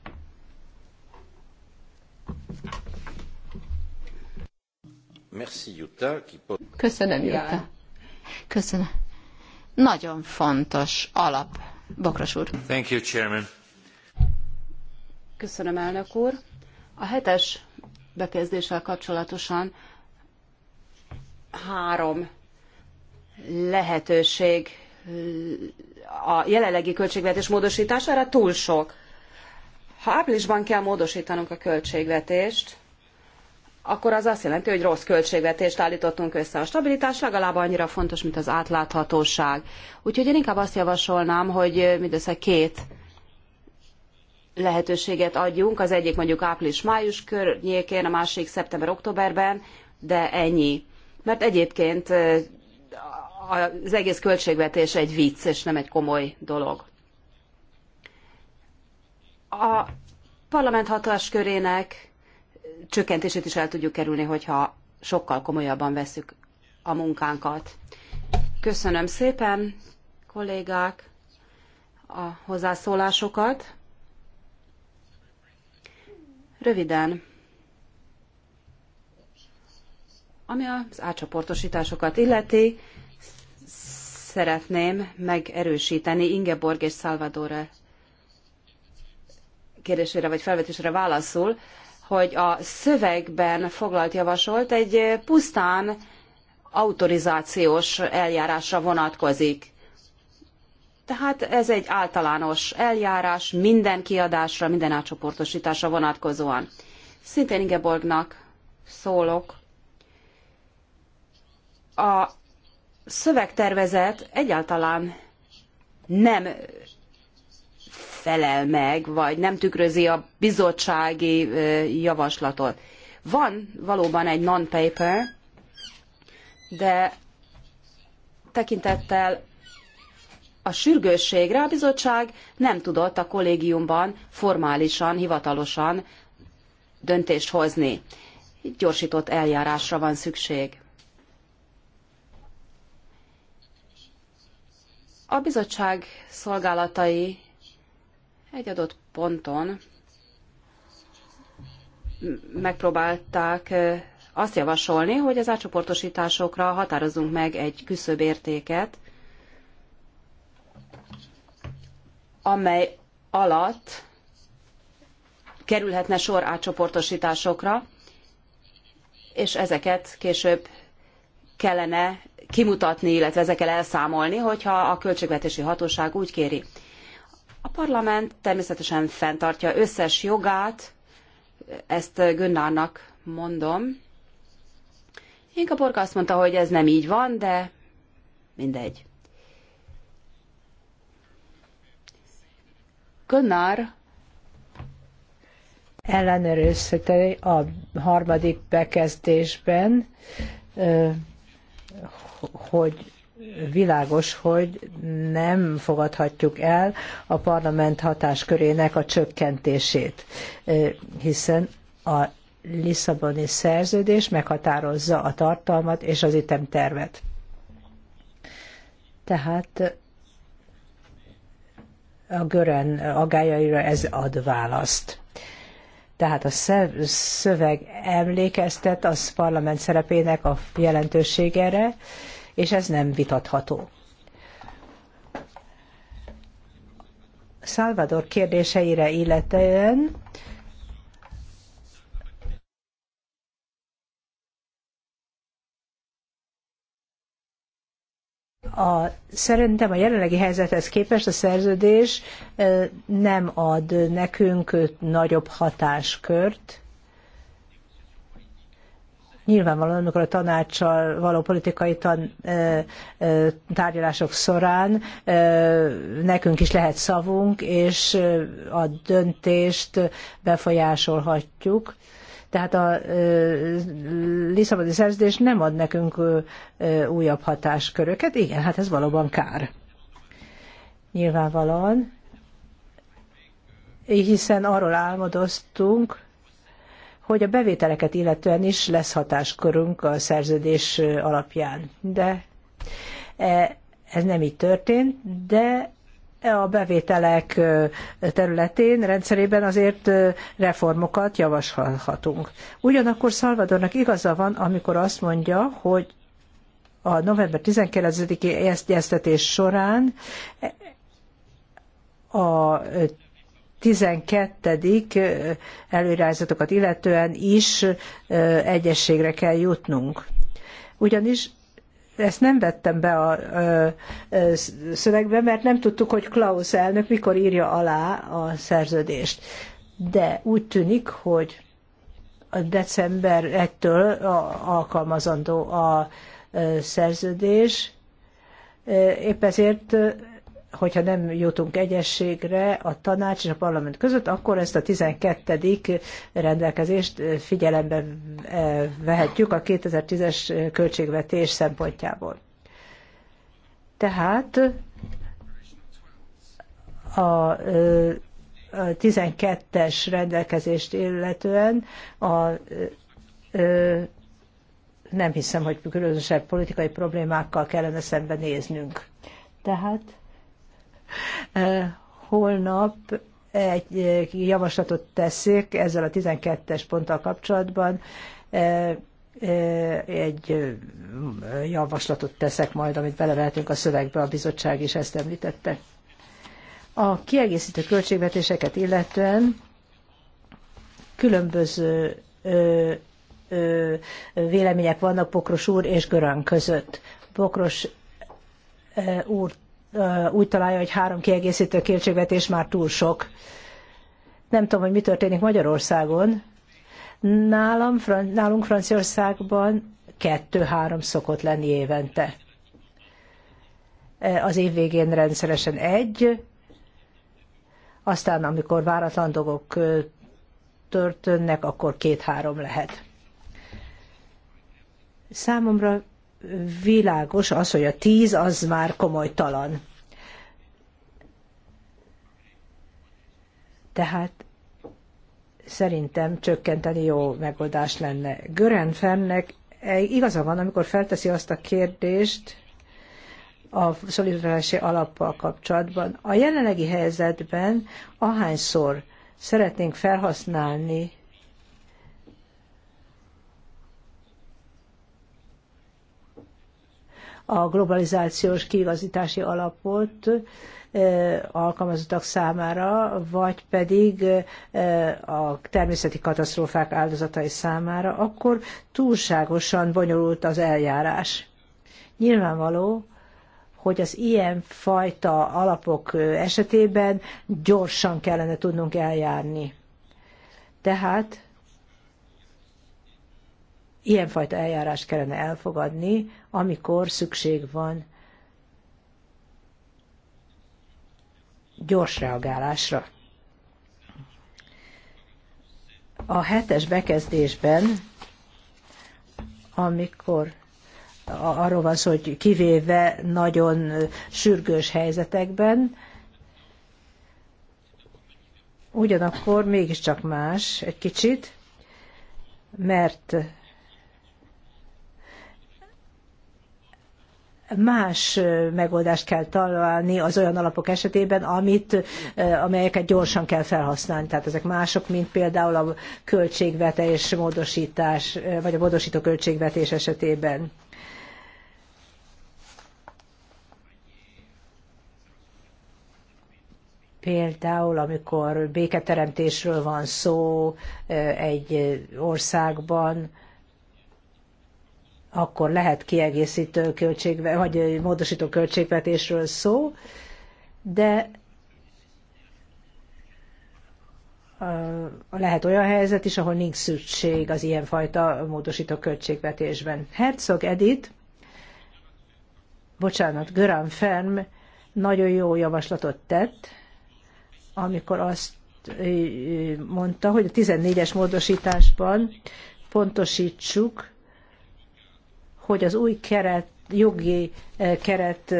Köszönöm, Jutta. Köszönöm. Nagyon fontos alap. Bokros úr. Thank you, Chairman. Köszönöm, elnök úr. A hetes bekezdéssel kapcsolatosan három lehetőség a jelenlegi költségvetés módosítására túl sok. Ha áprilisban kell módosítanunk a költségvetést, akkor az azt jelenti, hogy rossz költségvetést állítottunk össze. A stabilitás legalább annyira fontos, mint az átláthatóság. Úgyhogy én inkább azt javasolnám, hogy mindössze két lehetőséget adjunk. Az egyik mondjuk április-május környékén, a másik szeptember-októberben, de ennyi. Mert egyébként az egész költségvetés egy vicc, és nem egy komoly dolog. A parlament hatáskörének csökkentését is el tudjuk kerülni, hogyha sokkal komolyabban vesszük a munkánkat. Köszönöm szépen, kollégák, a hozzászólásokat. Röviden, ami az átcsoportosításokat illeti, szeretném megerősíteni Ingeborg és Salvador kérdésére vagy felvetésére válaszul, hogy a szövegben foglalt javasolt egy pusztán autorizációs eljárásra vonatkozik. Tehát ez egy általános eljárás minden kiadásra, minden átcsoportosításra vonatkozóan. Szintén Ingeborgnak szólok. A szövegtervezet egyáltalán nem felel meg, vagy nem tükrözi a bizottsági javaslatot. Van valóban egy non-paper, de tekintettel a sürgősségre a bizottság nem tudott a kollégiumban formálisan, hivatalosan döntést hozni. Gyorsított eljárásra van szükség. A bizottság szolgálatai egy adott ponton megpróbálták azt javasolni, hogy az átcsoportosításokra határozzunk meg egy értéket, amely alatt kerülhetne sor átcsoportosításokra, és ezeket később kellene kimutatni, illetve ezekkel elszámolni, hogyha a költségvetési hatóság úgy kéri. A parlament természetesen fenntartja összes jogát, ezt Gönnárnak mondom. Inka Porka azt mondta, hogy ez nem így van, de mindegy. Gönnár ellenőrizte a harmadik bekezdésben, hogy világos, hogy nem fogadhatjuk el a parlament hatáskörének a csökkentését, hiszen a Lisszaboni szerződés meghatározza a tartalmat és az ütemtervet. Tehát a Gören agályaira ez ad választ. Tehát a szöveg emlékeztet az parlament szerepének a jelentőségére, és ez nem vitatható. Salvador kérdéseire illetően a, szerintem a jelenlegi helyzethez képest a szerződés nem ad nekünk nagyobb hatáskört, Nyilvánvalóan, amikor a tanácssal való politikai tan, tárgyalások során nekünk is lehet szavunk, és a döntést befolyásolhatjuk. Tehát a Lisszaboni szerződés nem ad nekünk újabb hatásköröket. Igen, hát ez valóban kár. Nyilvánvalóan, hiszen arról álmodoztunk, hogy a bevételeket illetően is lesz hatáskörünk a szerződés alapján. De e, ez nem így történt, de a bevételek területén, rendszerében azért reformokat javasolhatunk. Ugyanakkor Szalvadornak igaza van, amikor azt mondja, hogy a november 19-i egyeztetés során a 12. előirányzatokat illetően is egyességre kell jutnunk. Ugyanis ezt nem vettem be a szövegbe, mert nem tudtuk, hogy Klaus elnök mikor írja alá a szerződést. De úgy tűnik, hogy a december 1-től alkalmazandó a szerződés, épp ezért hogyha nem jutunk egyességre a tanács és a parlament között, akkor ezt a 12. rendelkezést eh, figyelembe eh, vehetjük a 2010-es költségvetés szempontjából. Tehát a 12-es eh, rendelkezést illetően a, nem hiszem, hogy különösebb politikai problémákkal kellene szembenéznünk. Tehát Holnap egy javaslatot teszek ezzel a 12-es ponttal kapcsolatban, egy javaslatot teszek majd, amit belevehetünk a szövegbe, a bizottság is ezt említette. A kiegészítő költségvetéseket illetően különböző vélemények vannak Pokros úr és Görön között. Pokros úr úgy találja, hogy három kiegészítő költségvetés már túl sok. Nem tudom, hogy mi történik Magyarországon. Nálam, nálunk Franciaországban kettő-három szokott lenni évente. Az év végén rendszeresen egy, aztán amikor váratlan dolgok történnek, akkor két-három lehet. Számomra világos az, hogy a tíz az már komolytalan. Tehát szerintem csökkenteni jó megoldás lenne. Gören Fernnek eh, igaza van, amikor felteszi azt a kérdést a szolidaritási alappal kapcsolatban. A jelenlegi helyzetben ahányszor szeretnénk felhasználni a globalizációs kiigazítási alapot eh, alkalmazottak számára, vagy pedig eh, a természeti katasztrófák áldozatai számára, akkor túlságosan bonyolult az eljárás. Nyilvánvaló, hogy az ilyen fajta alapok eh, esetében gyorsan kellene tudnunk eljárni. Tehát ilyenfajta eljárást kellene elfogadni, amikor szükség van gyors reagálásra. A hetes bekezdésben, amikor arról van szó, hogy kivéve nagyon sürgős helyzetekben, ugyanakkor mégiscsak más egy kicsit, mert más megoldást kell találni az olyan alapok esetében, amit, amelyeket gyorsan kell felhasználni. Tehát ezek mások, mint például a költségvetés módosítás, vagy a módosító költségvetés esetében. például, amikor béketeremtésről van szó egy országban, akkor lehet kiegészítő költség, vagy módosító költségvetésről szó, de lehet olyan helyzet is, ahol nincs szükség az ilyenfajta módosító költségvetésben. Herzog Edit, bocsánat, Göran Ferm nagyon jó javaslatot tett, amikor azt mondta, hogy a 14-es módosításban pontosítsuk, hogy az új keret, jogi eh, keret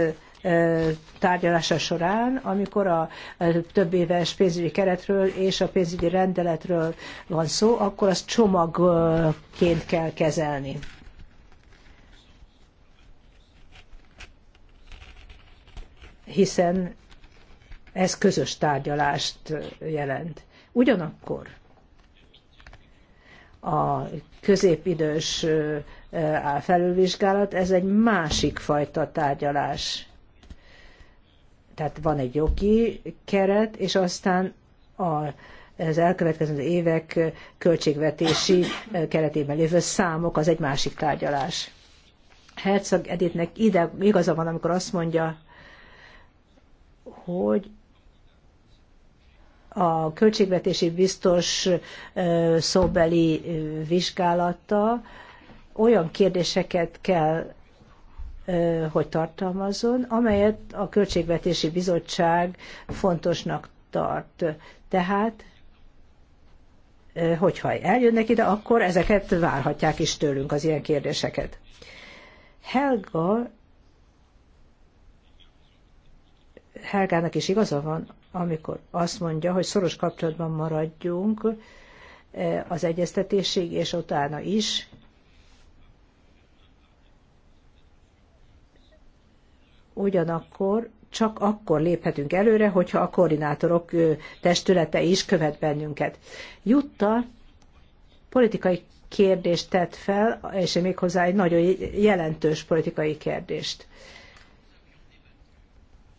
eh, tárgyalása során, amikor a eh, több éves pénzügyi keretről és a pénzügyi rendeletről van szó, akkor azt csomagként kell kezelni. Hiszen ez közös tárgyalást jelent. Ugyanakkor a középidős felülvizsgálat, ez egy másik fajta tárgyalás. Tehát van egy jogi keret, és aztán a, az elkövetkező évek költségvetési keretében lévő számok, az egy másik tárgyalás. Herzog Editnek ide igaza van, amikor azt mondja, hogy a költségvetési biztos szóbeli vizsgálata olyan kérdéseket kell, hogy tartalmazzon, amelyet a Költségvetési Bizottság fontosnak tart. Tehát, hogyha eljönnek ide, akkor ezeket várhatják is tőlünk az ilyen kérdéseket. Helga Helgának is igaza van, amikor azt mondja, hogy szoros kapcsolatban maradjunk az egyeztetésig, és utána is, ugyanakkor csak akkor léphetünk előre, hogyha a koordinátorok testülete is követ bennünket. Jutta politikai kérdést tett fel, és méghozzá egy nagyon jelentős politikai kérdést.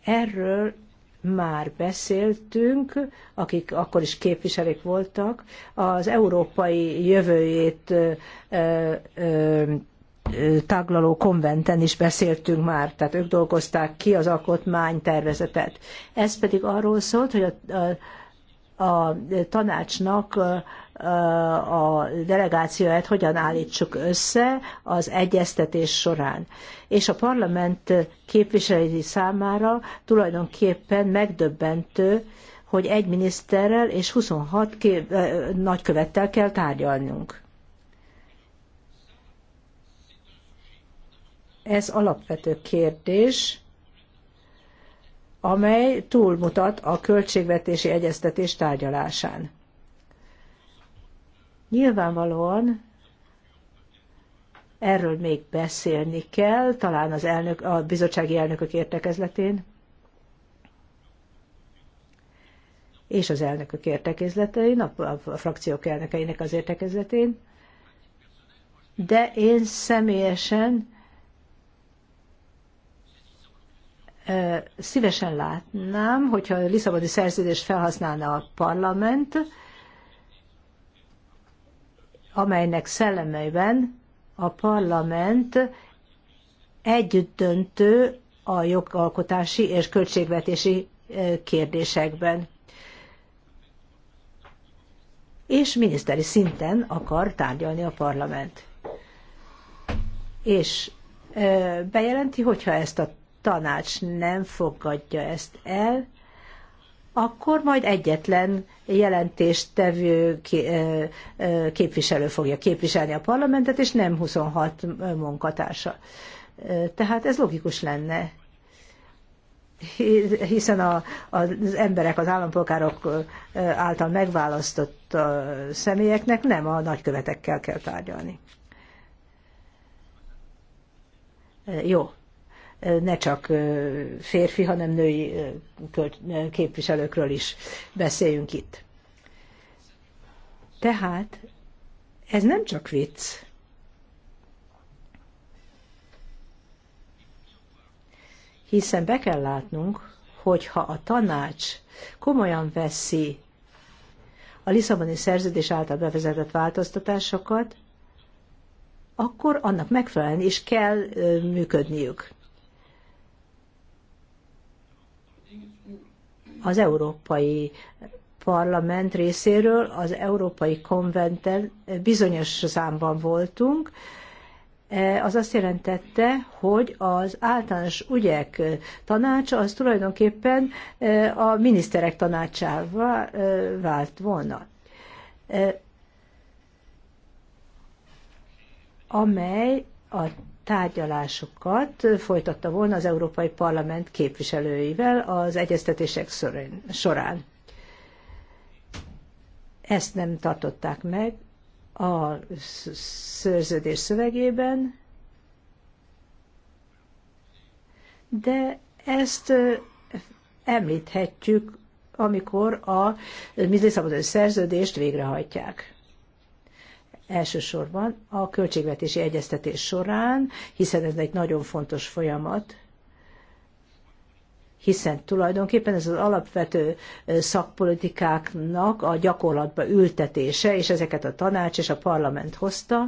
Erről már beszéltünk, akik akkor is képviselők voltak, az európai jövőjét ö, ö, taglaló konventen is beszéltünk már, tehát ők dolgozták ki az alkotmánytervezetet. Ez pedig arról szólt, hogy a, a, a tanácsnak a delegációját hogyan állítsuk össze az egyeztetés során. És a parlament képviselői számára tulajdonképpen megdöbbentő, hogy egy miniszterrel és 26 kép, nagykövettel kell tárgyalnunk. Ez alapvető kérdés, amely túlmutat a költségvetési egyeztetés tárgyalásán. Nyilvánvalóan erről még beszélni kell, talán az elnök, a bizottsági elnökök értekezletén, és az elnökök értekezletein, a, frakciók elnökeinek az értekezletén, de én személyesen szívesen látnám, hogyha a Lisszaboni szerződést felhasználna a parlament, amelynek szellemeiben a parlament együtt döntő a jogalkotási és költségvetési kérdésekben. És miniszteri szinten akar tárgyalni a parlament. És bejelenti, hogyha ezt a tanács nem fogadja ezt el, akkor majd egyetlen jelentéstevő képviselő fogja képviselni a parlamentet, és nem 26 munkatársa. Tehát ez logikus lenne hiszen a, az emberek, az állampolgárok által megválasztott személyeknek nem a nagykövetekkel kell tárgyalni. Jó, ne csak férfi, hanem női képviselőkről is beszéljünk itt. Tehát ez nem csak vicc. Hiszen be kell látnunk, hogyha a tanács komolyan veszi a Lisszaboni szerződés által bevezetett változtatásokat, akkor annak megfelelően is kell működniük. az Európai Parlament részéről az Európai Konventen bizonyos számban voltunk, e, az azt jelentette, hogy az általános ügyek tanácsa az tulajdonképpen e, a miniszterek tanácsával e, vált volna, amely a tárgyalásokat folytatta volna az Európai Parlament képviselőivel az egyeztetések során. Ezt nem tartották meg a szőrződés szövegében, de ezt említhetjük, amikor a mizli szabadon szerződést végrehajtják elsősorban a költségvetési egyeztetés során, hiszen ez egy nagyon fontos folyamat, hiszen tulajdonképpen ez az alapvető szakpolitikáknak a gyakorlatba ültetése, és ezeket a tanács és a parlament hozta,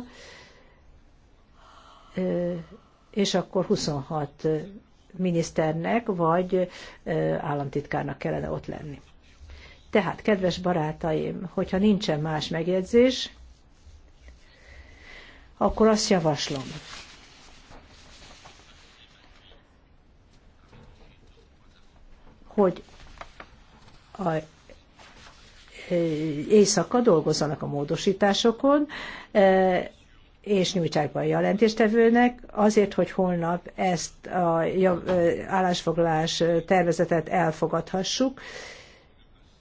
és akkor 26 miniszternek vagy államtitkárnak kellene ott lenni. Tehát, kedves barátaim, hogyha nincsen más megjegyzés, akkor azt javaslom. hogy a éjszaka dolgozzanak a módosításokon, és nyújtsák be a jelentéstevőnek, azért, hogy holnap ezt a állásfoglalás tervezetet elfogadhassuk,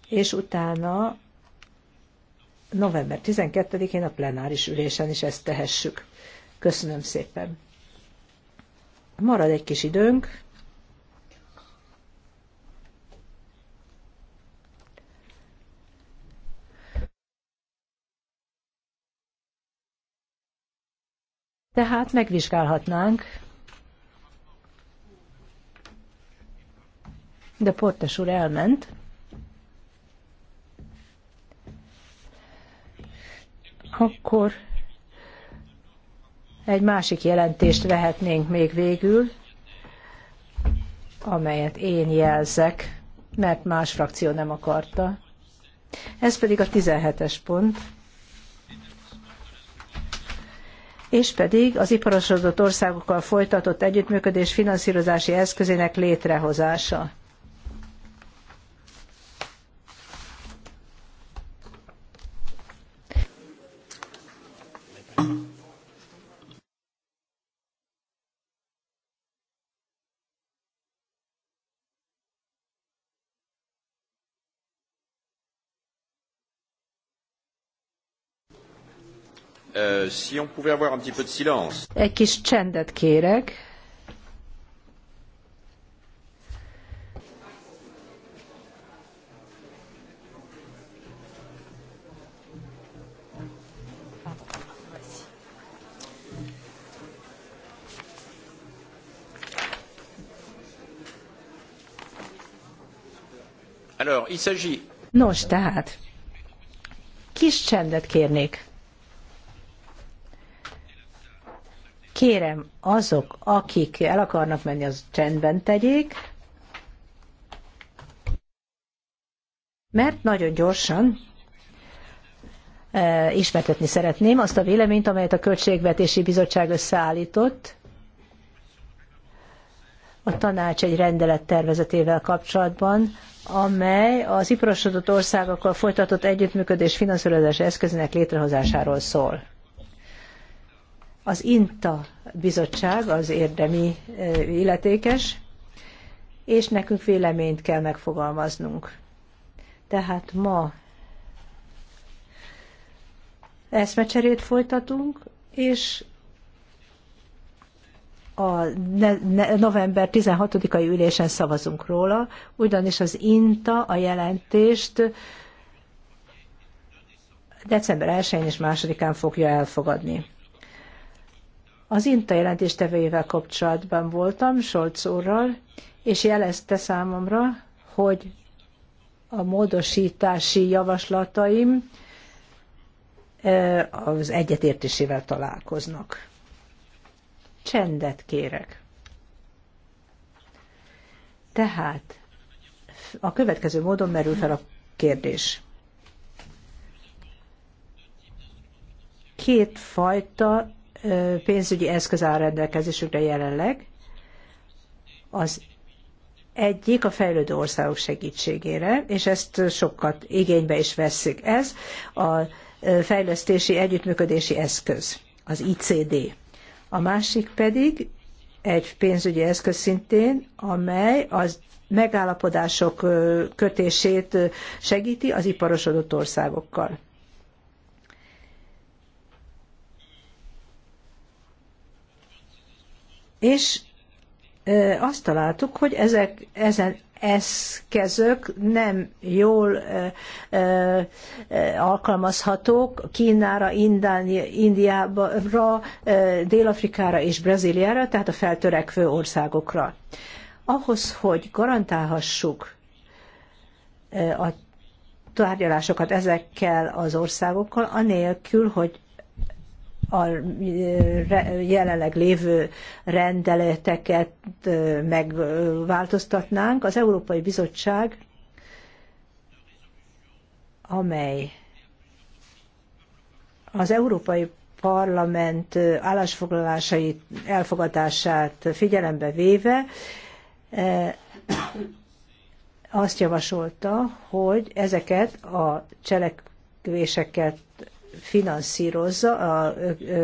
és utána november 12-én a plenáris ülésen is ezt tehessük. Köszönöm szépen. Marad egy kis időnk. Tehát megvizsgálhatnánk. De Portes úr elment. Akkor egy másik jelentést vehetnénk még végül, amelyet én jelzek, mert más frakció nem akarta. Ez pedig a 17-es pont. és pedig az iparosodott országokkal folytatott együttműködés finanszírozási eszközének létrehozása. Euh, si on pouvait avoir un petit peu de silence. Egy kis csendet kérek. Nos, tehát kis csendet kérnék. Kérem, azok, akik el akarnak menni, az csendben tegyék, mert nagyon gyorsan e, ismertetni szeretném azt a véleményt, amelyet a Költségvetési Bizottság összeállított a tanács egy rendelet tervezetével kapcsolatban, amely az iparosodott országokkal folytatott együttműködés finanszírozási eszközének létrehozásáról szól. Az INTA bizottság az érdemi illetékes, és nekünk véleményt kell megfogalmaznunk. Tehát ma eszmecserét folytatunk, és a november 16-ai ülésen szavazunk róla, ugyanis az INTA a jelentést december 1-én és 2-án fogja elfogadni. Az INTA jelentéstevőjével kapcsolatban voltam, Solc úrral, és jelezte számomra, hogy a módosítási javaslataim az egyetértésével találkoznak. Csendet kérek. Tehát a következő módon merül fel a kérdés. Két fajta pénzügyi eszköz áll rendelkezésükre jelenleg. Az egyik a fejlődő országok segítségére, és ezt sokat igénybe is veszik. Ez a fejlesztési együttműködési eszköz, az ICD. A másik pedig egy pénzügyi eszköz szintén, amely az megállapodások kötését segíti az iparosodott országokkal. És azt találtuk, hogy ezek, ezen eszközök nem jól e, alkalmazhatók Kínára, e, Dél-Afrikára és Brazíliára, tehát a feltörekvő országokra. Ahhoz, hogy garantálhassuk a tárgyalásokat ezekkel az országokkal, anélkül, hogy a jelenleg lévő rendeleteket megváltoztatnánk, az Európai Bizottság, amely az Európai Parlament állásfoglalásait, elfogadását figyelembe véve azt javasolta, hogy ezeket a cselekvéseket finanszírozza a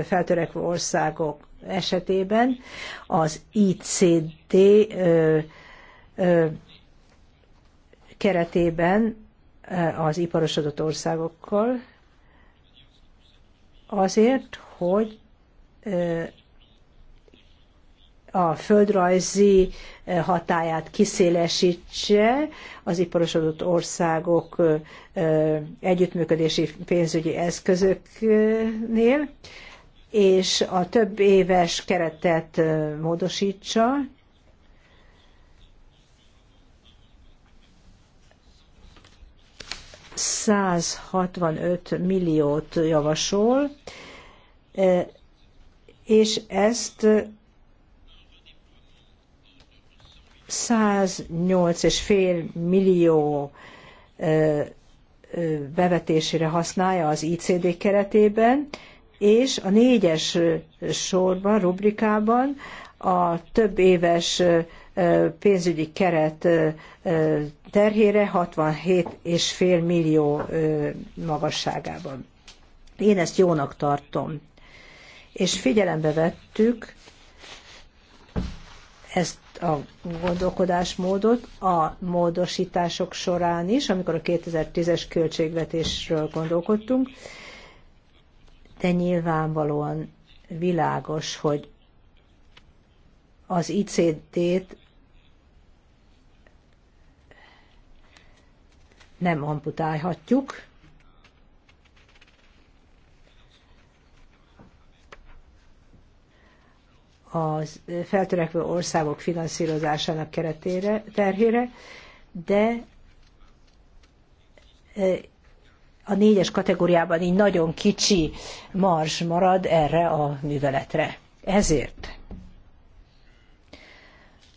feltörekvő országok esetében az ICD keretében az iparosodott országokkal azért, hogy a földrajzi eh, hatáját kiszélesítse az iparosodott országok eh, eh, együttműködési pénzügyi eszközöknél, és a több éves keretet módosítsa, ...165 milliót javasol, és ezt 108,5 millió bevetésére használja az ICD keretében, és a négyes sorban, rubrikában a több éves pénzügyi keret terhére 67,5 millió magasságában. Én ezt jónak tartom. És figyelembe vettük ezt a gondolkodásmódot a módosítások során is, amikor a 2010-es költségvetésről gondolkodtunk, de nyilvánvalóan világos, hogy az ICD-t nem amputálhatjuk, a feltörekvő országok finanszírozásának keretére, terhére, de a négyes kategóriában így nagyon kicsi mars marad erre a műveletre. Ezért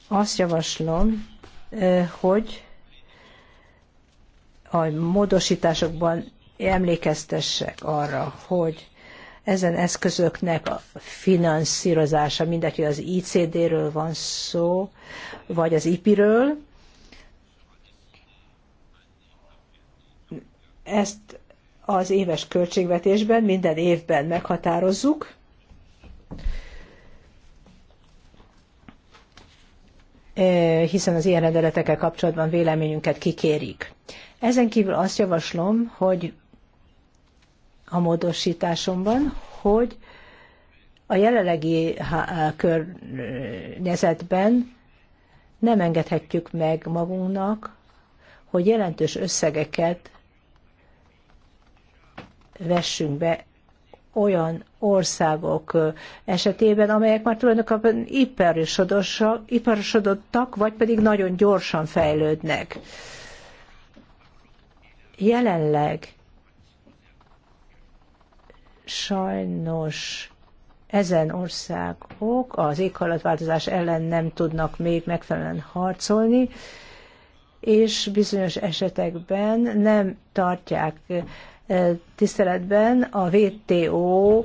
azt javaslom, hogy a módosításokban emlékeztessek arra, hogy ezen eszközöknek a finanszírozása, mindegy, hogy az ICD-ről van szó, vagy az IPI-ről, ezt az éves költségvetésben minden évben meghatározzuk, e, hiszen az ilyen rendeletekkel kapcsolatban véleményünket kikérik. Ezen kívül azt javaslom, hogy a módosításomban, hogy a jelenlegi környezetben nem engedhetjük meg magunknak, hogy jelentős összegeket vessünk be olyan országok esetében, amelyek már tulajdonképpen iparosodottak, vagy pedig nagyon gyorsan fejlődnek. Jelenleg Sajnos ezen országok az éghajlatváltozás ellen nem tudnak még megfelelően harcolni, és bizonyos esetekben nem tartják tiszteletben a WTO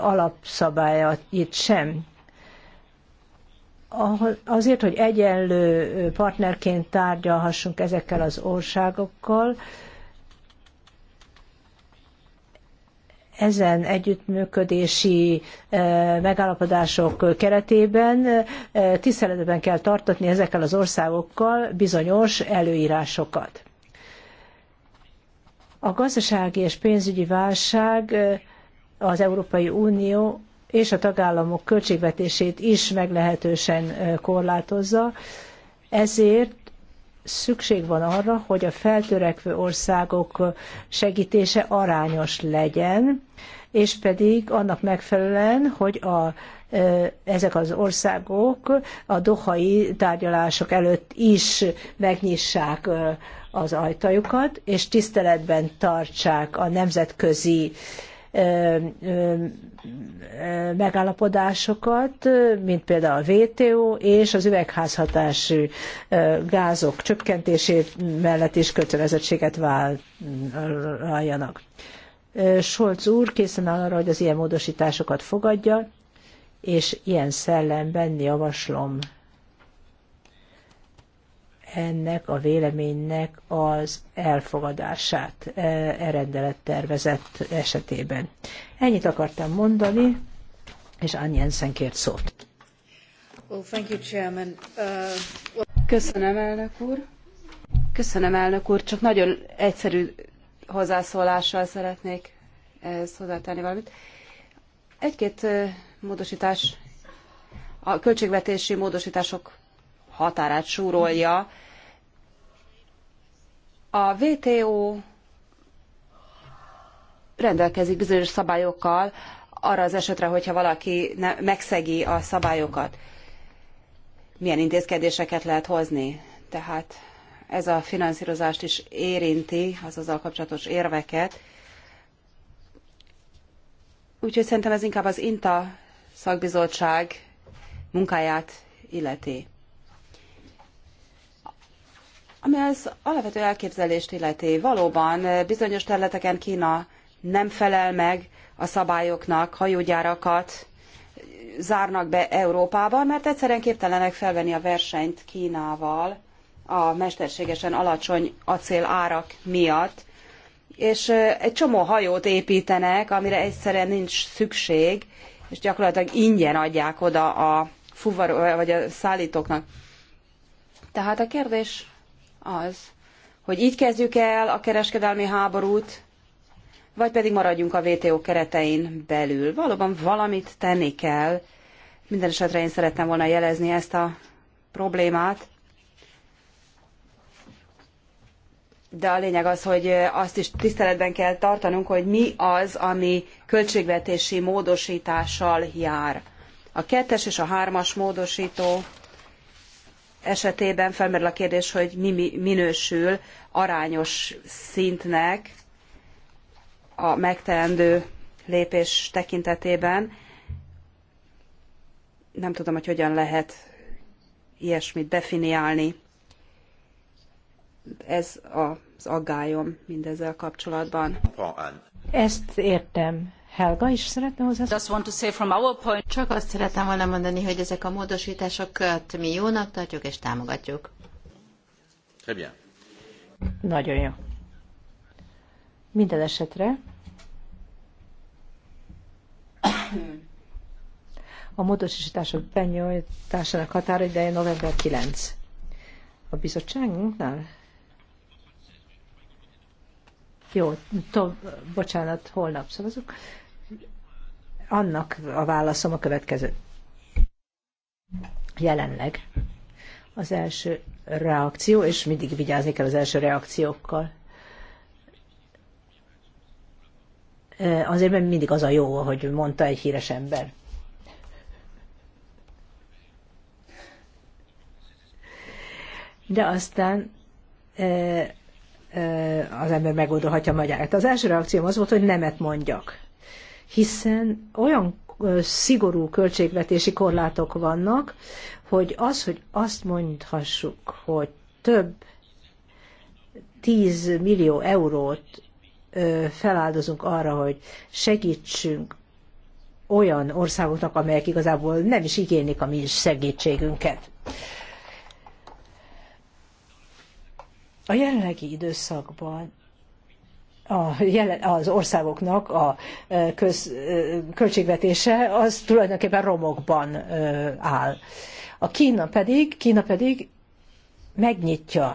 alapszabályait sem. Azért, hogy egyenlő partnerként tárgyalhassunk ezekkel az országokkal, ezen együttműködési eh, megállapodások keretében eh, tiszteletben kell tartatni ezekkel az országokkal bizonyos előírásokat. A gazdasági és pénzügyi válság eh, az Európai Unió és a tagállamok költségvetését is meglehetősen korlátozza, ezért szükség van arra, hogy a feltörekvő országok segítése arányos legyen, és pedig annak megfelelően, hogy a, ezek az országok a dohai tárgyalások előtt is megnyissák az ajtajukat, és tiszteletben tartsák a nemzetközi megállapodásokat, mint például a VTO és az üvegházhatású gázok csökkentésé mellett is kötelezettséget vállaljanak. Scholz úr készen áll arra, hogy az ilyen módosításokat fogadja, és ilyen szellemben javaslom ennek a véleménynek az elfogadását e, e tervezett esetében. Ennyit akartam mondani, és Ann Jensen kért szót. Uh, Köszönöm, elnök úr. Köszönöm, elnök úr. Csak nagyon egyszerű hozzászólással szeretnék ehhez hozzátenni valamit. Egy-két módosítás, a költségvetési módosítások határát súrolja. A WTO rendelkezik bizonyos szabályokkal arra az esetre, hogyha valaki ne, megszegi a szabályokat. Milyen intézkedéseket lehet hozni? Tehát ez a finanszírozást is érinti, az azzal kapcsolatos érveket. Úgyhogy szerintem ez inkább az INTA szakbizottság munkáját illeti. Ami az alapvető elképzelést illeti, valóban eh, bizonyos területeken Kína nem felel meg a szabályoknak, hajógyárakat eh, zárnak be Európában, mert egyszerűen képtelenek felvenni a versenyt Kínával a mesterségesen alacsony acél árak miatt, és eh, egy csomó hajót építenek, amire egyszerűen nincs szükség, és gyakorlatilag ingyen adják oda a fuvar, vagy a szállítóknak. Tehát a kérdés az, hogy így kezdjük el a kereskedelmi háborút, vagy pedig maradjunk a WTO keretein belül. Valóban valamit tenni kell. Minden esetre én szerettem volna jelezni ezt a problémát. De a lényeg az, hogy azt is tiszteletben kell tartanunk, hogy mi az, ami költségvetési módosítással jár. A kettes és a hármas módosító esetében felmerül a kérdés, hogy mi minősül arányos szintnek a megteendő lépés tekintetében. Nem tudom, hogy hogyan lehet ilyesmit definiálni. Ez az aggályom mindezzel kapcsolatban. Ezt értem. Helga is szeretne hozzászólni? Csak azt szeretem volna mondani, hogy ezek a módosításokat mi jónak tartjuk és támogatjuk. Très bien. Nagyon jó. Minden esetre a módosítások benyújtásának határideje november 9. A bizottságunknál? Jó, to, bocsánat, holnap szavazunk annak a válaszom a következő. Jelenleg az első reakció, és mindig vigyázni kell az első reakciókkal, azért, mert mindig az a jó, hogy mondta egy híres ember. De aztán az ember megoldolhatja magát. Az első reakcióm az volt, hogy nemet mondjak hiszen olyan szigorú költségvetési korlátok vannak, hogy az, hogy azt mondhassuk, hogy több 10 millió eurót feláldozunk arra, hogy segítsünk olyan országoknak, amelyek igazából nem is igénylik a mi segítségünket. A jelenlegi időszakban a jelen, az országoknak a köz, költségvetése az tulajdonképpen romokban áll. A Kína pedig, Kína pedig megnyitja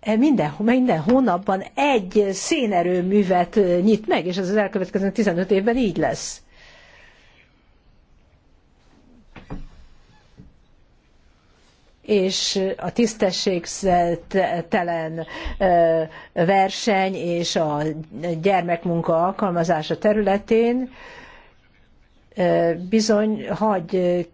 e, minden, minden hónapban egy szénerőművet nyit meg, és ez az elkövetkező 15 évben így lesz. és a tisztességtelen verseny és a gyermekmunka alkalmazása területén bizony hagy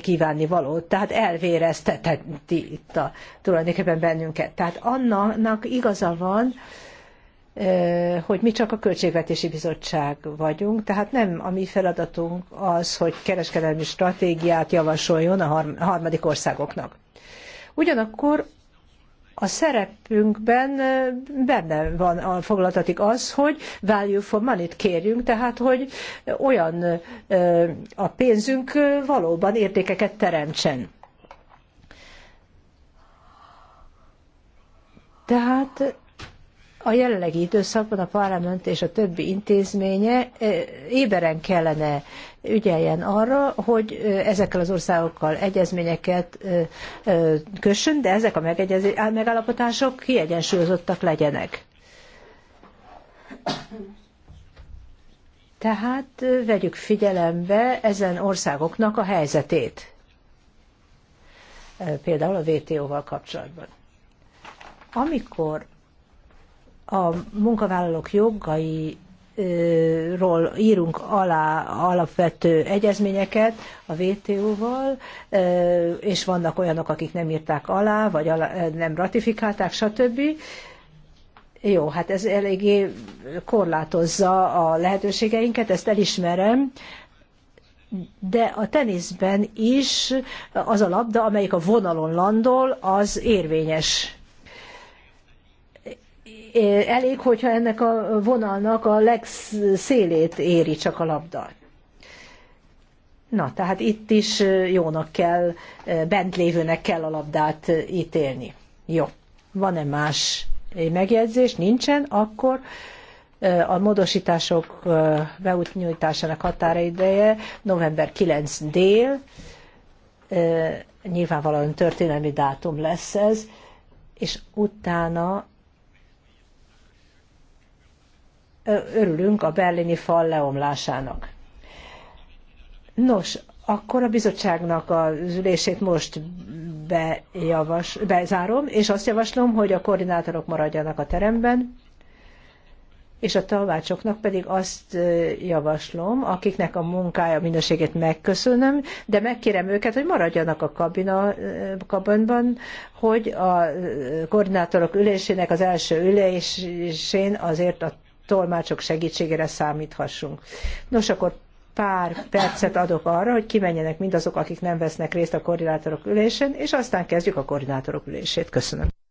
kívánni valót, tehát elvéreztetett itt a, tulajdonképpen bennünket. Tehát annak igaza van, hogy mi csak a Költségvetési Bizottság vagyunk, tehát nem a mi feladatunk az, hogy kereskedelmi stratégiát javasoljon a harmadik országoknak. Ugyanakkor a szerepünkben benne van a foglaltatik az, hogy value for money-t kérjünk, tehát hogy olyan a pénzünk valóban értékeket teremtsen. Tehát a jelenlegi időszakban a parlament és a többi intézménye eh, éberen kellene ügyeljen arra, hogy eh, ezekkel az országokkal egyezményeket eh, kössön, de ezek a megállapotások kiegyensúlyozottak legyenek. Tehát vegyük figyelembe ezen országoknak a helyzetét, például a WTO-val kapcsolatban. Amikor a munkavállalók jogai ról írunk alá alapvető egyezményeket a vto val és vannak olyanok, akik nem írták alá, vagy alá, nem ratifikálták, stb. Jó, hát ez eléggé korlátozza a lehetőségeinket, ezt elismerem, de a teniszben is az a labda, amelyik a vonalon landol, az érvényes elég, hogyha ennek a vonalnak a legszélét éri csak a labda. Na, tehát itt is jónak kell, bent lévőnek kell a labdát ítélni. Jó. Van-e más megjegyzés? Nincsen, akkor a módosítások beútnyújtásának határideje november 9 dél, nyilvánvalóan történelmi dátum lesz ez, és utána örülünk a berlini fal leomlásának. Nos, akkor a bizottságnak az ülését most bejavas, bezárom, és azt javaslom, hogy a koordinátorok maradjanak a teremben, és a tanácsoknak pedig azt javaslom, akiknek a munkája minőségét megköszönöm, de megkérem őket, hogy maradjanak a kabina, kabinban, hogy a koordinátorok ülésének az első ülésén azért a tolmácsok segítségére számíthassunk. Nos, akkor pár percet adok arra, hogy kimenjenek mindazok, akik nem vesznek részt a koordinátorok ülésén, és aztán kezdjük a koordinátorok ülését. Köszönöm.